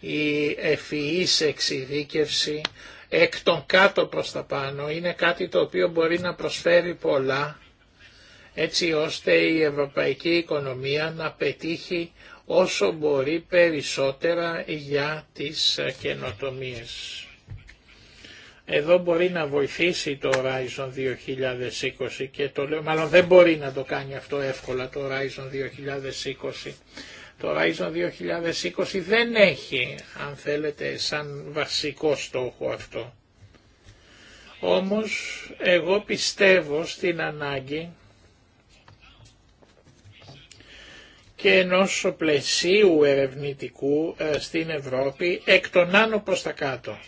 η ευφυής εξειδίκευση εκ των κάτω προς τα πάνω είναι κάτι το οποίο μπορεί να προσφέρει πολλά έτσι ώστε η ευρωπαϊκή οικονομία να πετύχει όσο μπορεί περισσότερα για τις καινοτομίες. Εδώ μπορεί να βοηθήσει το Horizon 2020 και το λέω, μάλλον δεν μπορεί να το κάνει αυτό εύκολα το Horizon 2020 το Horizon 2020 δεν έχει, αν θέλετε, σαν βασικό στόχο αυτό. Όμως εγώ πιστεύω στην ανάγκη και ενός πλαισίου ερευνητικού ε, στην Ευρώπη εκ των άνω προς τα κάτω.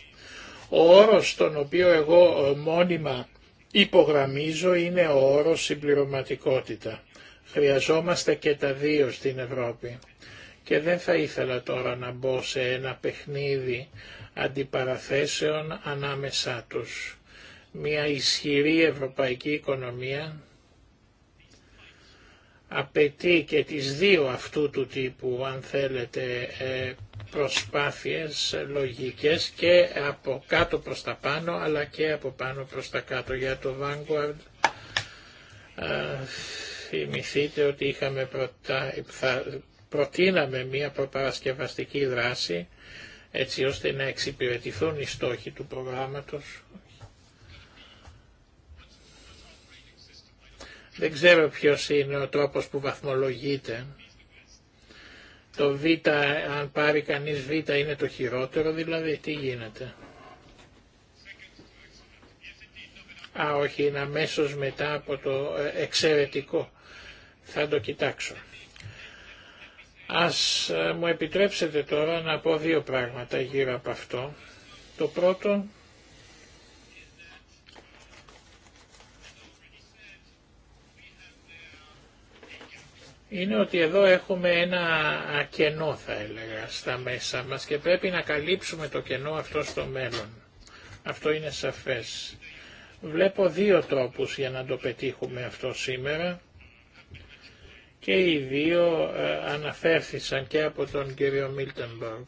Ο όρος τον οποίο εγώ ε, μόνιμα υπογραμμίζω είναι ο όρος συμπληρωματικότητα. Χρειαζόμαστε και τα δύο στην Ευρώπη και δεν θα ήθελα τώρα να μπω σε ένα παιχνίδι αντιπαραθέσεων ανάμεσά τους. Μια ισχυρή ευρωπαϊκή οικονομία απαιτεί και τις δύο αυτού του τύπου, αν θέλετε, ε, προσπάθειες λογικές και από κάτω προς τα πάνω αλλά και από πάνω προς τα κάτω. Για το Vanguard ε, θυμηθείτε ότι είχαμε πρώτα προτείναμε μια προπαρασκευαστική δράση έτσι ώστε να εξυπηρετηθούν οι στόχοι του προγράμματος. Δεν ξέρω ποιος είναι ο τρόπος που βαθμολογείται. Το Β, αν πάρει κανείς Β είναι το χειρότερο, δηλαδή τι γίνεται. Α, όχι, είναι αμέσως μετά από το ε, εξαιρετικό. Θα το κοιτάξω. Ας ε, μου επιτρέψετε τώρα να πω δύο πράγματα γύρω από αυτό. Το πρώτο είναι ότι εδώ έχουμε ένα κενό θα έλεγα στα μέσα μας και πρέπει να καλύψουμε το κενό αυτό στο μέλλον. Αυτό είναι σαφές. Βλέπω δύο τρόπους για να το πετύχουμε αυτό σήμερα και οι δύο ε, αναφέρθησαν και από τον κύριο Μίλτεμπεργκ.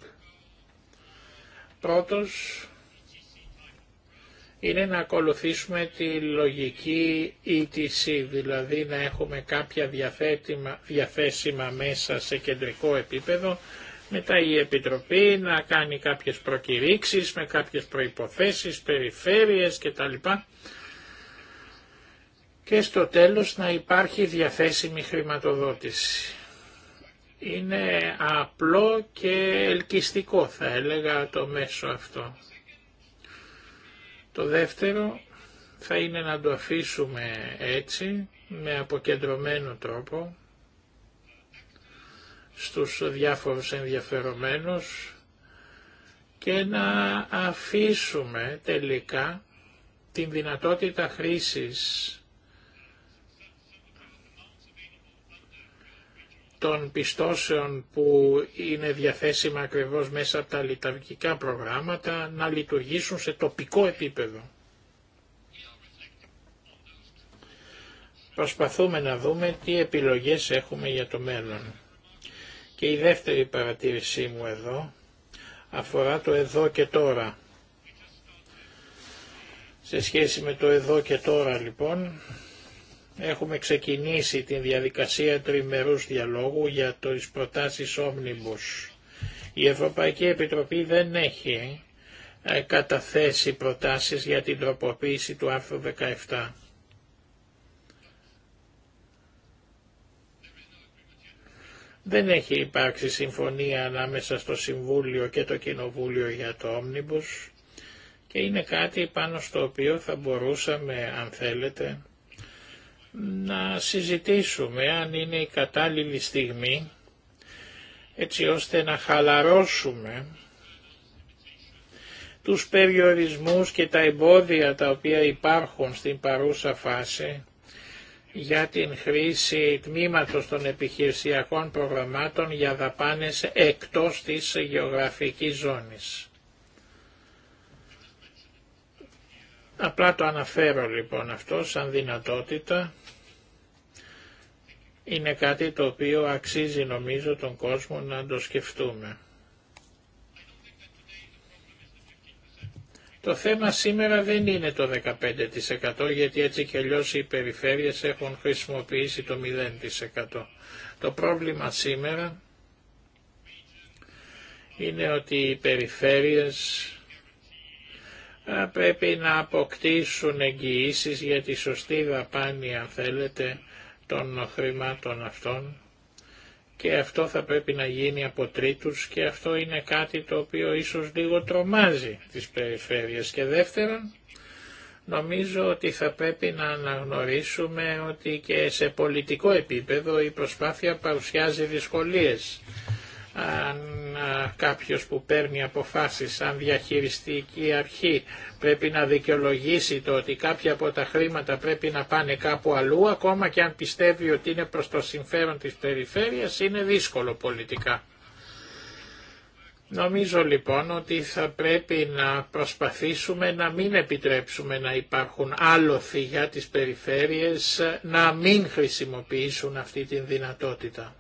Πρώτος είναι να ακολουθήσουμε τη λογική ETC, δηλαδή να έχουμε κάποια διαθέσιμα μέσα σε κεντρικό επίπεδο, μετά η Επιτροπή να κάνει κάποιες προκηρύξεις με κάποιες προϋποθέσεις, περιφέρειες κτλ και στο τέλος να υπάρχει διαθέσιμη χρηματοδότηση. Είναι απλό και ελκυστικό θα έλεγα το μέσο αυτό. Το δεύτερο θα είναι να το αφήσουμε έτσι, με αποκεντρωμένο τρόπο, στους διάφορους ενδιαφερομένους και να αφήσουμε τελικά την δυνατότητα χρήσης των πιστώσεων που είναι διαθέσιμα ακριβώς μέσα από τα λιταρκικά προγράμματα να λειτουργήσουν σε τοπικό επίπεδο. Προσπαθούμε να δούμε τι επιλογές έχουμε για το μέλλον. Και η δεύτερη παρατήρησή μου εδώ αφορά το εδώ και τώρα. Σε σχέση με το εδώ και τώρα λοιπόν, Έχουμε ξεκινήσει την διαδικασία τριμερούς διαλόγου για τις προτάσεις Omnibus. Η Ευρωπαϊκή Επιτροπή δεν έχει ε, καταθέσει προτάσεις για την τροποποίηση του άρθρου 17. Δεν έχει υπάρξει συμφωνία ανάμεσα στο Συμβούλιο και το Κοινοβούλιο για το Όμνιμπους και είναι κάτι πάνω στο οποίο θα μπορούσαμε, αν θέλετε, να συζητήσουμε αν είναι η κατάλληλη στιγμή έτσι ώστε να χαλαρώσουμε τους περιορισμούς και τα εμπόδια τα οποία υπάρχουν στην παρούσα φάση για την χρήση τμήματος των επιχειρησιακών προγραμμάτων για δαπάνες εκτός της γεωγραφικής ζώνης. Απλά το αναφέρω λοιπόν αυτό σαν δυνατότητα. Είναι κάτι το οποίο αξίζει νομίζω τον κόσμο να το σκεφτούμε. Το θέμα σήμερα δεν είναι το 15% γιατί έτσι και αλλιώ οι περιφέρειες έχουν χρησιμοποιήσει το 0%. Το πρόβλημα σήμερα είναι ότι οι περιφέρειες ε, πρέπει να αποκτήσουν εγγυήσει για τη σωστή δαπάνη αν θέλετε των χρημάτων αυτών και αυτό θα πρέπει να γίνει από τρίτους και αυτό είναι κάτι το οποίο ίσως λίγο τρομάζει τις περιφέρειες. Και δεύτερον, νομίζω ότι θα πρέπει να αναγνωρίσουμε ότι και σε πολιτικό επίπεδο η προσπάθεια παρουσιάζει δυσκολίες αν κάποιος που παίρνει αποφάσεις σαν διαχειριστική αρχή πρέπει να δικαιολογήσει το ότι κάποια από τα χρήματα πρέπει να πάνε κάπου αλλού, ακόμα και αν πιστεύει ότι είναι προς το συμφέρον της περιφέρειας, είναι δύσκολο πολιτικά. Νομίζω λοιπόν ότι θα πρέπει να προσπαθήσουμε να μην επιτρέψουμε να υπάρχουν άλοθη για τις περιφέρειες να μην χρησιμοποιήσουν αυτή την δυνατότητα.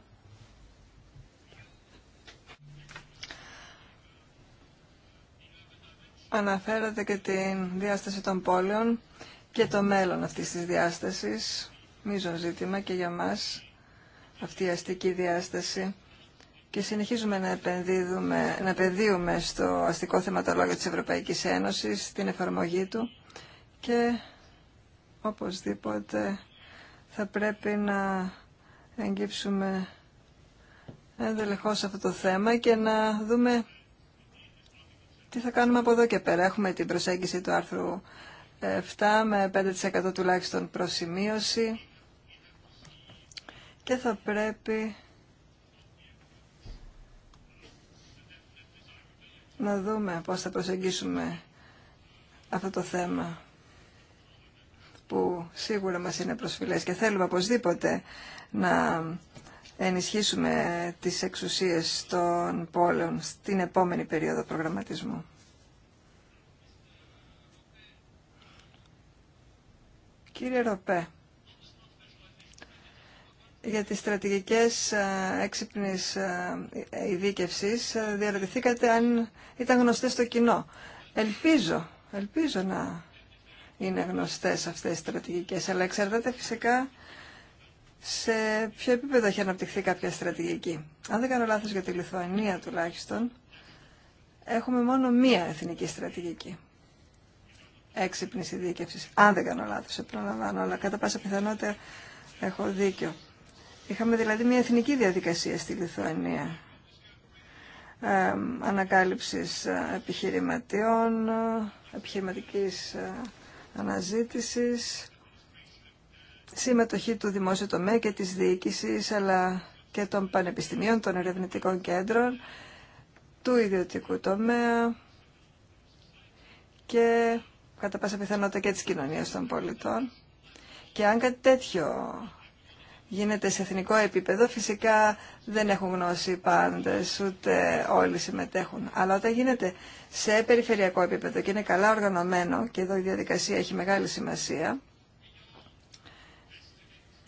αναφέρατε και την διάσταση των πόλεων και το μέλλον αυτής της διάστασης, Μίζον ζήτημα και για μας αυτή η αστική διάσταση και συνεχίζουμε να, επενδύουμε, να στο αστικό θεματολόγιο της Ευρωπαϊκής Ένωσης, την εφαρμογή του και οπωσδήποτε θα πρέπει να εγγύψουμε ενδελεχώς αυτό το θέμα και να δούμε τι θα κάνουμε από εδώ και πέρα. Έχουμε την προσέγγιση του άρθρου 7 με 5% τουλάχιστον προσημείωση και θα πρέπει να δούμε πώς θα προσεγγίσουμε αυτό το θέμα που σίγουρα μας είναι προσφυλές και θέλουμε οπωσδήποτε να ενισχύσουμε τις εξουσίες των πόλεων στην επόμενη περίοδο προγραμματισμού. Κύριε Ροπέ, για τις στρατηγικές ε, έξυπνης ε, ειδίκευσης ε, διαρωτηθήκατε αν ήταν γνωστές στο κοινό. Ελπίζω, ελπίζω να είναι γνωστές αυτές οι στρατηγικές, αλλά εξαρτάται φυσικά σε ποιο επίπεδο έχει αναπτυχθεί κάποια στρατηγική. Αν δεν κάνω λάθος για τη Λιθουανία τουλάχιστον, έχουμε μόνο μία εθνική στρατηγική. Έξυπνη ειδίκευση. Αν δεν κάνω λάθος, επαναλαμβάνω, αλλά κατά πάσα πιθανότητα έχω δίκιο. Είχαμε δηλαδή μία εθνική διαδικασία στη Λιθουανία. Ε, επιχειρηματιών, ε, επιχειρηματικής ε, αναζήτησης, συμμετοχή του δημόσιου τομέα και της διοίκησης, αλλά και των πανεπιστημίων, των ερευνητικών κέντρων, του ιδιωτικού τομέα και κατά πάσα πιθανότητα και της κοινωνίας των πολιτών. Και αν κάτι τέτοιο γίνεται σε εθνικό επίπεδο, φυσικά δεν έχουν γνώση οι πάντες, ούτε όλοι συμμετέχουν. Αλλά όταν γίνεται σε περιφερειακό επίπεδο και είναι καλά οργανωμένο, και εδώ η διαδικασία έχει μεγάλη σημασία,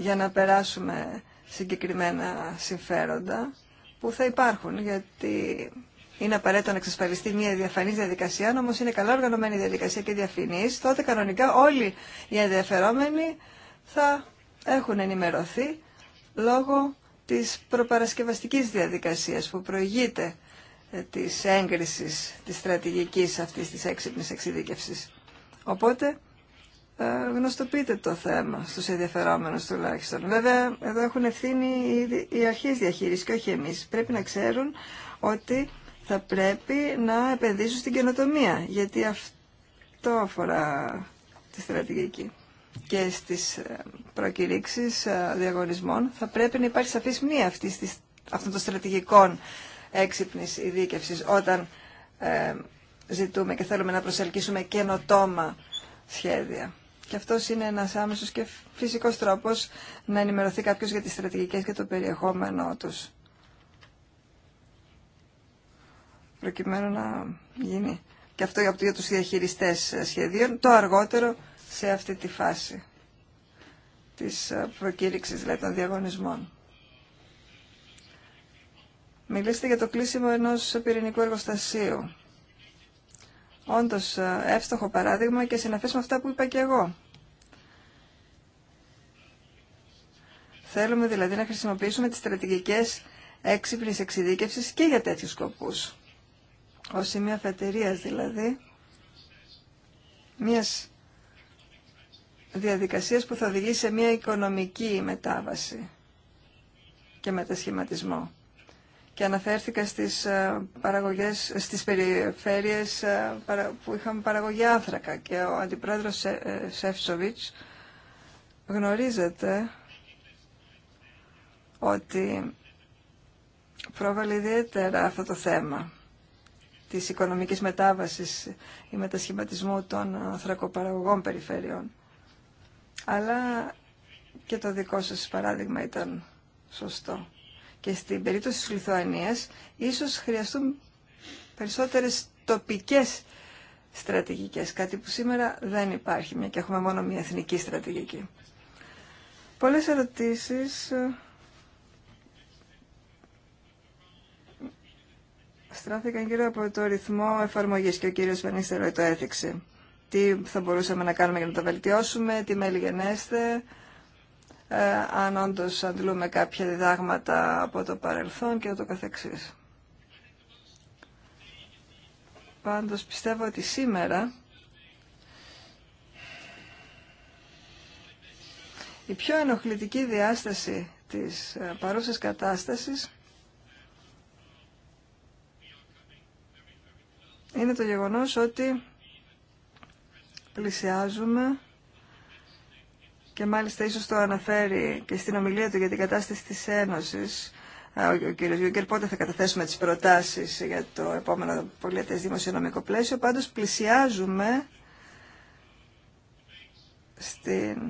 για να περάσουμε συγκεκριμένα συμφέροντα που θα υπάρχουν, γιατί είναι απαραίτητο να εξασφαλιστεί μια διαφανή διαδικασία, αν όμως είναι καλά οργανωμένη διαδικασία και διαφανής, τότε κανονικά όλοι οι ενδιαφερόμενοι θα έχουν ενημερωθεί λόγω της προπαρασκευαστικής διαδικασίας που προηγείται ε, της έγκρισης της στρατηγικής αυτής της έξυπνης εξειδίκευσης. Οπότε ε, γνωστοποιείτε το θέμα στους ενδιαφερόμενους τουλάχιστον. Βέβαια, εδώ έχουν ευθύνη οι αρχές διαχείρισης και όχι εμείς. Πρέπει να ξέρουν ότι θα πρέπει να επενδύσουν στην καινοτομία, γιατί αυτό αφορά τη στρατηγική. Και στις ε, προκηρύξεις ε, διαγωνισμών θα πρέπει να υπάρχει σαφής μία αυτής αυτών των στρατηγικών έξυπνης ειδίκευσης όταν ζητούμε και θέλουμε να προσελκύσουμε καινοτόμα σχέδια. Και αυτό είναι ένα άμεσο και φυσικό τρόπο να ενημερωθεί κάποιο για τι στρατηγικέ και το περιεχόμενό του. Προκειμένου να γίνει και αυτό για τους διαχειριστές σχεδίων, το αργότερο σε αυτή τη φάση της προκήρυξης των διαγωνισμών. Μιλήστε για το κλείσιμο ενός πυρηνικού εργοστασίου όντως ε, εύστοχο παράδειγμα και συναφές με αυτά που είπα και εγώ. Θέλουμε δηλαδή να χρησιμοποιήσουμε τις στρατηγικές έξυπνης εξειδίκευσης και για τέτοιους σκοπούς. Ως σημεία αφετηρίας δηλαδή, μιας διαδικασίας που θα οδηγήσει σε μια οικονομική μετάβαση και μετασχηματισμό και αναφέρθηκα στις, ε, παραγωγές, στις περιφέρειες ε, που είχαμε παραγωγή άνθρακα και ο αντιπρόεδρος ε, Σεφσοβιτς γνωρίζεται ότι πρόβαλε ιδιαίτερα αυτό το θέμα της οικονομικής μετάβασης ή μετασχηματισμού των ανθρακοπαραγωγών περιφερειών. Αλλά και το δικό σας παράδειγμα ήταν σωστό. Και στην περίπτωση της Λιθουανίας ίσως χρειαστούν περισσότερες τοπικές στρατηγικές, κάτι που σήμερα δεν υπάρχει, μια και έχουμε μόνο μια εθνική στρατηγική. Πολλές ερωτήσεις ε, στράφηκαν γύρω από το ρυθμό εφαρμογής και ο κύριος Βανίστερο το έθιξε. Τι θα μπορούσαμε να κάνουμε για να το βελτιώσουμε, τι μέλη γενέστε, ε, αν όντω αντλούμε κάποια διδάγματα από το παρελθόν και ούτω καθεξής. Πάντως πιστεύω ότι σήμερα η πιο ενοχλητική διάσταση της ε, παρούσας κατάστασης είναι το γεγονός ότι πλησιάζουμε και μάλιστα ίσως το αναφέρει και στην ομιλία του για την κατάσταση της Ένωσης ο κ. Γιούγκερ πότε θα καταθέσουμε τις προτάσεις για το επόμενο πολιετές δημοσιονομικό πλαίσιο. Πάντως πλησιάζουμε στην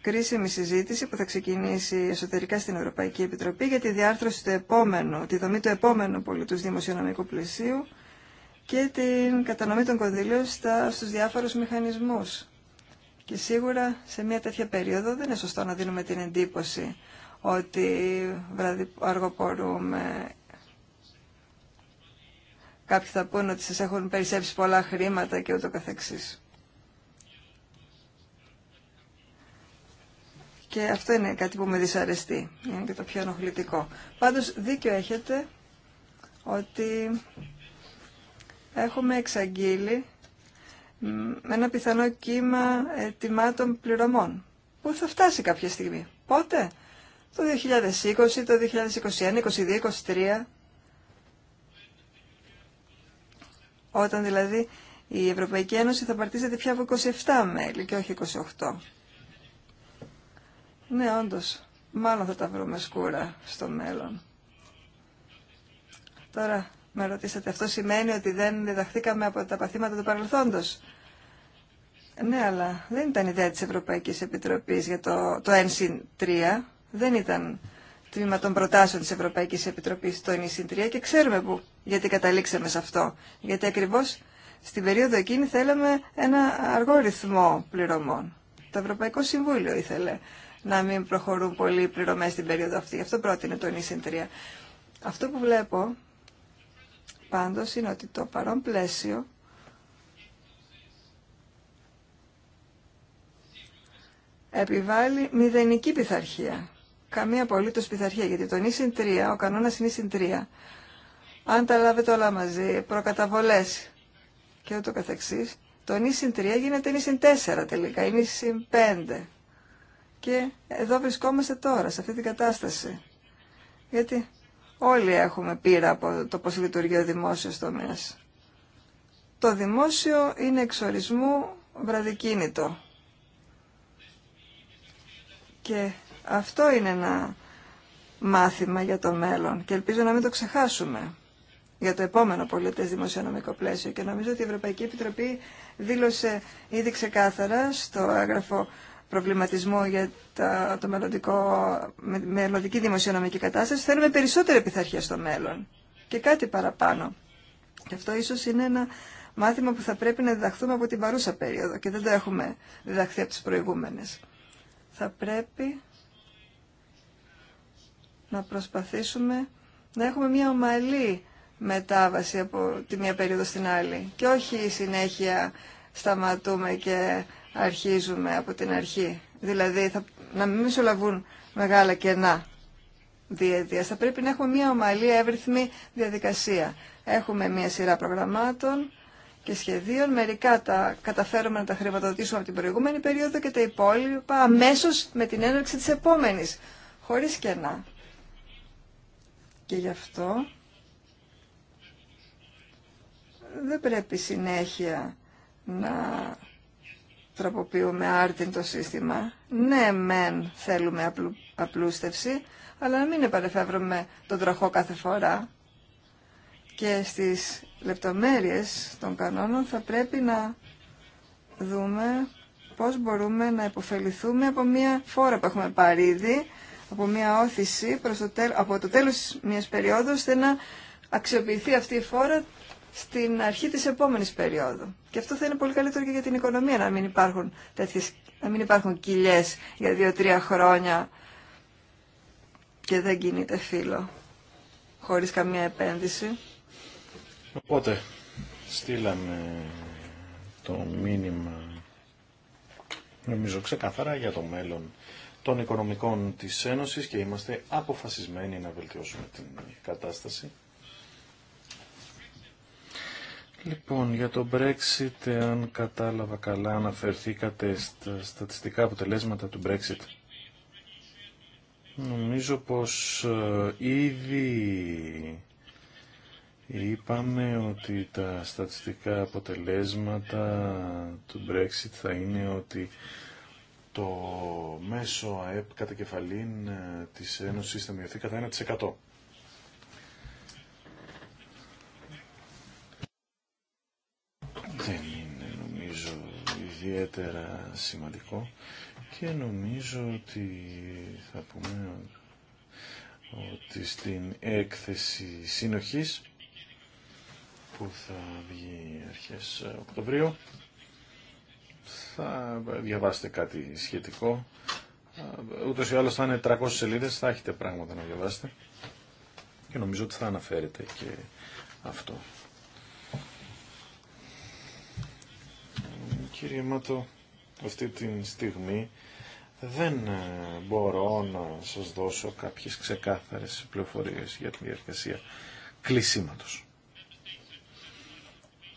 κρίσιμη συζήτηση που θα ξεκινήσει εσωτερικά στην Ευρωπαϊκή Επιτροπή για τη διάρθρωση του επόμενου, τη δομή του επόμενου πολιτούς δημοσιονομικού πλαισίου και την κατανομή των κονδυλίων στους διάφορους μηχανισμούς. Και σίγουρα σε μια τέτοια περίοδο δεν είναι σωστό να δίνουμε την εντύπωση ότι αργοπορούμε. Κάποιοι θα πούν ότι σας έχουν περισσέψει πολλά χρήματα και ούτω καθεξής. Και αυτό είναι κάτι που με δυσαρεστεί. Είναι και το πιο ενοχλητικό. Πάντως δίκιο έχετε ότι έχουμε εξαγγείλει με ένα πιθανό κύμα ετοιμάτων πληρωμών που θα φτάσει κάποια στιγμή. Πότε? Το 2020, το 2021, 2022, 2023. Όταν δηλαδή η Ευρωπαϊκή Ένωση θα παρτίζεται πια από 27 μέλη και όχι 28. Ναι, όντως, μάλλον θα τα βρούμε σκούρα στο μέλλον. Τώρα, με ρωτήσατε, αυτό σημαίνει ότι δεν διδαχθήκαμε από τα παθήματα του παρελθόντος. Ναι, αλλά δεν ήταν ιδέα της Ευρωπαϊκής Επιτροπής για το, το 3. Δεν ήταν τμήμα των προτάσεων της Ευρωπαϊκής Επιτροπής το 3 και ξέρουμε που, γιατί καταλήξαμε σε αυτό. Γιατί ακριβώς στην περίοδο εκείνη θέλαμε ένα αργό ρυθμό πληρωμών. Το Ευρωπαϊκό Συμβούλιο ήθελε να μην προχωρούν πολύ οι πληρωμές στην περίοδο αυτή. Γι' αυτό πρότεινε το 3. Αυτό που βλέπω πάντως είναι ότι το παρόν πλαίσιο επιβάλλει μηδενική πειθαρχία. Καμία απολύτως πειθαρχία, γιατί το νησιν 3, ο κανόνας είναι νησιν 3. Αν τα λάβετε όλα μαζί, προκαταβολές και ούτω καθεξής, το νησιν 3 γίνεται νησιν 4 τελικά, ή νησιν 5. Και εδώ βρισκόμαστε τώρα, σε αυτή την κατάσταση. Γιατί Όλοι έχουμε πείρα από το πώς λειτουργεί ο δημόσιος τομέας. Το δημόσιο είναι εξορισμού βραδικίνητο. Και αυτό είναι ένα μάθημα για το μέλλον και ελπίζω να μην το ξεχάσουμε για το επόμενο πολιτές δημοσιονομικό πλαίσιο και νομίζω ότι η Ευρωπαϊκή Επιτροπή δήλωσε ήδη ξεκάθαρα στο έγγραφο προβληματισμό για τα, το μελλοντικό, με, μελλοντική δημοσιονομική κατάσταση, θέλουμε περισσότερη πειθαρχία στο μέλλον και κάτι παραπάνω. Και αυτό ίσως είναι ένα μάθημα που θα πρέπει να διδαχθούμε από την παρούσα περίοδο και δεν το έχουμε διδαχθεί από τις προηγούμενες. Θα πρέπει να προσπαθήσουμε να έχουμε μια ομαλή μετάβαση από τη μία περίοδο στην άλλη και όχι συνέχεια σταματούμε και αρχίζουμε από την αρχή. Δηλαδή θα, να μην μισολαβούν μεγάλα κενά διαιτίας. Θα πρέπει να έχουμε μια ομαλή εύρυθμη διαδικασία. Έχουμε μια σειρά προγραμμάτων και σχεδίων. Μερικά τα καταφέρουμε να τα χρηματοδοτήσουμε από την προηγούμενη περίοδο και τα υπόλοιπα αμέσως με την έναρξη της επόμενης, χωρίς κενά. Και γι' αυτό δεν πρέπει συνέχεια να τροποποιούμε άρτην το σύστημα. Ναι, μεν θέλουμε απλου, απλούστευση, αλλά να μην επανεφεύρουμε τον τροχό κάθε φορά. Και στις λεπτομέρειες των κανόνων θα πρέπει να δούμε πώς μπορούμε να υποφεληθούμε από μια φόρα που έχουμε πάρει ήδη, από μια όθηση προς το από το τέλος μιας περίοδου, ώστε να αξιοποιηθεί αυτή η φόρα στην αρχή της επόμενης περίοδου. Και αυτό θα είναι πολύ καλύτερο και για την οικονομία να μην υπάρχουν, τέτοιες, να μην υπάρχουν κοιλιές για δύο-τρία χρόνια και δεν κινείται φίλο χωρίς καμία επένδυση. Οπότε στείλαμε το μήνυμα νομίζω ξεκαθαρά για το μέλλον των οικονομικών της Ένωσης και είμαστε αποφασισμένοι να βελτιώσουμε την κατάσταση Λοιπόν, για το Brexit, αν κατάλαβα καλά, αναφερθήκατε στα στατιστικά αποτελέσματα του Brexit. Νομίζω πως ε, ήδη είπαμε ότι τα στατιστικά αποτελέσματα του Brexit θα είναι ότι το μέσο ΑΕΠ κατά κεφαλήν ε, της Ένωσης θα μειωθεί κατά 1%. δεν είναι νομίζω ιδιαίτερα σημαντικό και νομίζω ότι θα πούμε ότι στην έκθεση συνοχής που θα βγει αρχές Οκτωβρίου θα διαβάσετε κάτι σχετικό ούτως ή άλλως θα είναι 300 σελίδες θα έχετε πράγματα να διαβάσετε και νομίζω ότι θα αναφέρετε και αυτό. Κύριε ματο, αυτή τη στιγμή δεν ε, μπορώ να σας δώσω κάποιες ξεκάθαρες πληροφορίες για τη διαδικασία κλεισίματος.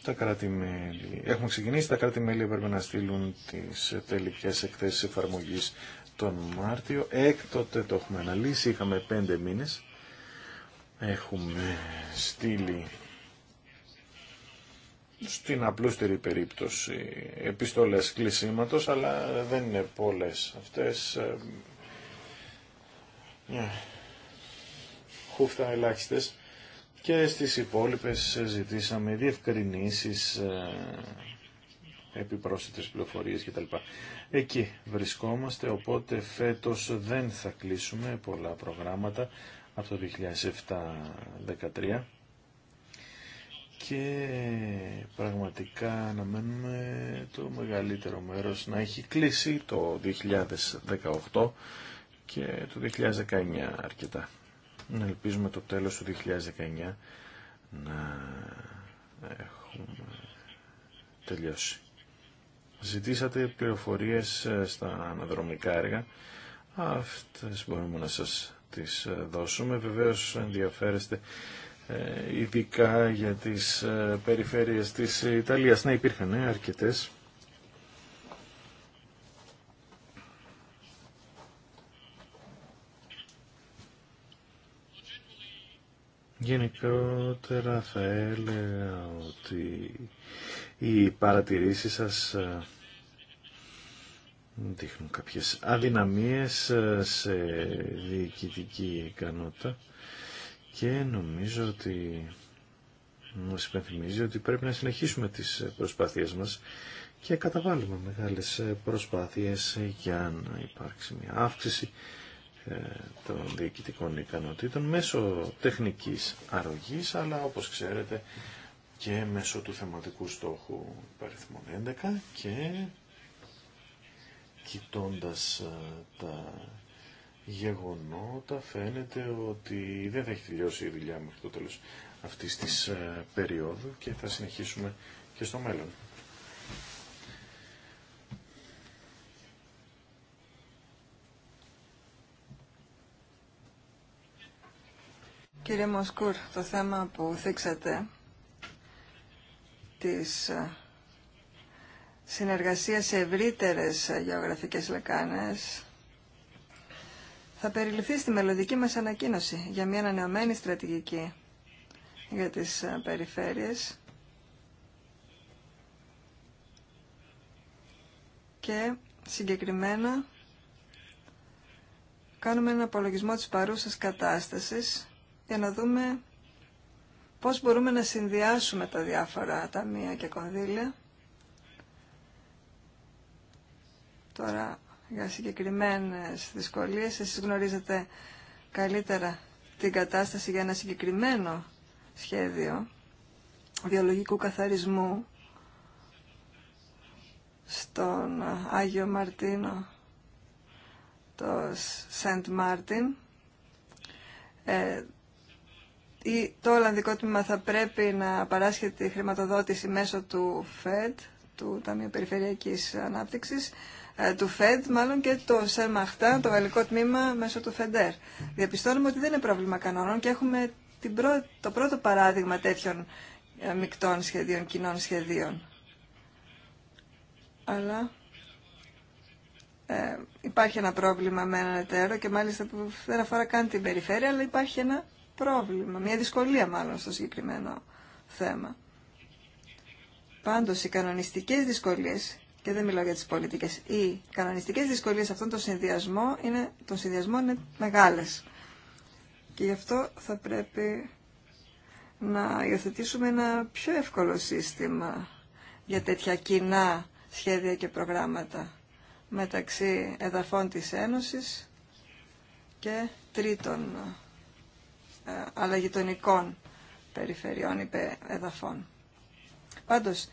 Τα κρατη Έχουμε ξεκινήσει, τα κράτη-μέλη έπρεπε να στείλουν τις τελικές εκθέσεις εφαρμογής τον Μάρτιο. Έκτοτε το έχουμε αναλύσει, είχαμε πέντε μήνες. Έχουμε στείλει στην απλούστερη περίπτωση επιστολές κλεισίματος, αλλά δεν είναι πολλές αυτές. Ε, ε, χούφτα ελάχιστες. Και στις υπόλοιπες ζητήσαμε διευκρινήσεις, ε, επιπρόσθετες πληροφορίες κτλ. Εκεί βρισκόμαστε, οπότε φέτος δεν θα κλείσουμε πολλά προγράμματα από το 2007-2013 και πραγματικά αναμένουμε το μεγαλύτερο μέρος να έχει κλείσει το 2018 και το 2019 αρκετά. Να ελπίζουμε το τέλος του 2019 να έχουμε τελειώσει. Ζητήσατε πληροφορίες ε, στα αναδρομικά έργα. Αυτές μπορούμε να σας τις ε, δώσουμε. Βεβαίως ενδιαφέρεστε ε, ειδικά για τις ε, περιφέρειες της Ιταλίας. Ναι, υπήρχαν ε, αρκετές. Γενικότερα θα έλεγα ότι οι παρατηρήσεις σας δείχνουν κάποιες αδυναμίες σε διοικητική ικανότητα και νομίζω ότι μας υπενθυμίζει ότι πρέπει να συνεχίσουμε τις προσπάθειές μας και καταβάλουμε μεγάλες προσπάθειες για να υπάρξει μια αύξηση ε, των διοικητικών ικανοτήτων μέσω τεχνικής αρρωγής αλλά όπως ξέρετε και μέσω του θεματικού στόχου υπαριθμών 11 και κοιτώντας ε, τα γεγονότα φαίνεται ότι δεν θα έχει τελειώσει η δουλειά μέχρι το τέλος αυτής της ε, περίοδου και θα συνεχίσουμε και στο μέλλον. Κύριε Μοσκούρ, το θέμα που θίξατε της ε, συνεργασίας σε ευρύτερες γεωγραφικές λεκάνες θα περιληφθεί στη μελλοντική μας ανακοίνωση για μια ανανεωμένη στρατηγική για τις ε, περιφέρειες και συγκεκριμένα κάνουμε ένα απολογισμό της παρούσας κατάστασης για να δούμε πώς μπορούμε να συνδυάσουμε τα διάφορα ταμεία και κονδύλια. Τώρα για συγκεκριμένες δυσκολίες. Εσείς γνωρίζετε καλύτερα την κατάσταση για ένα συγκεκριμένο σχέδιο βιολογικού καθαρισμού στον Άγιο Μαρτίνο, το Σεντ Μάρτιν. Ε, το Ολλανδικό Τμήμα θα πρέπει να παράσχει τη χρηματοδότηση μέσω του ΦΕΤ, του Ταμείου Περιφερειακής Ανάπτυξης, ε, του ΦΕΔ, μάλλον και το ΣΕΜΑΧΤΑ, το γαλλικό τμήμα μέσω του ΦΕΝΤΕΡ. Διαπιστώνουμε ότι δεν είναι πρόβλημα κανόνων και έχουμε την το πρώτο παράδειγμα τέτοιων ε, μεικτών σχεδίων, κοινών σχεδίων. Αλλά ε, υπάρχει ένα πρόβλημα με έναν εταίρο και μάλιστα που δεν αφορά καν την περιφέρεια, αλλά υπάρχει ένα πρόβλημα, μια δυσκολία μάλλον στο συγκεκριμένο θέμα. Πάντως οι κανονιστικές δυσκολίες και δεν μιλάω για τις πολιτικές. Οι κανονιστικές δυσκολίες αυτών των συνδυασμών είναι, των είναι μεγάλες. Και γι' αυτό θα πρέπει να υιοθετήσουμε ένα πιο εύκολο σύστημα για τέτοια κοινά σχέδια και προγράμματα μεταξύ εδαφών της Ένωσης και τρίτων ε, αλλά περιφερειών ή εδαφών. Πάντως,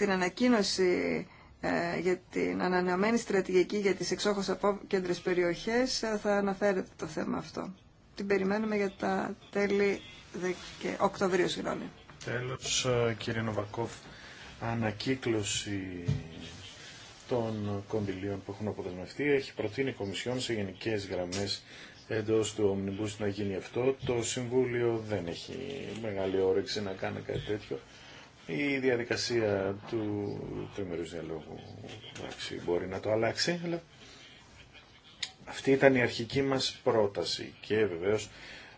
στην ανακοίνωση ε, για την ανανεωμένη στρατηγική για τις εξόχως απόκεντρες περιοχές ε, θα αναφέρεται το θέμα αυτό. Την περιμένουμε για τα τέλη Οκτωβρίου, συγγνώμη. Τέλος, ε, κύριε Νοβακόφ, ανακύκλωση των κονδυλίων που έχουν αποδεσμευτεί έχει προτείνει η Κομισιόν σε γενικές γραμμές εντός του Ομνιμπούς να γίνει αυτό. Το Συμβούλιο δεν έχει μεγάλη όρεξη να κάνει κάτι τέτοιο η διαδικασία του τριμερούς διαλόγου εντάξει, μπορεί να το αλλάξει, αλλά αυτή ήταν η αρχική μας πρόταση και βεβαίως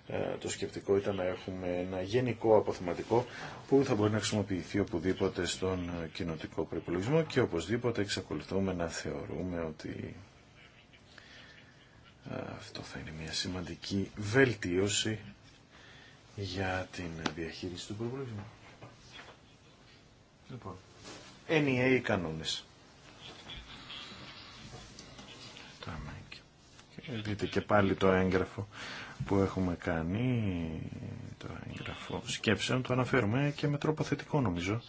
ε, το σκεπτικό ήταν να έχουμε ένα γενικό αποθεματικό που θα μπορεί να χρησιμοποιηθεί οπουδήποτε στον κοινοτικό προπολογισμό και οπωσδήποτε εξακολουθούμε να θεωρούμε ότι ε, αυτό θα είναι μια σημαντική βελτίωση για την διαχείριση του προπολογισμού. Λοιπόν, ενιαίοι κανόνες. Ε, δείτε και πάλι το έγγραφο που έχουμε κάνει, το έγγραφο σκέψεων, το αναφέρουμε και με τρόπο θετικό νομίζω.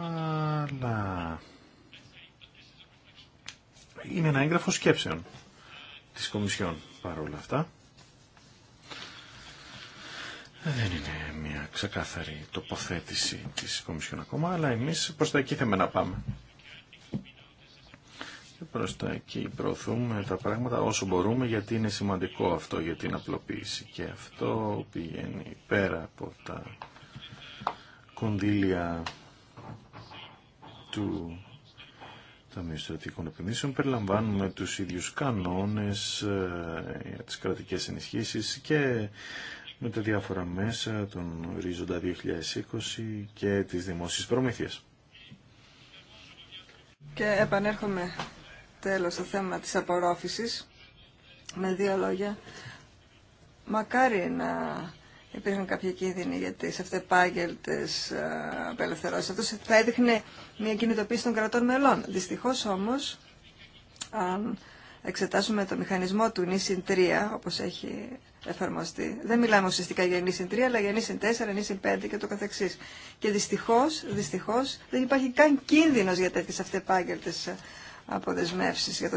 Αλλά είναι ένα έγγραφο σκέψεων της Κομισιόν παρόλα αυτά. Δεν είναι μια ξεκάθαρη τοποθέτηση της Κομισιόν ακόμα, αλλά εμείς προς τα εκεί θέλουμε να πάμε. Και προς τα εκεί προωθούμε τα πράγματα όσο μπορούμε, γιατί είναι σημαντικό αυτό για την απλοποίηση. Και αυτό πηγαίνει πέρα από τα κονδύλια του Ταμείου Στρατηγικών Επιμήσεων. περιλαμβάνουμε τους ίδιους κανόνες ε, για τις κρατικές ενισχύσεις και με τα διάφορα μέσα, τον ορίζοντα 2020 και τις δημόσιες προμήθειες. Και επανέρχομαι τέλος στο θέμα της απορρόφησης με δύο λόγια. Μακάρι να υπήρχαν κάποια κίνδυνοι για τις αυτεπάγγελτες ε, απελευθερώσεις. Αυτό θα έδειχνε μια κινητοποίηση των κρατών μελών. Δυστυχώς όμως, αν εξετάσουμε το μηχανισμό του νησιν 3, όπως έχει εφαρμοστεί, δεν μιλάμε ουσιαστικά για νησιν 3, αλλά για νησιν 4, νησιν 5 και το καθεξής. Και δυστυχώς, δυστυχώς δεν υπάρχει καν κίνδυνος για τέτοιες αυτεπάγγελτες αποδεσμεύσεις για το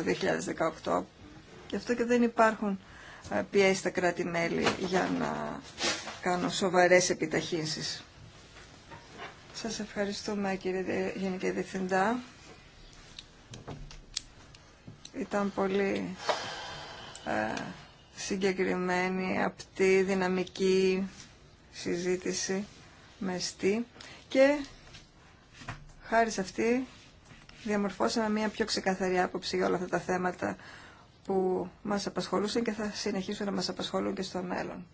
2018. Γι' αυτό και δεν υπάρχουν ε, πιέσει στα κράτη-μέλη για να κάνουν σοβαρές επιταχύνσεις. Σας ευχαριστούμε κύριε ε, Γενική Διευθυντά ήταν πολύ ε, συγκεκριμένη, απτή, δυναμική συζήτηση με μεστή και χάρη σε αυτή διαμορφώσαμε μια πιο ξεκαθαρή άποψη για όλα αυτά τα θέματα που μας απασχολούσαν και θα συνεχίσουν να μας απασχολούν και στο μέλλον.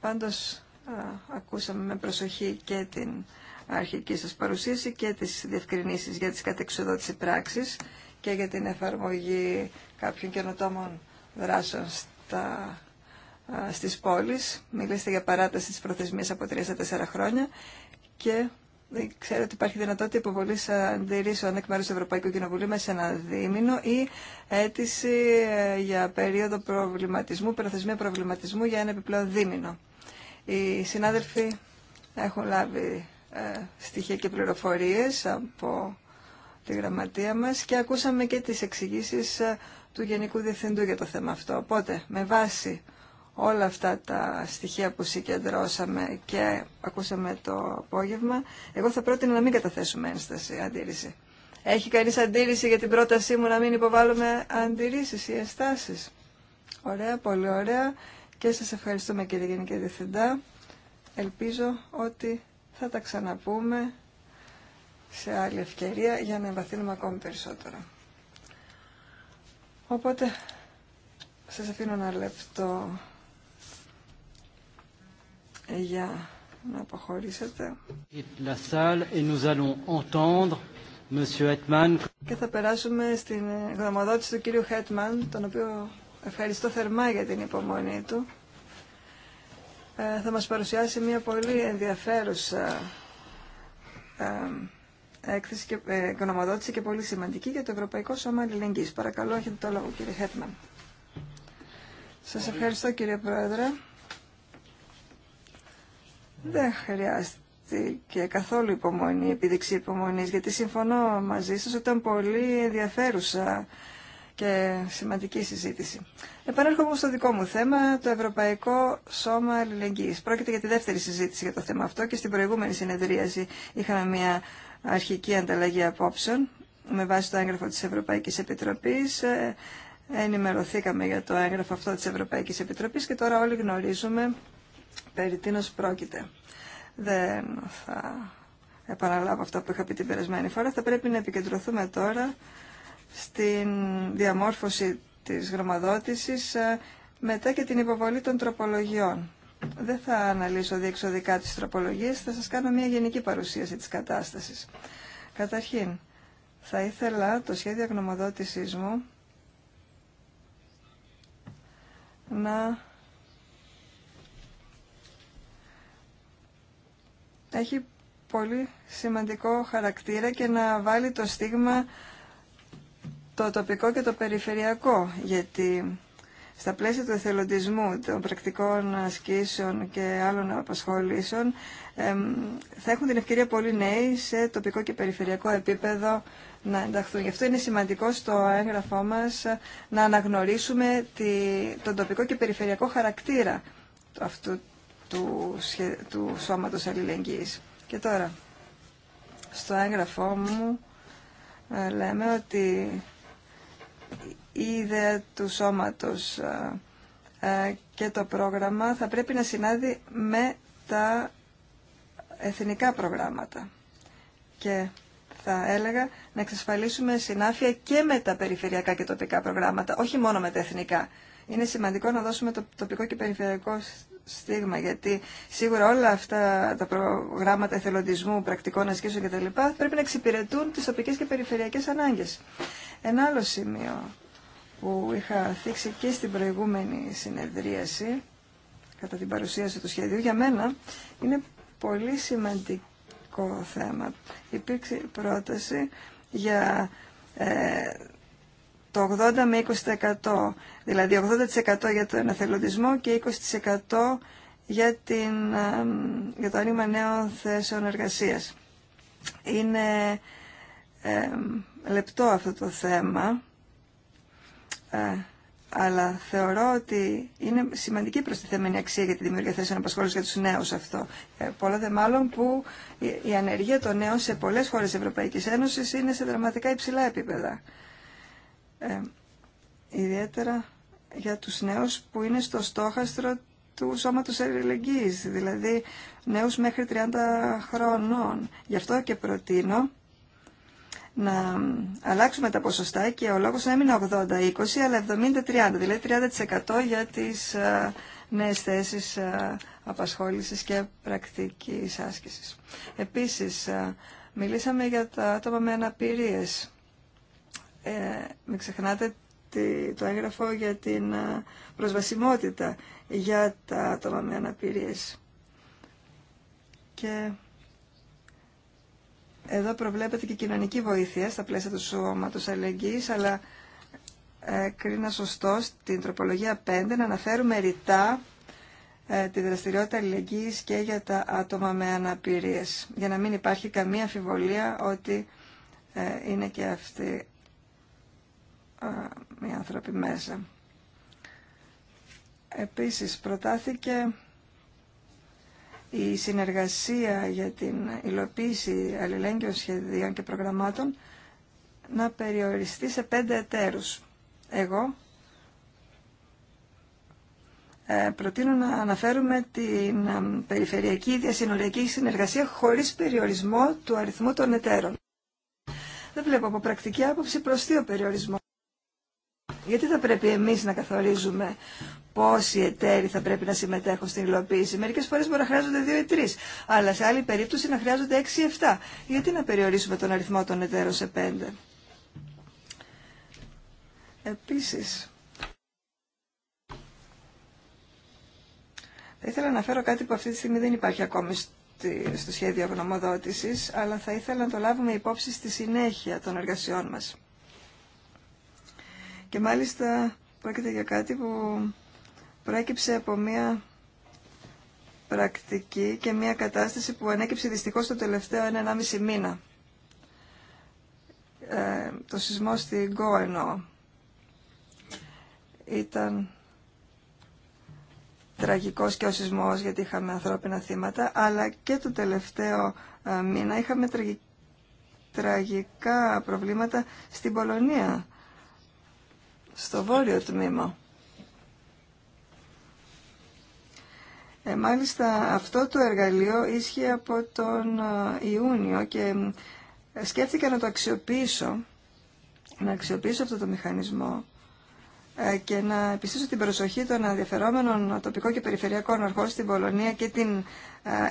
Πάντως ε, ακούσαμε με προσοχή και την αρχική σας παρουσίαση και τις διευκρινήσεις για τις κατεξοδότηση πράξεις και για την εφαρμογή κάποιων καινοτόμων δράσεων στα, στις πόλεις. Μιλήσατε για παράταση της προθεσμίας από 3 4 χρόνια και ε, ξέρω ότι υπάρχει δυνατότητα υποβολή αντιρρήσεων εκ μέρου του Ευρωπαϊκού Κοινοβουλίου μέσα σε ένα δίμηνο ή αίτηση ε, για περίοδο προβληματισμού, προθεσμία προβληματισμού για ένα επιπλέον δίμηνο. Οι συνάδελφοι έχουν λάβει ε, στοιχεία και πληροφορίες από τη γραμματεία μας και ακούσαμε και τις εξηγήσει ε, του Γενικού Διευθυντού για το θέμα αυτό. Οπότε, με βάση όλα αυτά τα στοιχεία που συγκεντρώσαμε και ακούσαμε το απόγευμα, εγώ θα πρότεινα να μην καταθέσουμε ένσταση, αντίρρηση. Έχει κανεί αντίρρηση για την πρότασή μου να μην υποβάλλουμε αντιρρήσεις ή ενστάσεις. Ωραία, πολύ ωραία. Και σας ευχαριστούμε κύριε Γενική Διευθυντά. Ελπίζω ότι θα τα ξαναπούμε σε άλλη ευκαιρία για να εμβαθύνουμε ακόμη περισσότερο. Οπότε, σας αφήνω ένα λεπτό για να αποχωρήσετε. Και θα περάσουμε στην γνωμοδότηση του κύριου Χέτμαν, τον οποίο ευχαριστώ θερμά για την υπομονή του. Ε, θα μας παρουσιάσει μια πολύ ενδιαφέρουσα ε, έκθεση και ε, γνωμοδότηση και πολύ σημαντική για το Ευρωπαϊκό Σώμα Αλληλεγγύης. Παρακαλώ, έχετε το λόγο κύριε Χέτμαν. Σας ευχαριστώ κύριε Πρόεδρε. Δεν χρειάστηκε καθόλου υπομονή, επίδειξη υπομονής, γιατί συμφωνώ μαζί σας ότι ήταν πολύ ενδιαφέρουσα και σημαντική συζήτηση. Επανέρχομαι στο δικό μου θέμα, το Ευρωπαϊκό Σώμα Αλληλεγγύης. Πρόκειται για τη δεύτερη συζήτηση για το θέμα αυτό και στην προηγούμενη συνεδρίαση είχαμε μια αρχική ανταλλαγή απόψεων με βάση το έγγραφο της Ευρωπαϊκής Επιτροπής. Ε, ενημερωθήκαμε για το έγγραφο αυτό της Ευρωπαϊκής Επιτροπής και τώρα όλοι γνωρίζουμε περί τίνος πρόκειται. Δεν θα επαναλάβω αυτά που είχα πει την περασμένη φορά. Θα πρέπει να επικεντρωθούμε τώρα στην διαμόρφωση της γραμματότησης ε, μετά και την υποβολή των τροπολογιών. Δεν θα αναλύσω διεξοδικά τις τροπολογίες, θα σας κάνω μια γενική παρουσίαση της κατάστασης. Καταρχήν, θα ήθελα το σχέδιο γνωμοδότησής μου να έχει πολύ σημαντικό χαρακτήρα και να βάλει το στίγμα το τοπικό και το περιφερειακό, γιατί στα πλαίσια του εθελοντισμού, των πρακτικών ασκήσεων και άλλων απασχολήσεων, θα έχουν την ευκαιρία πολλοί νέοι σε τοπικό και περιφερειακό επίπεδο να ενταχθούν. Γι' αυτό είναι σημαντικό στο έγγραφό μας να αναγνωρίσουμε τον τοπικό και περιφερειακό χαρακτήρα αυτού του, του σώματος αλληλεγγύης. Και τώρα, στο έγγραφό μου ε, λέμε ότι η ιδέα του σώματος ε, ε, και το πρόγραμμα θα πρέπει να συνάδει με τα εθνικά προγράμματα. Και θα έλεγα να εξασφαλίσουμε συνάφεια και με τα περιφερειακά και τοπικά προγράμματα, όχι μόνο με τα εθνικά. Είναι σημαντικό να δώσουμε το τοπικό και περιφερειακό στίγμα, γιατί σίγουρα όλα αυτά τα προγράμματα εθελοντισμού, πρακτικών ασκήσεων κτλ. πρέπει να εξυπηρετούν τις τοπικές και περιφερειακές ανάγκες. Ένα άλλο σημείο που είχα θίξει και στην προηγούμενη συνεδρίαση κατά την παρουσίαση του σχεδίου, για μένα είναι πολύ σημαντικό θέμα. Υπήρξε πρόταση για ε, το 80 με 20%, δηλαδή 80% για το εναθελοντισμό και 20% για, την, για το άνοιγμα νέων θέσεων εργασίας. Είναι ε, λεπτό αυτό το θέμα ε, αλλά θεωρώ ότι είναι σημαντική προστιθέμενη αξία για τη δημιουργία θέσεων απασχόληση για του νέου αυτό. Ε, πολλά δε μάλλον που η ανεργία των νέων σε πολλέ χώρε Ευρωπαϊκή Ένωση είναι σε δραματικά υψηλά επίπεδα. Ε, ιδιαίτερα για του νέου που είναι στο στόχαστρο του σώματος Ελληνική, δηλαδή νέου μέχρι 30 χρονών. Γι' αυτό και προτείνω να αλλάξουμε τα ποσοστά και ο λόγος να έμεινε 80-20 αλλά 70-30, δηλαδή 30% για τις ε, νέες θέσεις ε, απασχόλησης και πρακτικής άσκησης. Επίσης, ε, μιλήσαμε για τα άτομα με αναπηρίες. Ε, μην ξεχνάτε το έγγραφο για την προσβασιμότητα για τα άτομα με αναπηρίες. Και εδώ προβλέπεται και κοινωνική βοήθεια στα πλαίσια του σώματος αλληλεγγύης, αλλά ε, κρίνα σωστό στην τροπολογία 5 να αναφέρουμε ρητά ε, τη δραστηριότητα αλληλεγγύης και για τα άτομα με αναπηρίες, για να μην υπάρχει καμία αμφιβολία ότι ε, είναι και αυτοί ε, οι άνθρωποι μέσα. Επίσης προτάθηκε η συνεργασία για την υλοποίηση αλληλέγγυων σχεδίων και προγραμμάτων να περιοριστεί σε πέντε εταίρους. Εγώ ε, προτείνω να αναφέρουμε την ε, περιφερειακή διασυνοριακή συνεργασία χωρίς περιορισμό του αριθμού των εταίρων. Δεν βλέπω από πρακτική άποψη προς τι ο περιορισμό. Γιατί θα πρέπει εμείς να καθορίζουμε πόσοι εταίροι θα πρέπει να συμμετέχουν στην υλοποίηση. Μερικέ φορέ μπορεί να χρειάζονται δύο ή τρει. αλλά σε άλλη περίπτωση να χρειάζονται έξι ή εφτά. Γιατί να περιορίσουμε τον αριθμό των εταίρων σε πέντε. Επίση. θα ήθελα να φέρω κάτι που αυτή τη στιγμή δεν υπάρχει ακόμη στο σχέδιο γνωμοδότησης, αλλά θα ήθελα να το λάβουμε υπόψη στη συνέχεια των εργασιών μας. Και μάλιστα πρόκειται για κάτι που προέκυψε από μία πρακτική και μία κατάσταση που ανέκυψε δυστυχώς το τελευταίο 1,5 μήνα. Ε, το σεισμό στην Κόενο Ήταν τραγικός και ο σεισμός γιατί είχαμε ανθρώπινα θύματα, αλλά και το τελευταίο ε, μήνα είχαμε τραγικά προβλήματα στην Πολωνία στο βόρειο τμήμα. Ε, μάλιστα αυτό το εργαλείο ίσχυε από τον ε, Ιούνιο και ε, σκέφτηκα να το αξιοποιήσω, να αξιοποιήσω αυτό το μηχανισμό και να επιστήσω την προσοχή των ενδιαφερόμενων τοπικών και περιφερειακών αρχών στην Πολωνία και την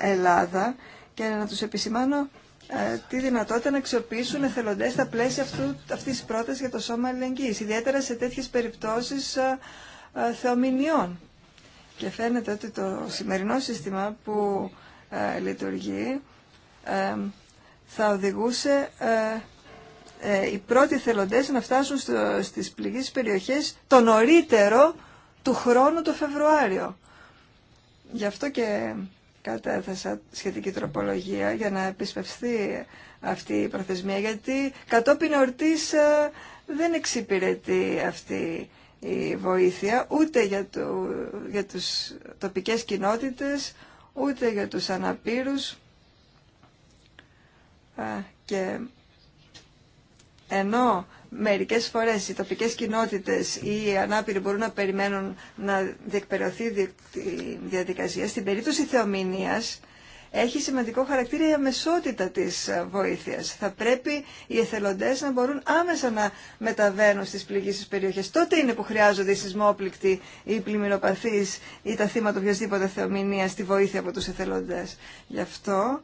Ελλάδα και να τους επισημάνω ε, τη δυνατότητα να αξιοποιήσουν εθελοντέ στα πλαίσια αυτή τη της για το σώμα αλληλεγγύη, ιδιαίτερα σε τέτοιες περιπτώσεις ε, ε, θεομηνιών. Και φαίνεται ότι το σημερινό σύστημα που λειτουργεί θα οδηγούσε οι πρώτοι εθελοντές να φτάσουν στο, στις πληγείς περιοχές το νωρίτερο του χρόνου το Φεβρουάριο. Γι' αυτό και κατέθεσα σχετική τροπολογία για να επισπευστεί αυτή η προθεσμία, γιατί κατόπιν ορτής ε, δεν εξυπηρετεί αυτή η βοήθεια ούτε για, το, για τους τοπικές κοινότητες, ούτε για τους αναπήρους και ενώ μερικές φορές οι τοπικές κοινότητες ή οι ανάπηροι μπορούν να περιμένουν να διεκπαιρεωθεί η διαδικασία, στην περίπτωση θεομηνίας έχει σημαντικό χαρακτήρα η αμεσότητα της βοήθειας. Θα πρέπει οι εθελοντές να μπορούν άμεσα να μεταβαίνουν στις πληγήσεις περιοχές. Τότε είναι που χρειάζονται οι σεισμόπληκτοι, οι πλημμυροπαθείς ή τα θύματα οποιασδήποτε θεομηνία στη βοήθεια από τους εθελοντές. Γι' αυτό,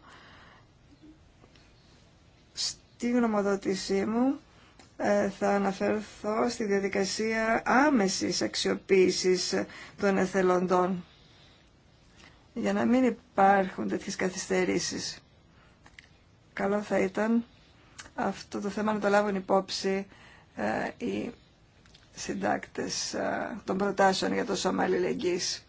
στη γνωμοδότησή μου, ε, θα αναφερθώ στη διαδικασία άμεσης αξιοποίησης των εθελοντών για να μην υπάρχουν τέτοιες καθυστερήσεις. Καλό θα ήταν αυτό το θέμα να το λάβουν υπόψη ε, οι συντάκτες ε, των προτάσεων για το Σώμα Αλληλεγγύης.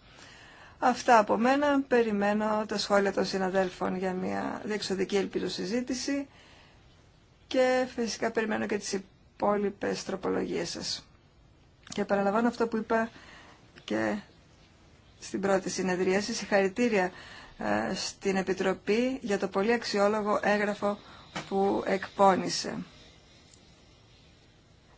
Αυτά από μένα. Περιμένω τα σχόλια των συναδέλφων για μια διεξοδική ελπίζω συζήτηση και φυσικά περιμένω και τις υπόλοιπε τροπολογίες σας. Και παραλαμβάνω αυτό που είπα και στην πρώτη σα Συγχαρητήρια ε, στην Επιτροπή για το πολύ αξιόλογο έγγραφο που εκπώνησε.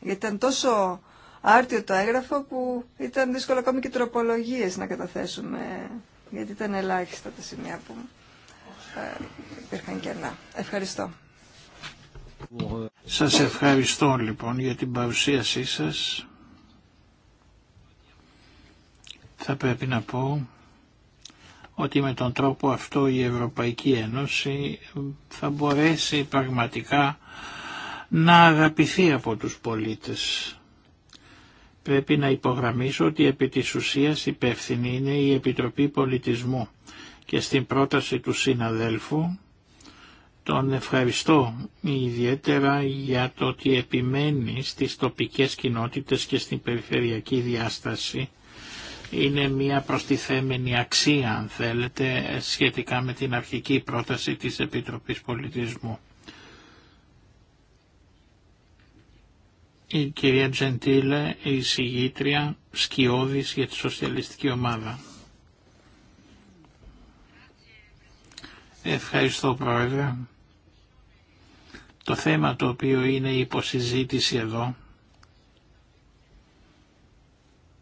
Γιατί ήταν τόσο άρτιο το έγγραφο που ήταν δύσκολο ακόμη και τροπολογίες να καταθέσουμε, γιατί ήταν ελάχιστα τα σημεία που ε, υπήρχαν κενά. Ευχαριστώ. Σας ευχαριστώ λοιπόν για την παρουσίασή σας. Θα πρέπει να πω ότι με τον τρόπο αυτό η Ευρωπαϊκή Ένωση θα μπορέσει πραγματικά να αγαπηθεί από τους πολίτες. Πρέπει να υπογραμμίσω ότι επί της ουσίας υπεύθυνη είναι η Επιτροπή Πολιτισμού και στην πρόταση του συναδέλφου τον ευχαριστώ ιδιαίτερα για το ότι επιμένει στις τοπικές κοινότητες και στην περιφερειακή διάσταση. Είναι μια προστιθέμενη αξία, αν θέλετε, σχετικά με την αρχική πρόταση της Επιτροπής Πολιτισμού. Η κυρία Τζεντήλε, η συγγήτρια Σκιώδης για τη Σοσιαλιστική Ομάδα. Ευχαριστώ Πρόεδρε. Το θέμα το οποίο είναι η υποσυζήτηση εδώ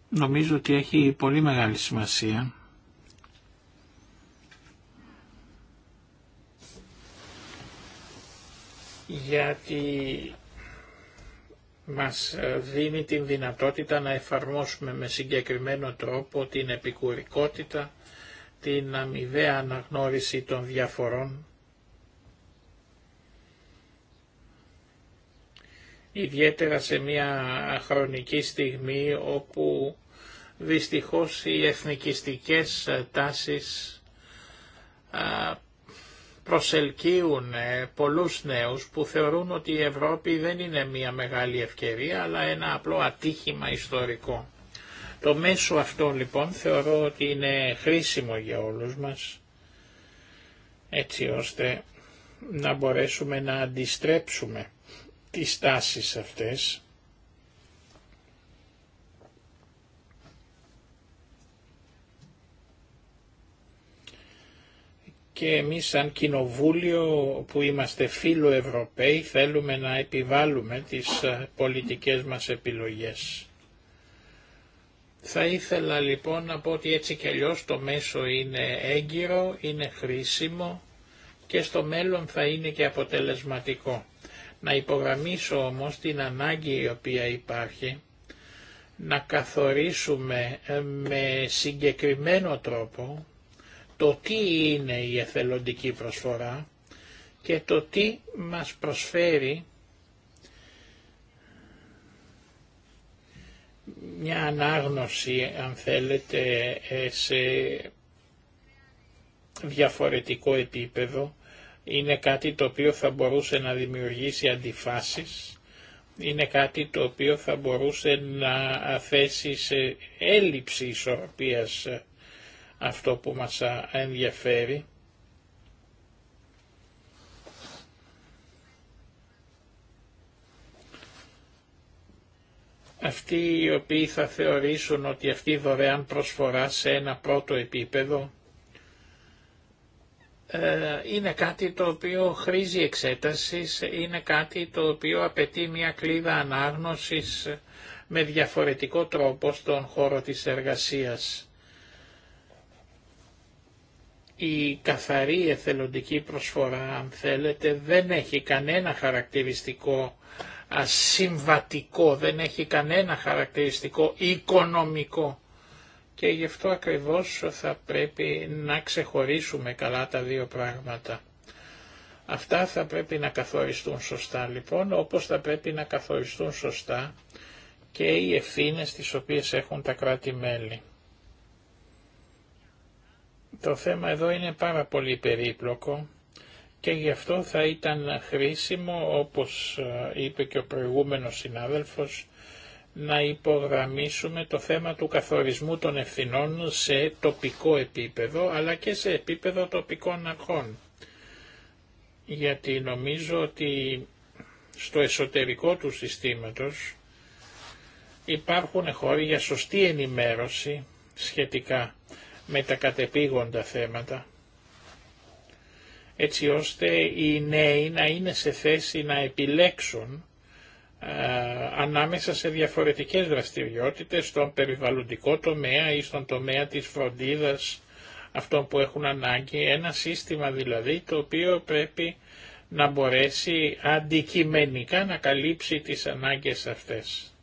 νομίζω ότι έχει πολύ μεγάλη σημασία. γιατί μας δίνει την δυνατότητα να εφαρμόσουμε με συγκεκριμένο τρόπο την επικουρικότητα, την αμοιβαία αναγνώριση των διαφορών ιδιαίτερα σε μια χρονική στιγμή όπου δυστυχώς οι εθνικιστικές τάσεις προσελκύουν ε, πολλούς νέους που θεωρούν ότι η Ευρώπη δεν είναι μια μεγάλη ευκαιρία αλλά ένα απλό ατύχημα ιστορικό. Το μέσο αυτό λοιπόν θεωρώ ότι είναι χρήσιμο για όλους μας έτσι ώστε να μπορέσουμε να αντιστρέψουμε τις τάσεις αυτές. Και εμείς σαν κοινοβούλιο που είμαστε φίλο Ευρωπαίοι θέλουμε να επιβάλλουμε τις ε, πολιτικές μας επιλογές. Θα ήθελα λοιπόν να πω ότι έτσι κι αλλιώς το μέσο είναι έγκυρο, είναι χρήσιμο και στο μέλλον θα είναι και αποτελεσματικό. Να υπογραμμίσω όμως την ανάγκη η οποία υπάρχει να καθορίσουμε ε, με συγκεκριμένο τρόπο το τι είναι η εθελοντική προσφορά και το τι μας προσφέρει μια ανάγνωση, αν θέλετε, ε, σε διαφορετικό επίπεδο είναι κάτι το οποίο θα μπορούσε να δημιουργήσει αντιφάσεις, είναι κάτι το οποίο θα μπορούσε να θέσει σε έλλειψη ισορροπίας αυτό που μας ενδιαφέρει. Αυτοί οι οποίοι θα θεωρήσουν ότι αυτή η δωρεάν προσφορά σε ένα πρώτο επίπεδο ε, είναι κάτι το οποίο χρήζει εξέτασης, είναι κάτι το οποίο απαιτεί μια κλίδα ανάγνωσης με διαφορετικό τρόπο στον χώρο της εργασίας. Η καθαρή εθελοντική προσφορά, αν θέλετε, δεν έχει κανένα χαρακτηριστικό ασυμβατικό, δεν έχει κανένα χαρακτηριστικό οικονομικό και γι' αυτό ακριβώς θα πρέπει να ξεχωρίσουμε καλά τα δύο πράγματα. Αυτά θα πρέπει να καθοριστούν σωστά λοιπόν, όπως θα πρέπει να καθοριστούν σωστά και οι ευθύνες τις οποίες έχουν τα κράτη-μέλη. Το θέμα εδώ είναι πάρα πολύ περίπλοκο και γι' αυτό θα ήταν χρήσιμο, όπως είπε και ο προηγούμενος συνάδελφος, να υπογραμμίσουμε το θέμα του καθορισμού των ευθυνών σε τοπικό επίπεδο αλλά και σε επίπεδο τοπικών αρχών. Γιατί νομίζω ότι στο εσωτερικό του συστήματος υπάρχουν χώροι για σωστή ενημέρωση σχετικά με τα κατεπήγοντα θέματα έτσι ώστε οι νέοι να είναι σε θέση να επιλέξουν ε, ανάμεσα σε διαφορετικές δραστηριότητες στον περιβαλλοντικό τομέα ή στον τομέα της φροντίδας αυτών που έχουν ανάγκη. Ένα σύστημα δηλαδή το οποίο πρέπει να μπορέσει αντικειμενικά να καλύψει τις ανάγκες αυτές.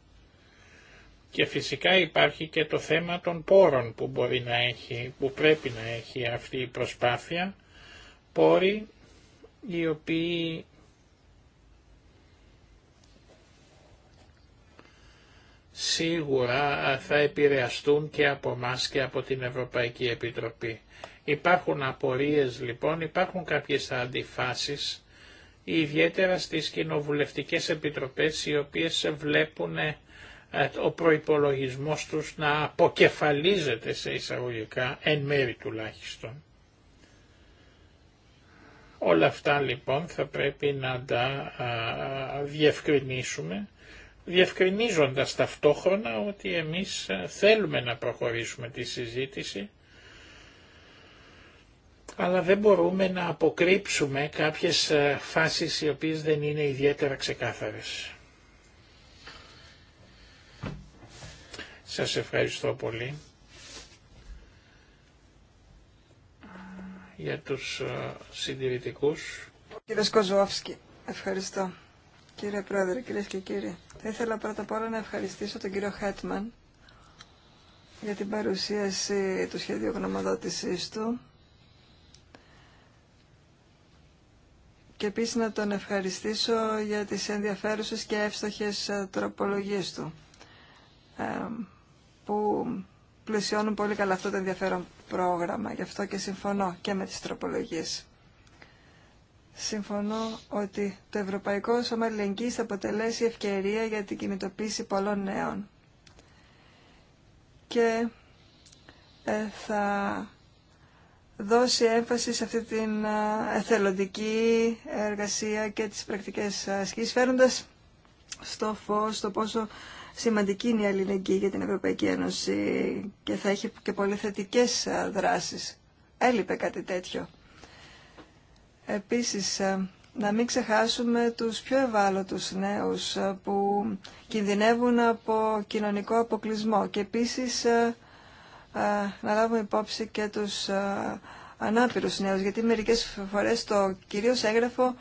Και φυσικά υπάρχει και το θέμα των πόρων που μπορεί να έχει, που πρέπει να έχει αυτή η προσπάθεια, πόροι οι οποίοι σίγουρα θα επηρεαστούν και από εμά και από την Ευρωπαϊκή Επιτροπή. Υπάρχουν απορίες λοιπόν, υπάρχουν κάποιες αντιφάσεις, ιδιαίτερα στις κοινοβουλευτικές επιτροπές οι οποίες βλέπουν ε, ο προϋπολογισμός τους να αποκεφαλίζεται σε εισαγωγικά, εν μέρη τουλάχιστον. Όλα αυτά λοιπόν θα πρέπει να τα διευκρινίσουμε διευκρινίζοντας ταυτόχρονα ότι εμείς ε, θέλουμε να προχωρήσουμε τη συζήτηση, αλλά δεν μπορούμε να αποκρύψουμε κάποιες ε, φάσεις οι οποίες δεν είναι ιδιαίτερα ξεκάθαρες. Σας ευχαριστώ πολύ ε, για τους συντηρητικούς. Κύριε Σκοζουάφσκι, ευχαριστώ. Κύριε Πρόεδρε, κυρίε και κύριοι, θα ήθελα πρώτα απ' όλα να ευχαριστήσω τον κύριο Χέτμαν για την παρουσίαση του σχέδιου γνωμοδότησή του και επίση να τον ευχαριστήσω για τις ενδιαφέρουσε και εύστοχε ε, τροπολογίες του ε, που πλαισιώνουν πολύ καλά αυτό το ενδιαφέρον πρόγραμμα. Γι' αυτό και συμφωνώ και με τις τροπολογίες συμφωνώ ότι το Ευρωπαϊκό Σώμα Αλληλεγγύης θα αποτελέσει ευκαιρία για την κινητοποίηση πολλών νέων. Και ε, θα δώσει έμφαση σε αυτή την ε, εθελοντική εργασία και τις πρακτικές ασκήσεις, φέροντας στο φως το πόσο σημαντική είναι η Ελληνική για την Ευρωπαϊκή Ένωση και θα έχει και πολύ θετικές ε, δράσεις. Έλειπε κάτι τέτοιο Επίσης, ε, να μην ξεχάσουμε τους πιο ευάλωτους νέους ε, που κινδυνεύουν από κοινωνικό αποκλεισμό και επίσης ε, να λάβουμε υπόψη και τους ανάπηρους νέους γιατί μερικές φορές το κυρίως έγγραφο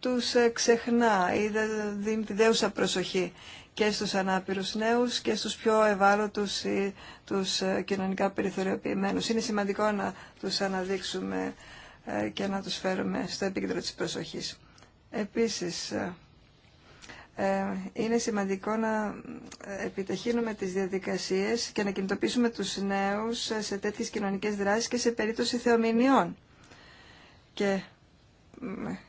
τους ξεχνά ή δεν δίνει τη προσοχή και στους ανάπηρους νέους και στους πιο ευάλωτους ή τους κοινωνικά περιθωριοποιημένους. Είναι σημαντικό να τους αναδείξουμε ε, και να τους φέρουμε στο επίκεντρο της προσοχής. Επίσης, ε, ε, είναι σημαντικό να επιταχύνουμε τις διαδικασίες και να κινητοποιήσουμε τους νέους σε τέτοιες κοινωνικές δράσεις και σε περίπτωση θεομηνιών. Και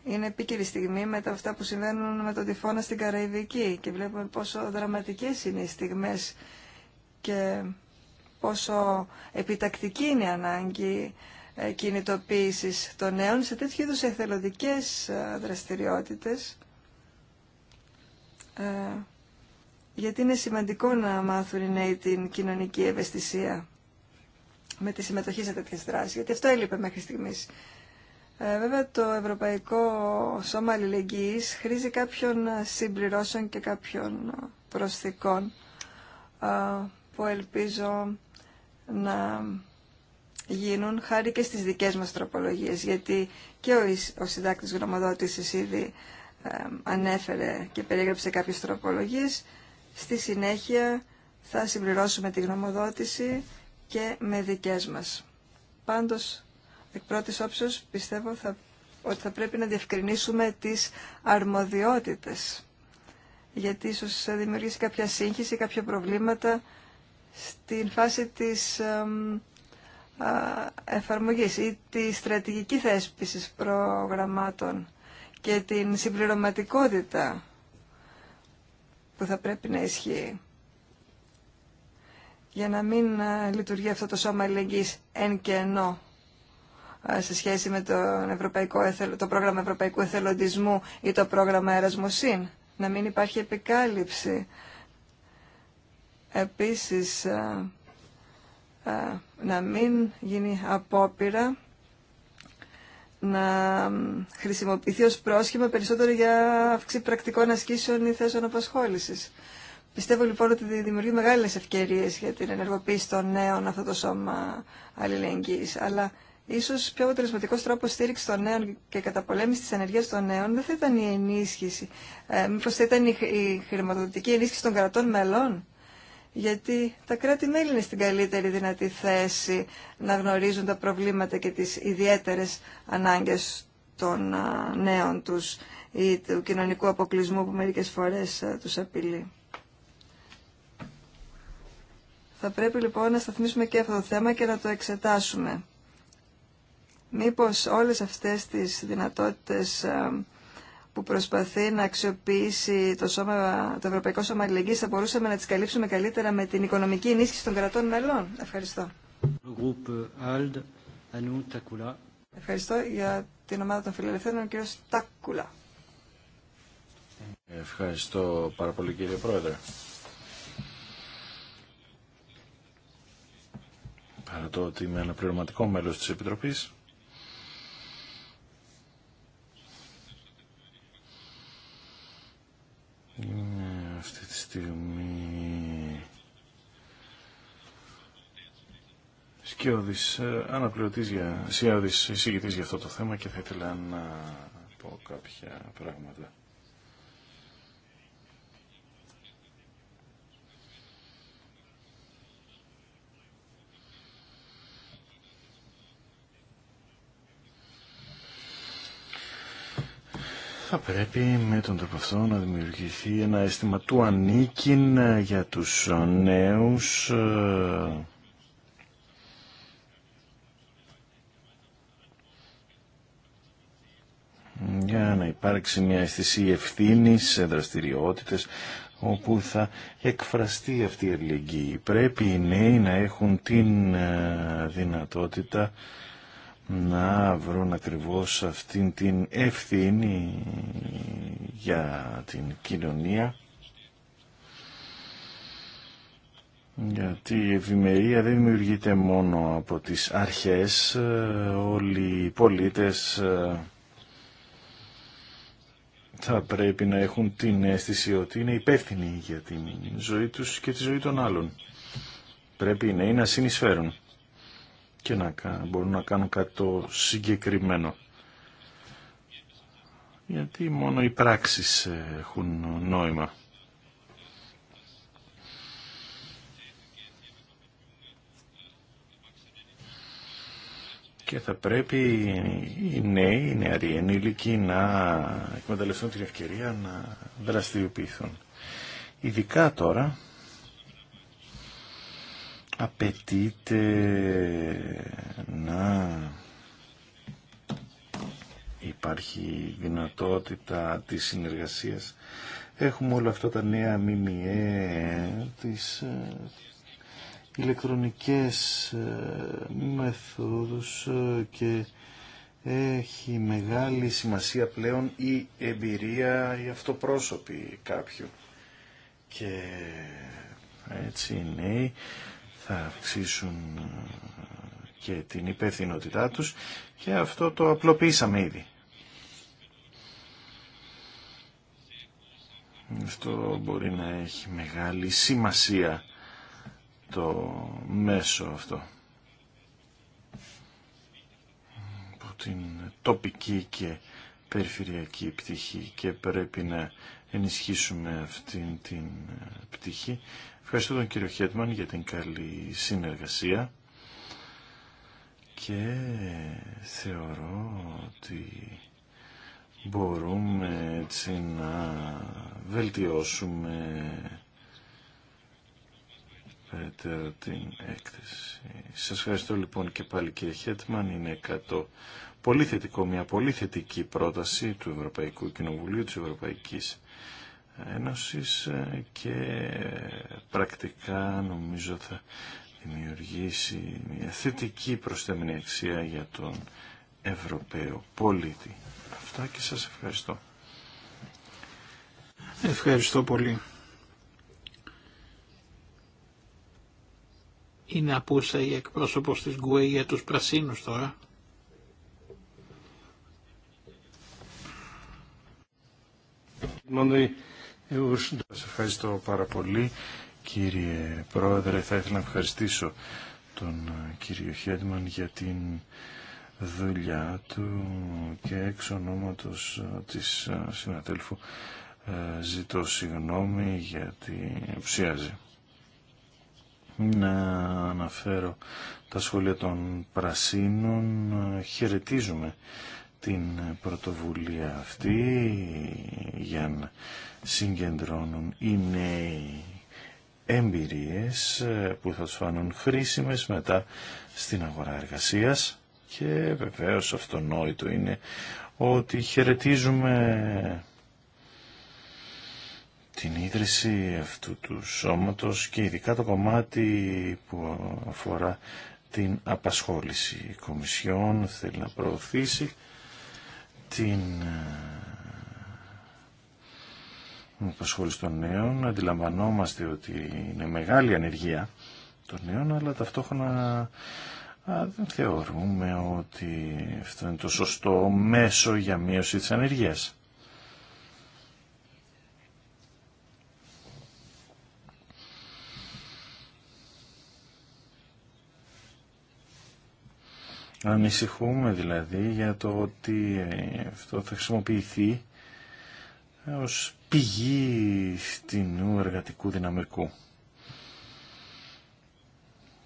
είναι επίκαιρη στιγμή μετά αυτά που συμβαίνουν με τον τυφώνα στην Καραϊβική και βλέπουμε πόσο δραματικές είναι οι στιγμές και πόσο επιτακτική είναι η ανάγκη ε, κινητοποίησης των νέων σε τέτοιου είδους εθελοντικές ε, δραστηριότητες ε, γιατί είναι σημαντικό να μάθουν οι νέοι την κοινωνική ευαισθησία με τη συμμετοχή σε τέτοιες δράσεις γιατί αυτό έλειπε μέχρι στιγμής. βέβαια το Ευρωπαϊκό Σώμα Αλληλεγγύης χρήζει κάποιων συμπληρώσεων και κάποιων προσθήκων που ελπίζω να γίνουν χάρη και στις δικές μας τροπολογίες, γιατί και ο, ο συντάκτης γνωμοδότησης ήδη ανέφερε και περιέγραψε κάποιες τροπολογίες. Στη συνέχεια θα συμπληρώσουμε τη γνωμοδότηση και με δικές μας. Πάντως, εκ πρώτης όψεως, πιστεύω θα, ότι θα πρέπει να διευκρινίσουμε τις αρμοδιότητες, γιατί ίσως δημιουργήσει κάποια σύγχυση, κάποια προβλήματα στην φάση της εφαρμογής ή τη στρατηγική θέσπιση προγραμμάτων και την συμπληρωματικότητα που θα πρέπει να ισχύει για να μην λειτουργεί αυτό το σώμα αλληλεγγύης εν και ενώ σε σχέση με το, Ευρωπαϊκό, το πρόγραμμα Ευρωπαϊκού Εθελοντισμού ή το πρόγραμμα Ερασμοσύν. Να μην υπάρχει επικάλυψη. Επίσης, να μην γίνει απόπειρα να χρησιμοποιηθεί ως πρόσχημα περισσότερο για αύξηση πρακτικών ασκήσεων ή θέσεων απασχόλησης. Πιστεύω λοιπόν ότι δημιουργεί μεγάλες ευκαιρίες για την ενεργοποίηση των νέων αυτό το σώμα αλληλεγγύης, αλλά ίσως πιο αποτελεσματικός τρόπος στήριξη των νέων και καταπολέμηση της ενεργείας των νέων δεν θα ήταν η ενίσχυση. Ε, μήπως θα ήταν η χρηματοδοτική ενίσχυση των κρατών μελών γιατί τα κράτη-μέλη είναι στην καλύτερη δυνατή θέση να γνωρίζουν τα προβλήματα και τις ιδιαίτερες ανάγκες των νέων τους ή του κοινωνικού αποκλεισμού που μερικές φορές τους απειλεί. Θα πρέπει λοιπόν να σταθμίσουμε και αυτό το θέμα και να το εξετάσουμε. Μήπως όλες αυτές τις δυνατότητες που προσπαθεί να αξιοποιήσει το, σώμα, το Ευρωπαϊκό Σώμα Αλληλεγγύης θα μπορούσαμε να τις καλύψουμε καλύτερα με την οικονομική ενίσχυση των κρατών μελών. Ευχαριστώ. Ευχαριστώ για την ομάδα των φιλελευθέρων, ο κύριος Τάκουλα. Ευχαριστώ πάρα πολύ κύριε Πρόεδρε. Παρά το ότι είμαι ένα πληρωματικό μέλος της Επιτροπής, Είναι αυτή τη στιγμή σκιώδης ε, αναπληρωτής για, σκιώδης εισηγητής για αυτό το θέμα και θα ήθελα να πω κάποια πράγματα. Θα πρέπει με τον τρόπο αυτό να δημιουργηθεί ένα αίσθημα του ανήκειν ε, για τους ε, νέους ε. για να υπάρξει μια αισθησή ευθύνη σε δραστηριότητες όπου θα εκφραστεί αυτή η αλληλεγγύη. Πρέπει οι νέοι να έχουν την δυνατότητα να βρουν ακριβώς αυτήν την ευθύνη για την κοινωνία γιατί η ευημερία δεν δημιουργείται μόνο από τις αρχές όλοι οι πολίτες ε, θα πρέπει να έχουν την αίσθηση ότι είναι υπεύθυνοι για την ζωή τους και τη ζωή των άλλων πρέπει να είναι να συνεισφέρουν και να μπορούν να κάνουν κάτι το συγκεκριμένο. Γιατί μόνο οι πράξεις ε, έχουν νόημα. και θα πρέπει οι νέοι, οι νεαροί ενήλικοι να εκμεταλλευτούν την ευκαιρία να δραστηριοποιηθούν. Ειδικά τώρα απαιτείται να υπάρχει δυνατότητα της συνεργασίας. Έχουμε όλα αυτά τα νέα ΜΜΕ, τις ε, ηλεκτρονικές ε, μεθόδους ε, και έχει μεγάλη σημασία πλέον η εμπειρία, η αυτοπρόσωπη κάποιου. Και έτσι νέοι θα αυξήσουν ε, και την υπευθυνότητά τους και αυτό το απλοποιήσαμε ήδη. Αυτό μπορεί να έχει μεγάλη σημασία το μέσο αυτό. Από την τοπική και περιφερειακή πτυχή και πρέπει να ενισχύσουμε αυτήν την ε, πτυχή Ευχαριστώ τον κύριο Χέτμαν για την καλή συνεργασία και θεωρώ ότι μπορούμε έτσι να βελτιώσουμε περαιτέρω την έκθεση. Σας ευχαριστώ λοιπόν και πάλι κύριε Χέτμαν, είναι κάτω πολύ θετικό, μια πολύ θετική πρόταση του Ευρωπαϊκού Κοινοβουλίου της Ευρωπαϊκής Ένωσης ε, και πρακτικά νομίζω θα δημιουργήσει μια θετική προσθέμενη αξία για τον Ευρωπαίο πολίτη. Αυτά και σας ευχαριστώ. Ευχαριστώ πολύ. Είναι απούσα η εκπρόσωπος της ΓΚΟΕ για τους πρασίνους τώρα. Σας ευχαριστώ πάρα πολύ κύριε Πρόεδρε. Θα ήθελα να ευχαριστήσω τον ε, κύριο Χέντμαν για την δουλειά του και εξ ονόματος ε, της ε, συναδέλφου ζητώ συγγνώμη γιατί ψιάζει. Να αναφέρω τα σχόλια των Πρασίνων. Χαιρετίζουμε την πρωτοβουλία αυτή για να συγκεντρώνουν οι νέοι εμπειρίες ε, που θα τους φανούν χρήσιμες μετά στην αγορά εργασίας και βεβαίως αυτονόητο είναι ότι χαιρετίζουμε την ίδρυση αυτού του σώματος και ειδικά το κομμάτι που αφορά την απασχόληση. κομισιών θέλει να προωθήσει την ε, απασχόληση των νέων. Αντιλαμβανόμαστε ότι είναι μεγάλη ανεργία των νέων, αλλά ταυτόχρονα δεν θεωρούμε ότι αυτό είναι το σωστό μέσο για μείωση της ανεργίας. Ανησυχούμε δηλαδή για το ότι αυτό θα χρησιμοποιηθεί ως πηγή φτηνού εργατικού δυναμικού.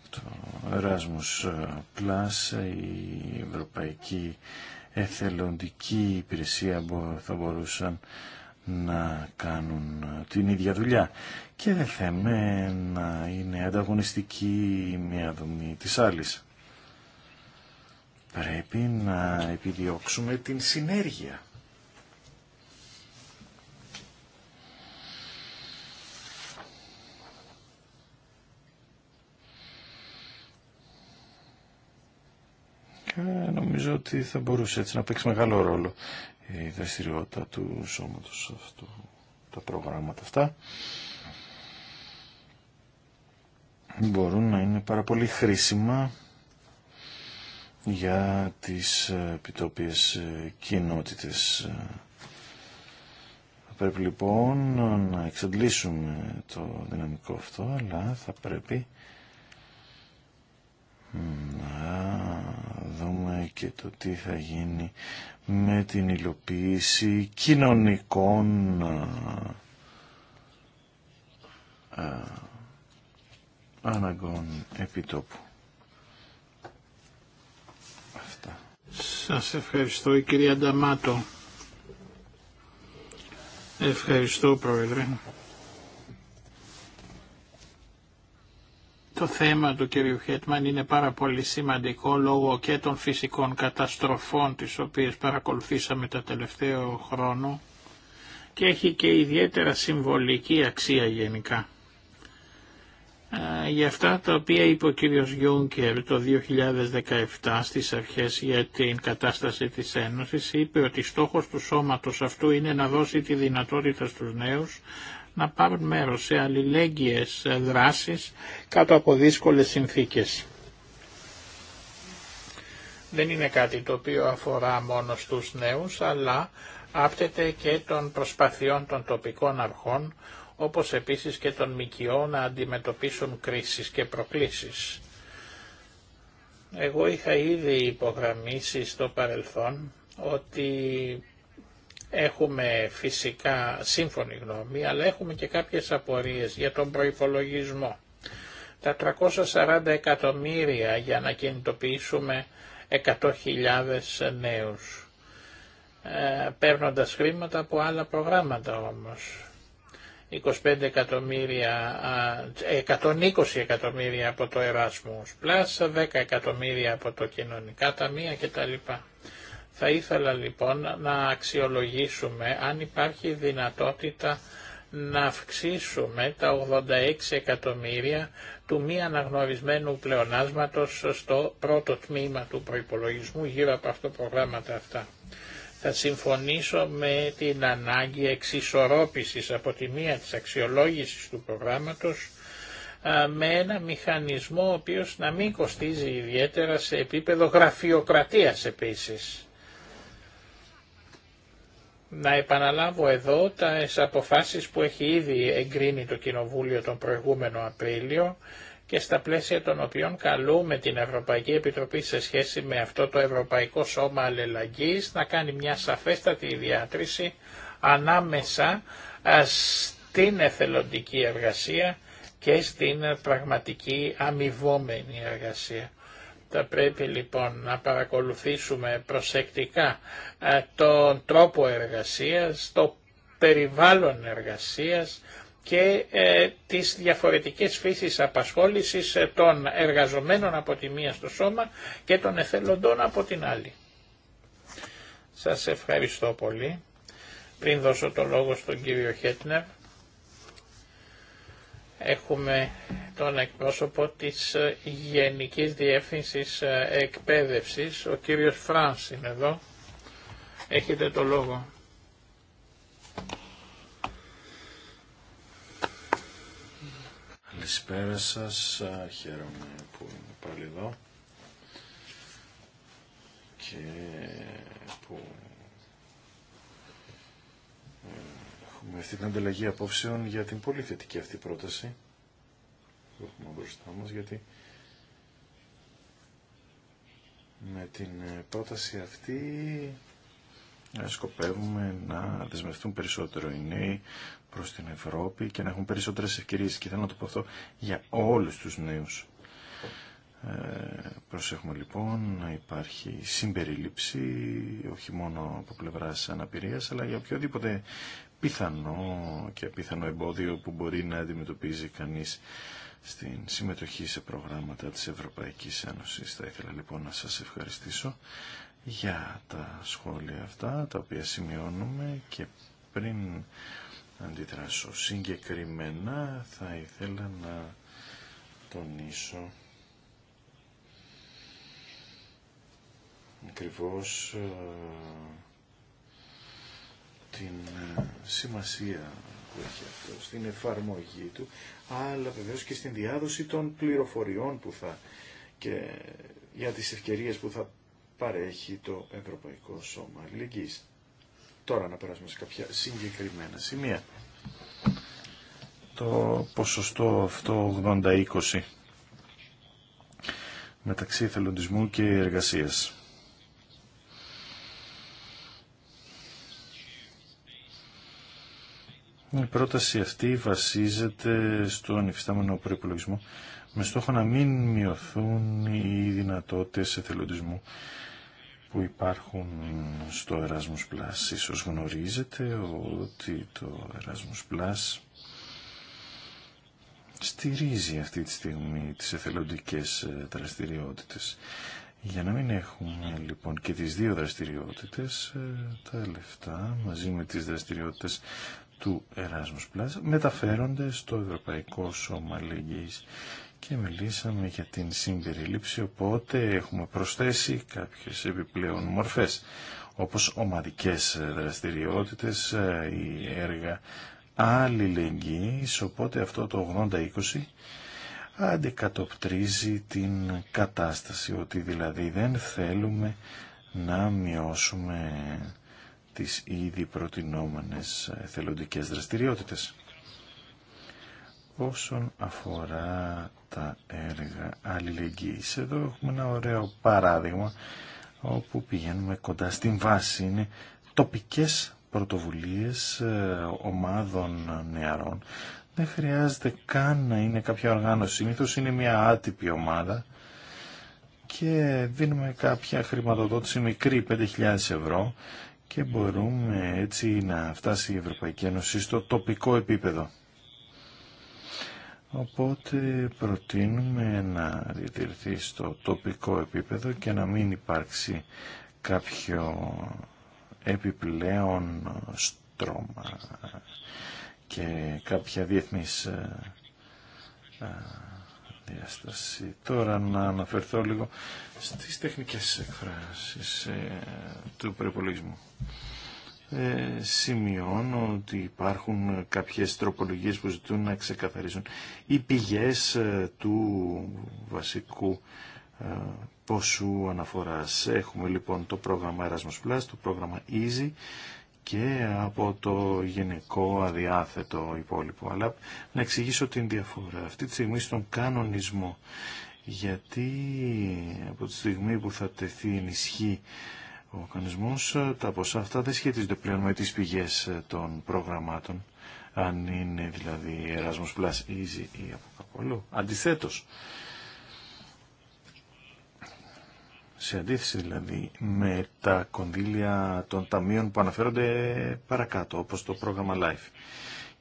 Το Erasmus Plus, η Ευρωπαϊκή Εθελοντική Υπηρεσία θα μπορούσαν να κάνουν την ίδια δουλειά. Και δεν θέμε να είναι ανταγωνιστική η μία δομή της άλλης. Πρέπει να επιδιώξουμε την συνέργεια. νομίζω ότι θα μπορούσε έτσι να παίξει μεγάλο ρόλο η δραστηριότητα του σώματος αυτού, τα προγράμματα αυτά μπορούν να είναι πάρα πολύ χρήσιμα για τις ε, επιτόπιες ε, κοινότητες. Θα πρέπει λοιπόν να εξαντλήσουμε το δυναμικό αυτό, αλλά θα πρέπει να δούμε και το τι θα γίνει με την υλοποίηση κοινωνικών ε, αναγκών επιτόπου. Σας ευχαριστώ η κυρία Νταμάτο. Ευχαριστώ Πρόεδρε. Το θέμα του κύριου Χέτμαν είναι πάρα πολύ σημαντικό λόγω και των φυσικών καταστροφών τις οποίες παρακολουθήσαμε τα τελευταίο χρόνο και έχει και ιδιαίτερα συμβολική αξία γενικά για αυτά τα οποία είπε ο κύριος Γιούνκερ το 2017 στις αρχές για την κατάσταση της Ένωσης είπε ότι στόχος του σώματος αυτού είναι να δώσει τη δυνατότητα στους νέους να πάρουν μέρος σε αλληλέγγυες δράσεις κάτω από δύσκολες συνθήκες. Δεν είναι κάτι το οποίο αφορά μόνο στους νέους αλλά άπτεται και των προσπαθειών των τοπικών αρχών όπως επίσης και των ΜΚΟ να αντιμετωπίσουν κρίσεις και προκλήσεις. Εγώ είχα ήδη υπογραμμίσει στο παρελθόν ότι έχουμε φυσικά σύμφωνη γνώμη, αλλά έχουμε και κάποιες απορίες για τον προϋπολογισμό. Τα 340 εκατομμύρια για να κινητοποιήσουμε 100.000 νέους, ε, παίρνοντας χρήματα από άλλα προγράμματα όμως. 25 εκατομμύρια, 120 εκατομμύρια από το Erasmus Plus, 10 εκατομμύρια από το κοινωνικά ταμεία κτλ. Θα ήθελα λοιπόν να αξιολογήσουμε αν υπάρχει δυνατότητα να αυξήσουμε τα 86 εκατομμύρια του μη αναγνωρισμένου πλεονάσματος στο πρώτο τμήμα του προϋπολογισμού γύρω από αυτό προγράμματα αυτά θα συμφωνήσω με την ανάγκη εξισορρόπησης από τη μία της αξιολόγησης του προγράμματος με ένα μηχανισμό ο οποίος να μην κοστίζει ιδιαίτερα σε επίπεδο γραφειοκρατίας επίσης. Να επαναλάβω εδώ τα αποφάσεις που έχει ήδη εγκρίνει το Κοινοβούλιο τον προηγούμενο Απρίλιο και στα πλαίσια των οποίων καλούμε την Ευρωπαϊκή Επιτροπή σε σχέση με αυτό το Ευρωπαϊκό Σώμα Αλληλεγγύης να κάνει μια σαφέστατη διάτρηση ανάμεσα στην εθελοντική εργασία και στην πραγματική αμοιβόμενη εργασία. Θα πρέπει λοιπόν να παρακολουθήσουμε προσεκτικά τον τρόπο εργασίας, το περιβάλλον εργασίας, και ε, τις διαφορετικές φύσεις απασχόλησης ε, των εργαζομένων από τη μία στο σώμα και των εθελοντών από την άλλη. Σας ευχαριστώ πολύ. Πριν δώσω το λόγο στον κύριο Χέτνερ, έχουμε τον εκπρόσωπο της ε, Γενικής Διεύθυνσης Εκπαίδευσης, ο κύριος Φράνς είναι εδώ. Έχετε το λόγο. Καλησπέρα σα Χαίρομαι που είμαι πάλι εδώ και που ε, έχουμε αυτή την ανταλλαγή απόψεων για την πολύ θετική αυτή πρόταση που έχουμε μπροστά μας γιατί με την ε, πρόταση αυτή ε, σκοπεύουμε να δεσμευτούν περισσότερο οι νέοι προς την Ευρώπη και να έχουν περισσότερες ευκαιρίες και θέλω να το πω αυτό για όλους τους νέους. Ε, προσέχουμε λοιπόν να υπάρχει συμπερίληψη όχι μόνο από πλευράς αναπηρίας αλλά για οποιοδήποτε πιθανό και πιθανό εμπόδιο που μπορεί να αντιμετωπίζει κανείς στην συμμετοχή σε προγράμματα της Ευρωπαϊκής Ένωσης. Θα ήθελα λοιπόν να σας ευχαριστήσω για τα σχόλια αυτά τα οποία σημειώνουμε και πριν αντιδράσω. Συγκεκριμένα θα ήθελα να τονίσω ακριβώ ε, την ε, σημασία που έχει αυτό στην εφαρμογή του, αλλά βεβαίως και στην διάδοση των πληροφοριών που θα και για τις ευκαιρίες που θα παρέχει το Ευρωπαϊκό Σώμα Αλληλεγγύης. Τώρα να περάσουμε σε κάποια συγκεκριμένα σημεία. Το ποσοστό αυτό 80-20 μεταξύ εθελοντισμού και εργασίας. Η πρόταση αυτή βασίζεται στον υφιστάμενο προϋπολογισμό με στόχο να μην μειωθούν οι δυνατότητες εθελοντισμού που υπάρχουν στο Erasmus Plus. Ίσως γνωρίζετε ότι το Erasmus Plus στηρίζει αυτή τη στιγμή τις εθελοντικές ε, δραστηριότητες. Για να μην έχουμε λοιπόν και τις δύο δραστηριότητες, ε, τα λεφτά μαζί με τις δραστηριότητες του Erasmus Plus μεταφέρονται στο Ευρωπαϊκό Σώμα Αλληλεγγύης και μιλήσαμε για την συμπερίληψη, οπότε έχουμε προσθέσει κάποιες επιπλέον μορφές, όπως ομαδικές δραστηριότητες ή ε, έργα αλληλεγγύης, οπότε αυτό το 80-20 αντικατοπτρίζει την κατάσταση, ότι δηλαδή δεν θέλουμε να μειώσουμε τις ήδη προτινόμενες θελοντικές δραστηριότητες. Όσον αφορά τα έργα αλληλεγγύης. Εδώ έχουμε ένα ωραίο παράδειγμα όπου πηγαίνουμε κοντά στην βάση. Είναι τοπικές πρωτοβουλίες ε, ομάδων νεαρών. Δεν χρειάζεται καν να είναι κάποια οργάνωση. Συνήθω είναι μια άτυπη ομάδα και δίνουμε κάποια χρηματοδότηση μικρή, 5.000 ευρώ και μπορούμε έτσι να φτάσει η Ευρωπαϊκή Ένωση στο τοπικό επίπεδο. Οπότε προτείνουμε να διατηρηθεί στο τοπικό επίπεδο και να μην υπάρξει κάποιο επιπλέον στρώμα και κάποια διεθνής ε, ε, διάσταση. Τώρα να αναφερθώ λίγο στις τεχνικές εκφράσεις ε, του προπολογισμού ε, σημειώνω ότι υπάρχουν κάποιες τροπολογίες που ζητούν να ξεκαθαρίσουν οι πηγές ε, του βασικού ε, ποσού αναφοράς. Έχουμε λοιπόν το πρόγραμμα Erasmus Plus, το πρόγραμμα Easy και από το γενικό αδιάθετο υπόλοιπο. Αλλά να εξηγήσω την διαφορά. Αυτή τη στιγμή στον κανονισμό γιατί από τη στιγμή που θα τεθεί ενισχύ ο οργανισμός. Ε, τα ποσά αυτά δεν σχετίζονται πλέον με τις πηγές ε, των προγραμμάτων, αν είναι δηλαδή Erasmus Plus, Easy ή από κάπου Αντιθέτως, σε αντίθεση δηλαδή με τα κονδύλια των ταμείων που αναφέρονται παρακάτω, όπως το πρόγραμμα Life.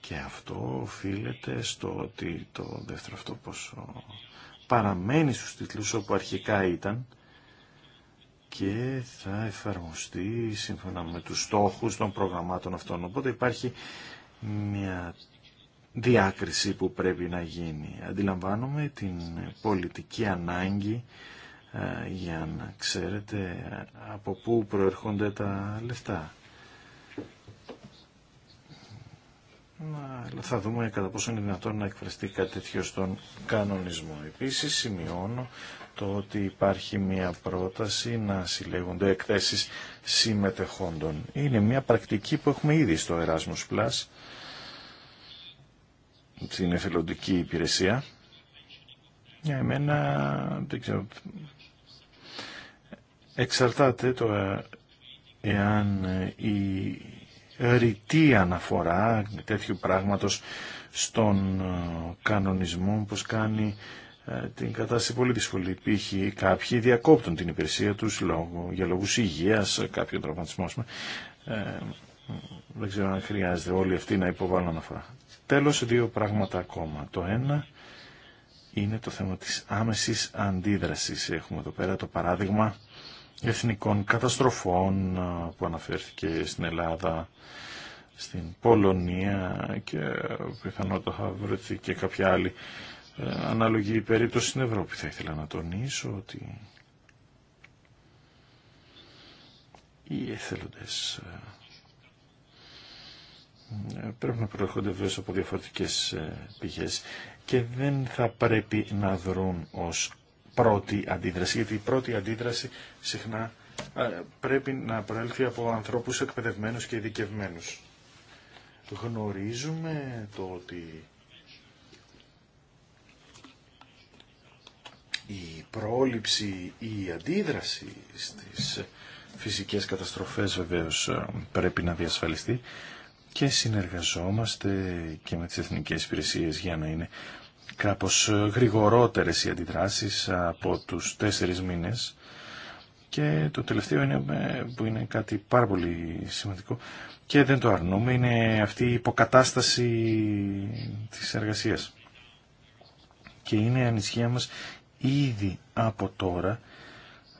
Και αυτό οφείλεται στο ότι το δεύτερο αυτό ποσό παραμένει στους τίτλους όπου αρχικά ήταν και θα εφαρμοστεί σύμφωνα με τους στόχους των προγραμμάτων αυτών. Οπότε υπάρχει μια διάκριση που πρέπει να γίνει. Αντιλαμβάνομαι την πολιτική ανάγκη ε, για να ξέρετε από πού προερχόνται τα λεφτά. Αλλά θα δούμε κατά πόσο είναι δυνατόν να εκφραστεί κάτι τέτοιο στον κανονισμό. Επίσης σημειώνω το ότι υπάρχει μια πρόταση να συλλέγονται εκθέσεις συμμετεχόντων. Είναι μια πρακτική που έχουμε ήδη στο Erasmus Plus, στην εθελοντική υπηρεσία. Για εμένα, δεν ξέρω, εξαρτάται το ε, εάν ε, η ρητή αναφορά τέτοιου πράγματος στον ε, κανονισμό που κάνει ε, την κατάσταση πολύ δύσκολη. Π.χ. κάποιοι διακόπτουν την υπηρεσία του λόγω, για λόγου υγεία ε, κάποιον τραυματισμό. Ε, δεν ξέρω αν χρειάζεται όλοι αυτοί να υποβάλουν αναφορά. Τέλος, δύο πράγματα ακόμα. Το ένα είναι το θέμα της άμεσης αντίδρασης. Έχουμε εδώ πέρα το παράδειγμα εθνικών καταστροφών ε, που αναφέρθηκε στην Ελλάδα, στην Πολωνία και πιθανότατα θα βρεθεί και κάποια άλλη ανάλογη περίπτωση στην Ευρώπη. Θα ήθελα να τονίσω ότι οι εθελοντές ε, πρέπει να προέρχονται βέβαια από διαφορετικές ε, πηγές και δεν θα πρέπει να δρουν ως πρώτη αντίδραση, γιατί η πρώτη αντίδραση συχνά ε, πρέπει να προέλθει από ανθρώπους εκπαιδευμένους και ειδικευμένους. Γνωρίζουμε το ότι η πρόληψη, η αντίδραση στις φυσικές καταστροφές βεβαίως ε, πρέπει να διασφαλιστεί και συνεργαζόμαστε και με τις εθνικές υπηρεσίες για να είναι κάπως ε, γρηγορότερες οι αντιδράσεις από τους τέσσερις μήνες και το τελευταίο είναι, ε, που είναι κάτι πάρα πολύ σημαντικό και δεν το αρνούμε, είναι αυτή η υποκατάσταση της εργασίας. Και είναι η ανησυχία μας ήδη από τώρα,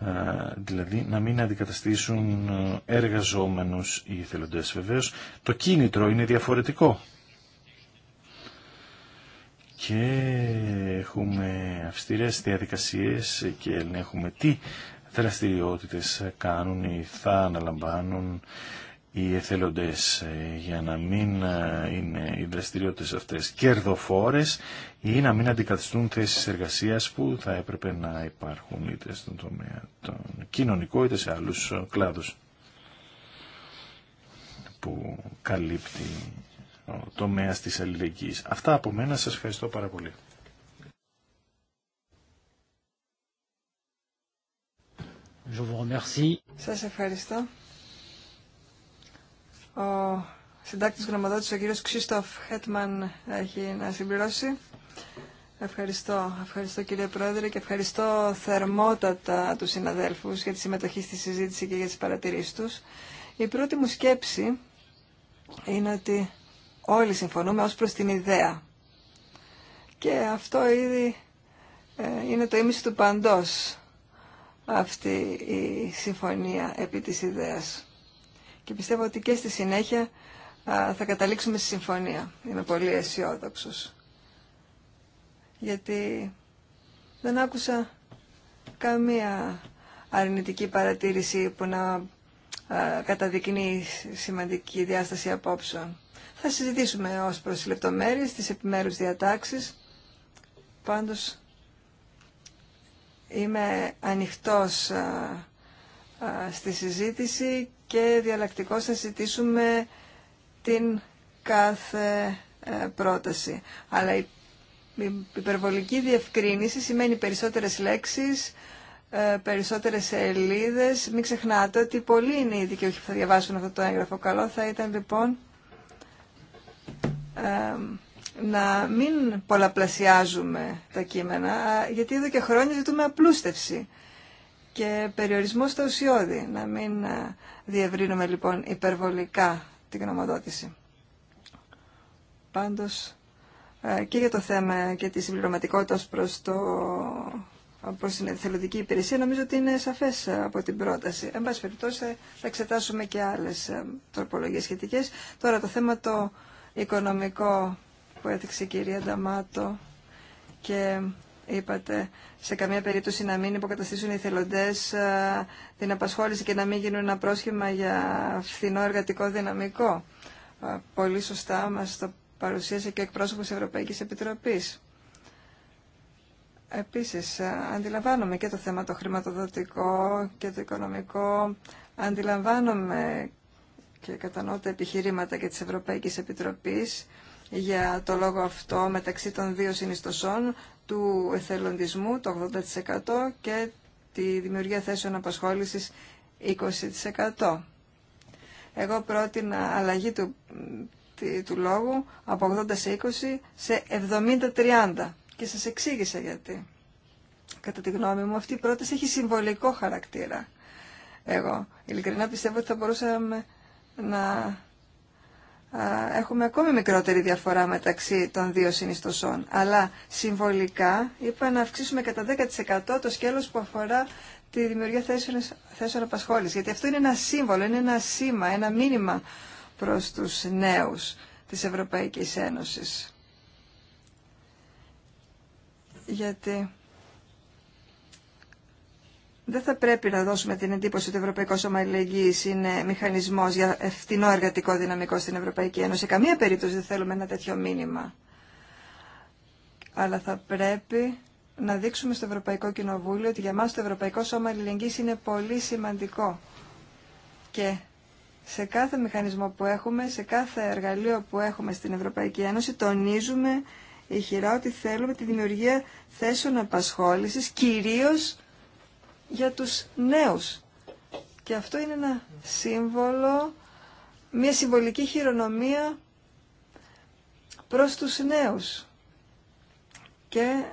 ε, δηλαδή να μην αντικαταστήσουν ε, εργαζόμενους οι εθελοντές. Βεβαίως το κίνητρο είναι διαφορετικό και έχουμε αυστηρές διαδικασίες και ελέγχουμε τι δραστηριότητες κάνουν ή θα αναλαμβάνουν οι εθελοντές ε, για να μην ε, είναι οι δραστηριότητες αυτές κερδοφόρες ή να μην αντικαθιστούν θέσεις εργασίας που θα έπρεπε να υπάρχουν είτε στον τομέα κοινωνικό είτε σε άλλους ε, κλάδους που καλύπτει ο τομέας της αλληλεγγύης. Αυτά από μένα σας ευχαριστώ πάρα πολύ. ευχαριστώ. Ο συντάκτης γνωμοδότης, ο κύριος Ξίστοφ Χέτμαν, έχει να συμπληρώσει. Ευχαριστώ. Ευχαριστώ κύριε Πρόεδρε και ευχαριστώ θερμότατα τους συναδέλφους για τη συμμετοχή στη συζήτηση και για τις παρατηρήσεις τους. Η πρώτη μου σκέψη είναι ότι όλοι συμφωνούμε ως προς την ιδέα. Και αυτό ήδη ε, είναι το ίμιση του παντός αυτή η συμφωνία επί της ιδέας και πιστεύω ότι και στη συνέχεια θα καταλήξουμε στη συμφωνία. Είμαι πολύ αισιόδοξο. Γιατί δεν άκουσα καμία αρνητική παρατήρηση που να καταδεικνύει σημαντική διάσταση απόψεων. Θα συζητήσουμε ως προς λεπτομέρειες τις επιμέρους διατάξεις. Πάντως είμαι ανοιχτός στη συζήτηση και διαλλακτικώς θα συζητήσουμε την κάθε ε, πρόταση. Αλλά η υπερβολική διευκρίνηση σημαίνει περισσότερες λέξεις, ε, περισσότερες σελίδε. Μην ξεχνάτε ότι πολλοί είναι οι δικαιούχοι που θα διαβάσουν αυτό το έγγραφο. Καλό θα ήταν λοιπόν ε, να μην πολλαπλασιάζουμε τα κείμενα, γιατί εδώ και χρόνια ζητούμε απλούστευση και περιορισμό στα ουσιώδη. Να μην ε, διευρύνουμε λοιπόν υπερβολικά την γνωμοδότηση. Πάντως ε, και για το θέμα και τη συμπληρωματικότητα προς, το, προς την εθελοντική υπηρεσία νομίζω ότι είναι σαφές ε, από την πρόταση. Εν πάση περιπτώσει θα εξετάσουμε και άλλες τροπολογίες σχετικές. Τώρα το θέμα το οικονομικό που έδειξε η κυρία Νταμάτο και είπατε, σε καμία περίπτωση να μην υποκαταστήσουν οι θελοντές ε, την απασχόληση και να μην γίνουν ένα πρόσχημα για φθηνό εργατικό δυναμικό. Ε, πολύ σωστά μας το παρουσίασε και ο εκπρόσωπος Ευρωπαϊκής Επιτροπής. Επίσης, ε, αντιλαμβάνομαι και το θέμα το χρηματοδοτικό και το οικονομικό. Αντιλαμβάνομαι και κατανοώ τα επιχειρήματα και της Ευρωπαϊκής Επιτροπής για το λόγο αυτό μεταξύ των δύο συνιστοσών του εθελοντισμού το 80% και τη δημιουργία θέσεων απασχόλησης 20%. Εγώ πρότεινα αλλαγή του, του λόγου από 80 σε 20 σε 70-30 και σας εξήγησα γιατί. Κατά τη γνώμη μου αυτή η πρόταση έχει συμβολικό χαρακτήρα. Εγώ ειλικρινά πιστεύω ότι θα μπορούσαμε να έχουμε ακόμη μικρότερη διαφορά μεταξύ των δύο συνιστοσών. Αλλά συμβολικά είπα να αυξήσουμε κατά 10% το σκέλος που αφορά τη δημιουργία θέσεων, θέσεων απασχόλησης. Γιατί αυτό είναι ένα σύμβολο, είναι ένα σήμα, ένα μήνυμα προς τους νέους της Ευρωπαϊκής Ένωσης. Γιατί δεν θα πρέπει να δώσουμε την εντύπωση ότι το Ευρωπαϊκό Σώμα Αλληλεγγύη είναι μηχανισμό για ευθυνό εργατικό δυναμικό στην Ευρωπαϊκή Ένωση. Σε καμία περίπτωση δεν θέλουμε ένα τέτοιο μήνυμα. Αλλά θα πρέπει να δείξουμε στο Ευρωπαϊκό Κοινοβούλιο ότι για μα το Ευρωπαϊκό Σώμα Αλληλεγγύη είναι πολύ σημαντικό. Και σε κάθε μηχανισμό που έχουμε, σε κάθε εργαλείο που έχουμε στην Ευρωπαϊκή Ένωση, τονίζουμε ηχηρά ότι θέλουμε τη δημιουργία θέσεων απασχόληση κυρίω για τους νέους. Και αυτό είναι ένα σύμβολο, μια συμβολική χειρονομία προς τους νέους. Και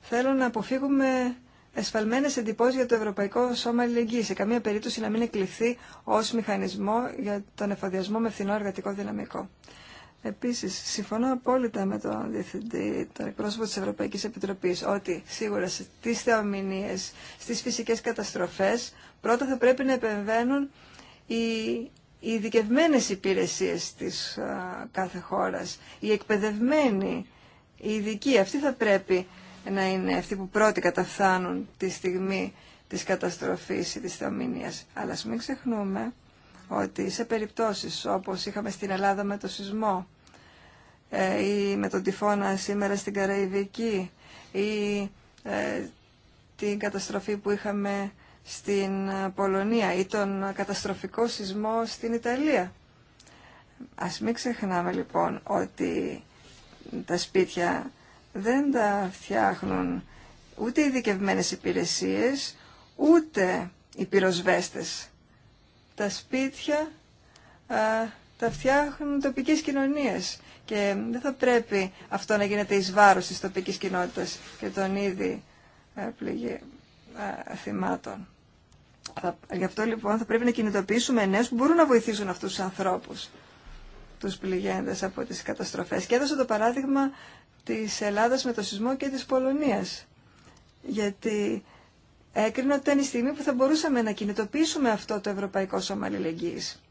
θέλω να αποφύγουμε εσφαλμένες εντυπώσεις για το Ευρωπαϊκό Σώμα Αλληλεγγύης. Σε καμία περίπτωση να μην εκλειφθεί ως μηχανισμό για τον εφοδιασμό με φθηνό εργατικό δυναμικό. Επίσης, συμφωνώ απόλυτα με τον Διευθυντή, τον εκπρόσωπο της Ευρωπαϊκής Επιτροπής, ότι σίγουρα στις θεομηνίες, στις φυσικές καταστροφές, πρώτα θα πρέπει να επεμβαίνουν οι, οι ειδικευμένε υπηρεσίες της κάθε χώρας, οι εκπαιδευμένοι, οι ειδικοί. Αυτοί θα πρέπει να είναι αυτοί που πρώτοι καταφθάνουν τη στιγμή της καταστροφής ή της θεομηνίας. Αλλά μην ξεχνούμε ότι σε περιπτώσεις όπως είχαμε στην Ελλάδα με το σεισμό ε, ή με τον τυφώνα σήμερα στην Καραϊβική ή ε, την καταστροφή που είχαμε στην ε, Πολωνία ή τον καταστροφικό σεισμό στην Ιταλία. Ας μην ξεχνάμε λοιπόν ότι τα σπίτια δεν τα φτιάχνουν ούτε ειδικευμένε υπηρεσίες, ούτε οι πυροσβέστες. Τα σπίτια α, τα φτιάχνουν τοπικέ κοινωνίε. και δεν θα πρέπει αυτό να γίνεται εις βάρος της τοπικής κοινότητας και των ήδη ε, πληγή θυμάτων. Γι' αυτό λοιπόν θα πρέπει να κινητοποιήσουμε νέου που μπορούν να βοηθήσουν αυτούς τους ανθρώπους, τους πληγέντες από τις καταστροφές. Και έδωσα το παράδειγμα της Ελλάδας με το σεισμό και της Πολωνίας. Γιατί έκρινα ότι ήταν η στιγμή που θα μπορούσαμε να κινητοποιήσουμε αυτό το Ευρωπαϊκό Σώμα Αλληλεγγύης.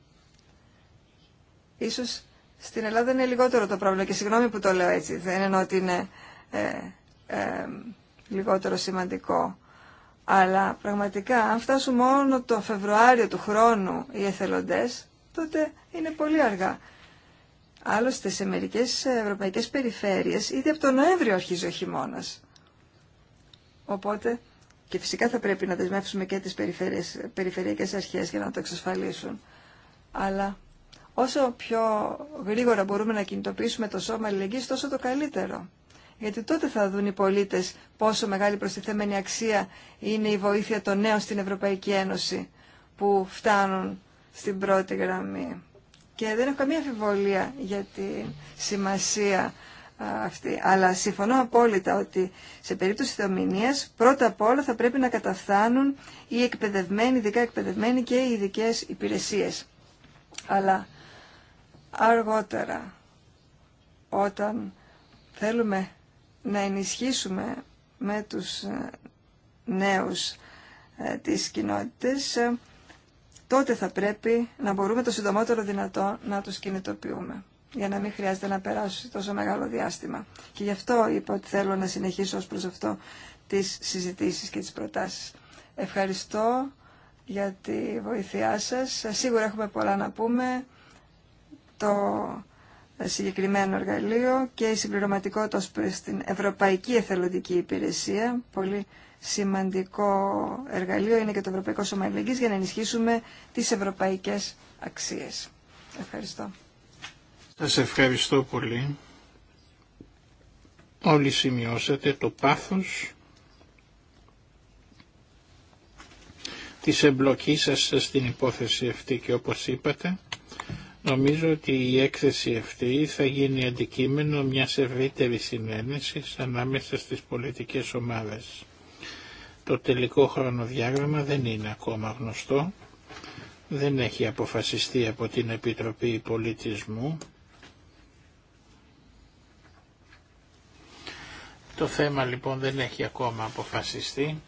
Ίσως στην Ελλάδα είναι λιγότερο το πρόβλημα και συγγνώμη που το λέω έτσι, δεν εννοώ ότι είναι ε, ε λιγότερο σημαντικό. Αλλά πραγματικά αν φτάσουν μόνο το Φεβρουάριο του χρόνου οι εθελοντές, τότε είναι πολύ αργά. Άλλωστε σε μερικές ευρωπαϊκές περιφέρειες ήδη από τον Νοέμβριο αρχίζει ο χειμώνας. Οπότε και φυσικά θα πρέπει να δεσμεύσουμε και τις περιφερειακές αρχές για να το εξασφαλίσουν. Αλλά όσο πιο γρήγορα μπορούμε να κινητοποιήσουμε το σώμα αλληλεγγύης, τόσο το καλύτερο. Γιατί τότε θα δουν οι πολίτες πόσο μεγάλη προστιθέμενη αξία είναι η βοήθεια των νέων στην Ευρωπαϊκή Ένωση που φτάνουν στην πρώτη γραμμή. Και δεν έχω καμία αφιβολία για τη σημασία αυτή. Αλλά συμφωνώ απόλυτα ότι σε περίπτωση θεομηνίας πρώτα απ' όλα θα πρέπει να καταφθάνουν οι εκπαιδευμένοι, ειδικά εκπαιδευμένοι και οι ειδικέ υπηρεσίες. Αλλά αργότερα όταν θέλουμε να ενισχύσουμε με τους ε, νέους ε, τις κοινότητες, ε, τότε θα πρέπει να μπορούμε το συντομότερο δυνατό να τους κινητοποιούμε για να μην χρειάζεται να περάσει τόσο μεγάλο διάστημα. Και γι' αυτό είπα ότι θέλω να συνεχίσω ως προς αυτό τις συζητήσεις και τις προτάσεις. Ευχαριστώ για τη βοήθειά σας. Σίγουρα έχουμε πολλά να πούμε. Το συγκεκριμένο εργαλείο και η συμπληρωματικότητα προς την Ευρωπαϊκή Εθελοντική Υπηρεσία. Πολύ σημαντικό εργαλείο είναι και το Ευρωπαϊκό Σώμα για να ενισχύσουμε τις ευρωπαϊκές αξίες. Ευχαριστώ. Σας ευχαριστώ πολύ. Όλοι σημειώσατε το πάθος της εμπλοκής σας στην υπόθεση αυτή και όπως είπατε νομίζω ότι η έκθεση αυτή θα γίνει αντικείμενο μιας ευρύτερης συνένεσης ανάμεσα στις πολιτικές ομάδες. Το τελικό χρονοδιάγραμμα δεν είναι ακόμα γνωστό, δεν έχει αποφασιστεί από την Επιτροπή Πολιτισμού Το θέμα λοιπόν δεν έχει ακόμα αποφασιστεί.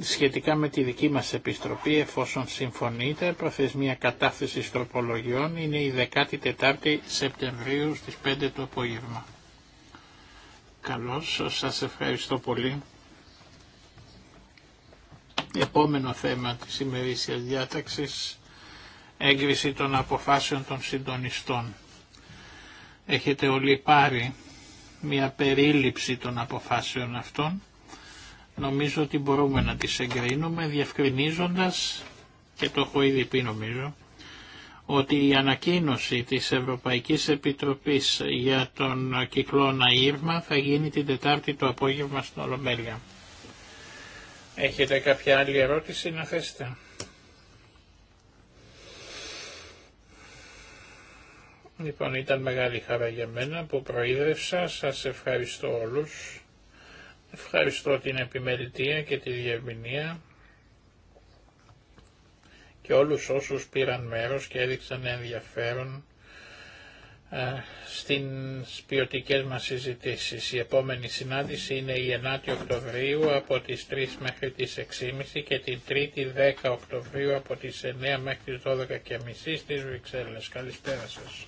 Σχετικά με τη δική μας επιστροπή, εφόσον συμφωνείτε, προθεσμία κατάθεσης τροπολογιών είναι η 14η Σεπτεμβρίου στις 5 το απόγευμα. Καλώς, σας ευχαριστώ πολύ. Επόμενο θέμα της ημερήσιας διάταξης, έγκριση των αποφάσεων των συντονιστών. Έχετε όλοι πάρει μια περίληψη των αποφάσεων αυτών. Νομίζω ότι μπορούμε να τις εγκρίνουμε διευκρινίζοντας, και το έχω ήδη πει νομίζω, ότι η ανακοίνωση της Ευρωπαϊκής Επιτροπής για τον κυκλώνα Ήρμα θα γίνει την Τετάρτη το απόγευμα στην Ολομέλεια. Έχετε κάποια άλλη ερώτηση να θέσετε. Λοιπόν, ήταν μεγάλη χαρά για μένα που προείδρευσα. Σας ευχαριστώ όλους. Ευχαριστώ την επιμελητία και τη διευμηνία και όλους όσους πήραν μέρος και έδειξαν ενδιαφέρον ε, στην ποιοτικέ μας συζητήσεις. Η επόμενη συνάντηση είναι η 9η Οκτωβρίου από τις 3 μέχρι τις 6.30 και την 3η 10 Οκτωβρίου από τις 9 μέχρι τις 12.30 στις Βρυξέλλες. Καλησπέρα σας.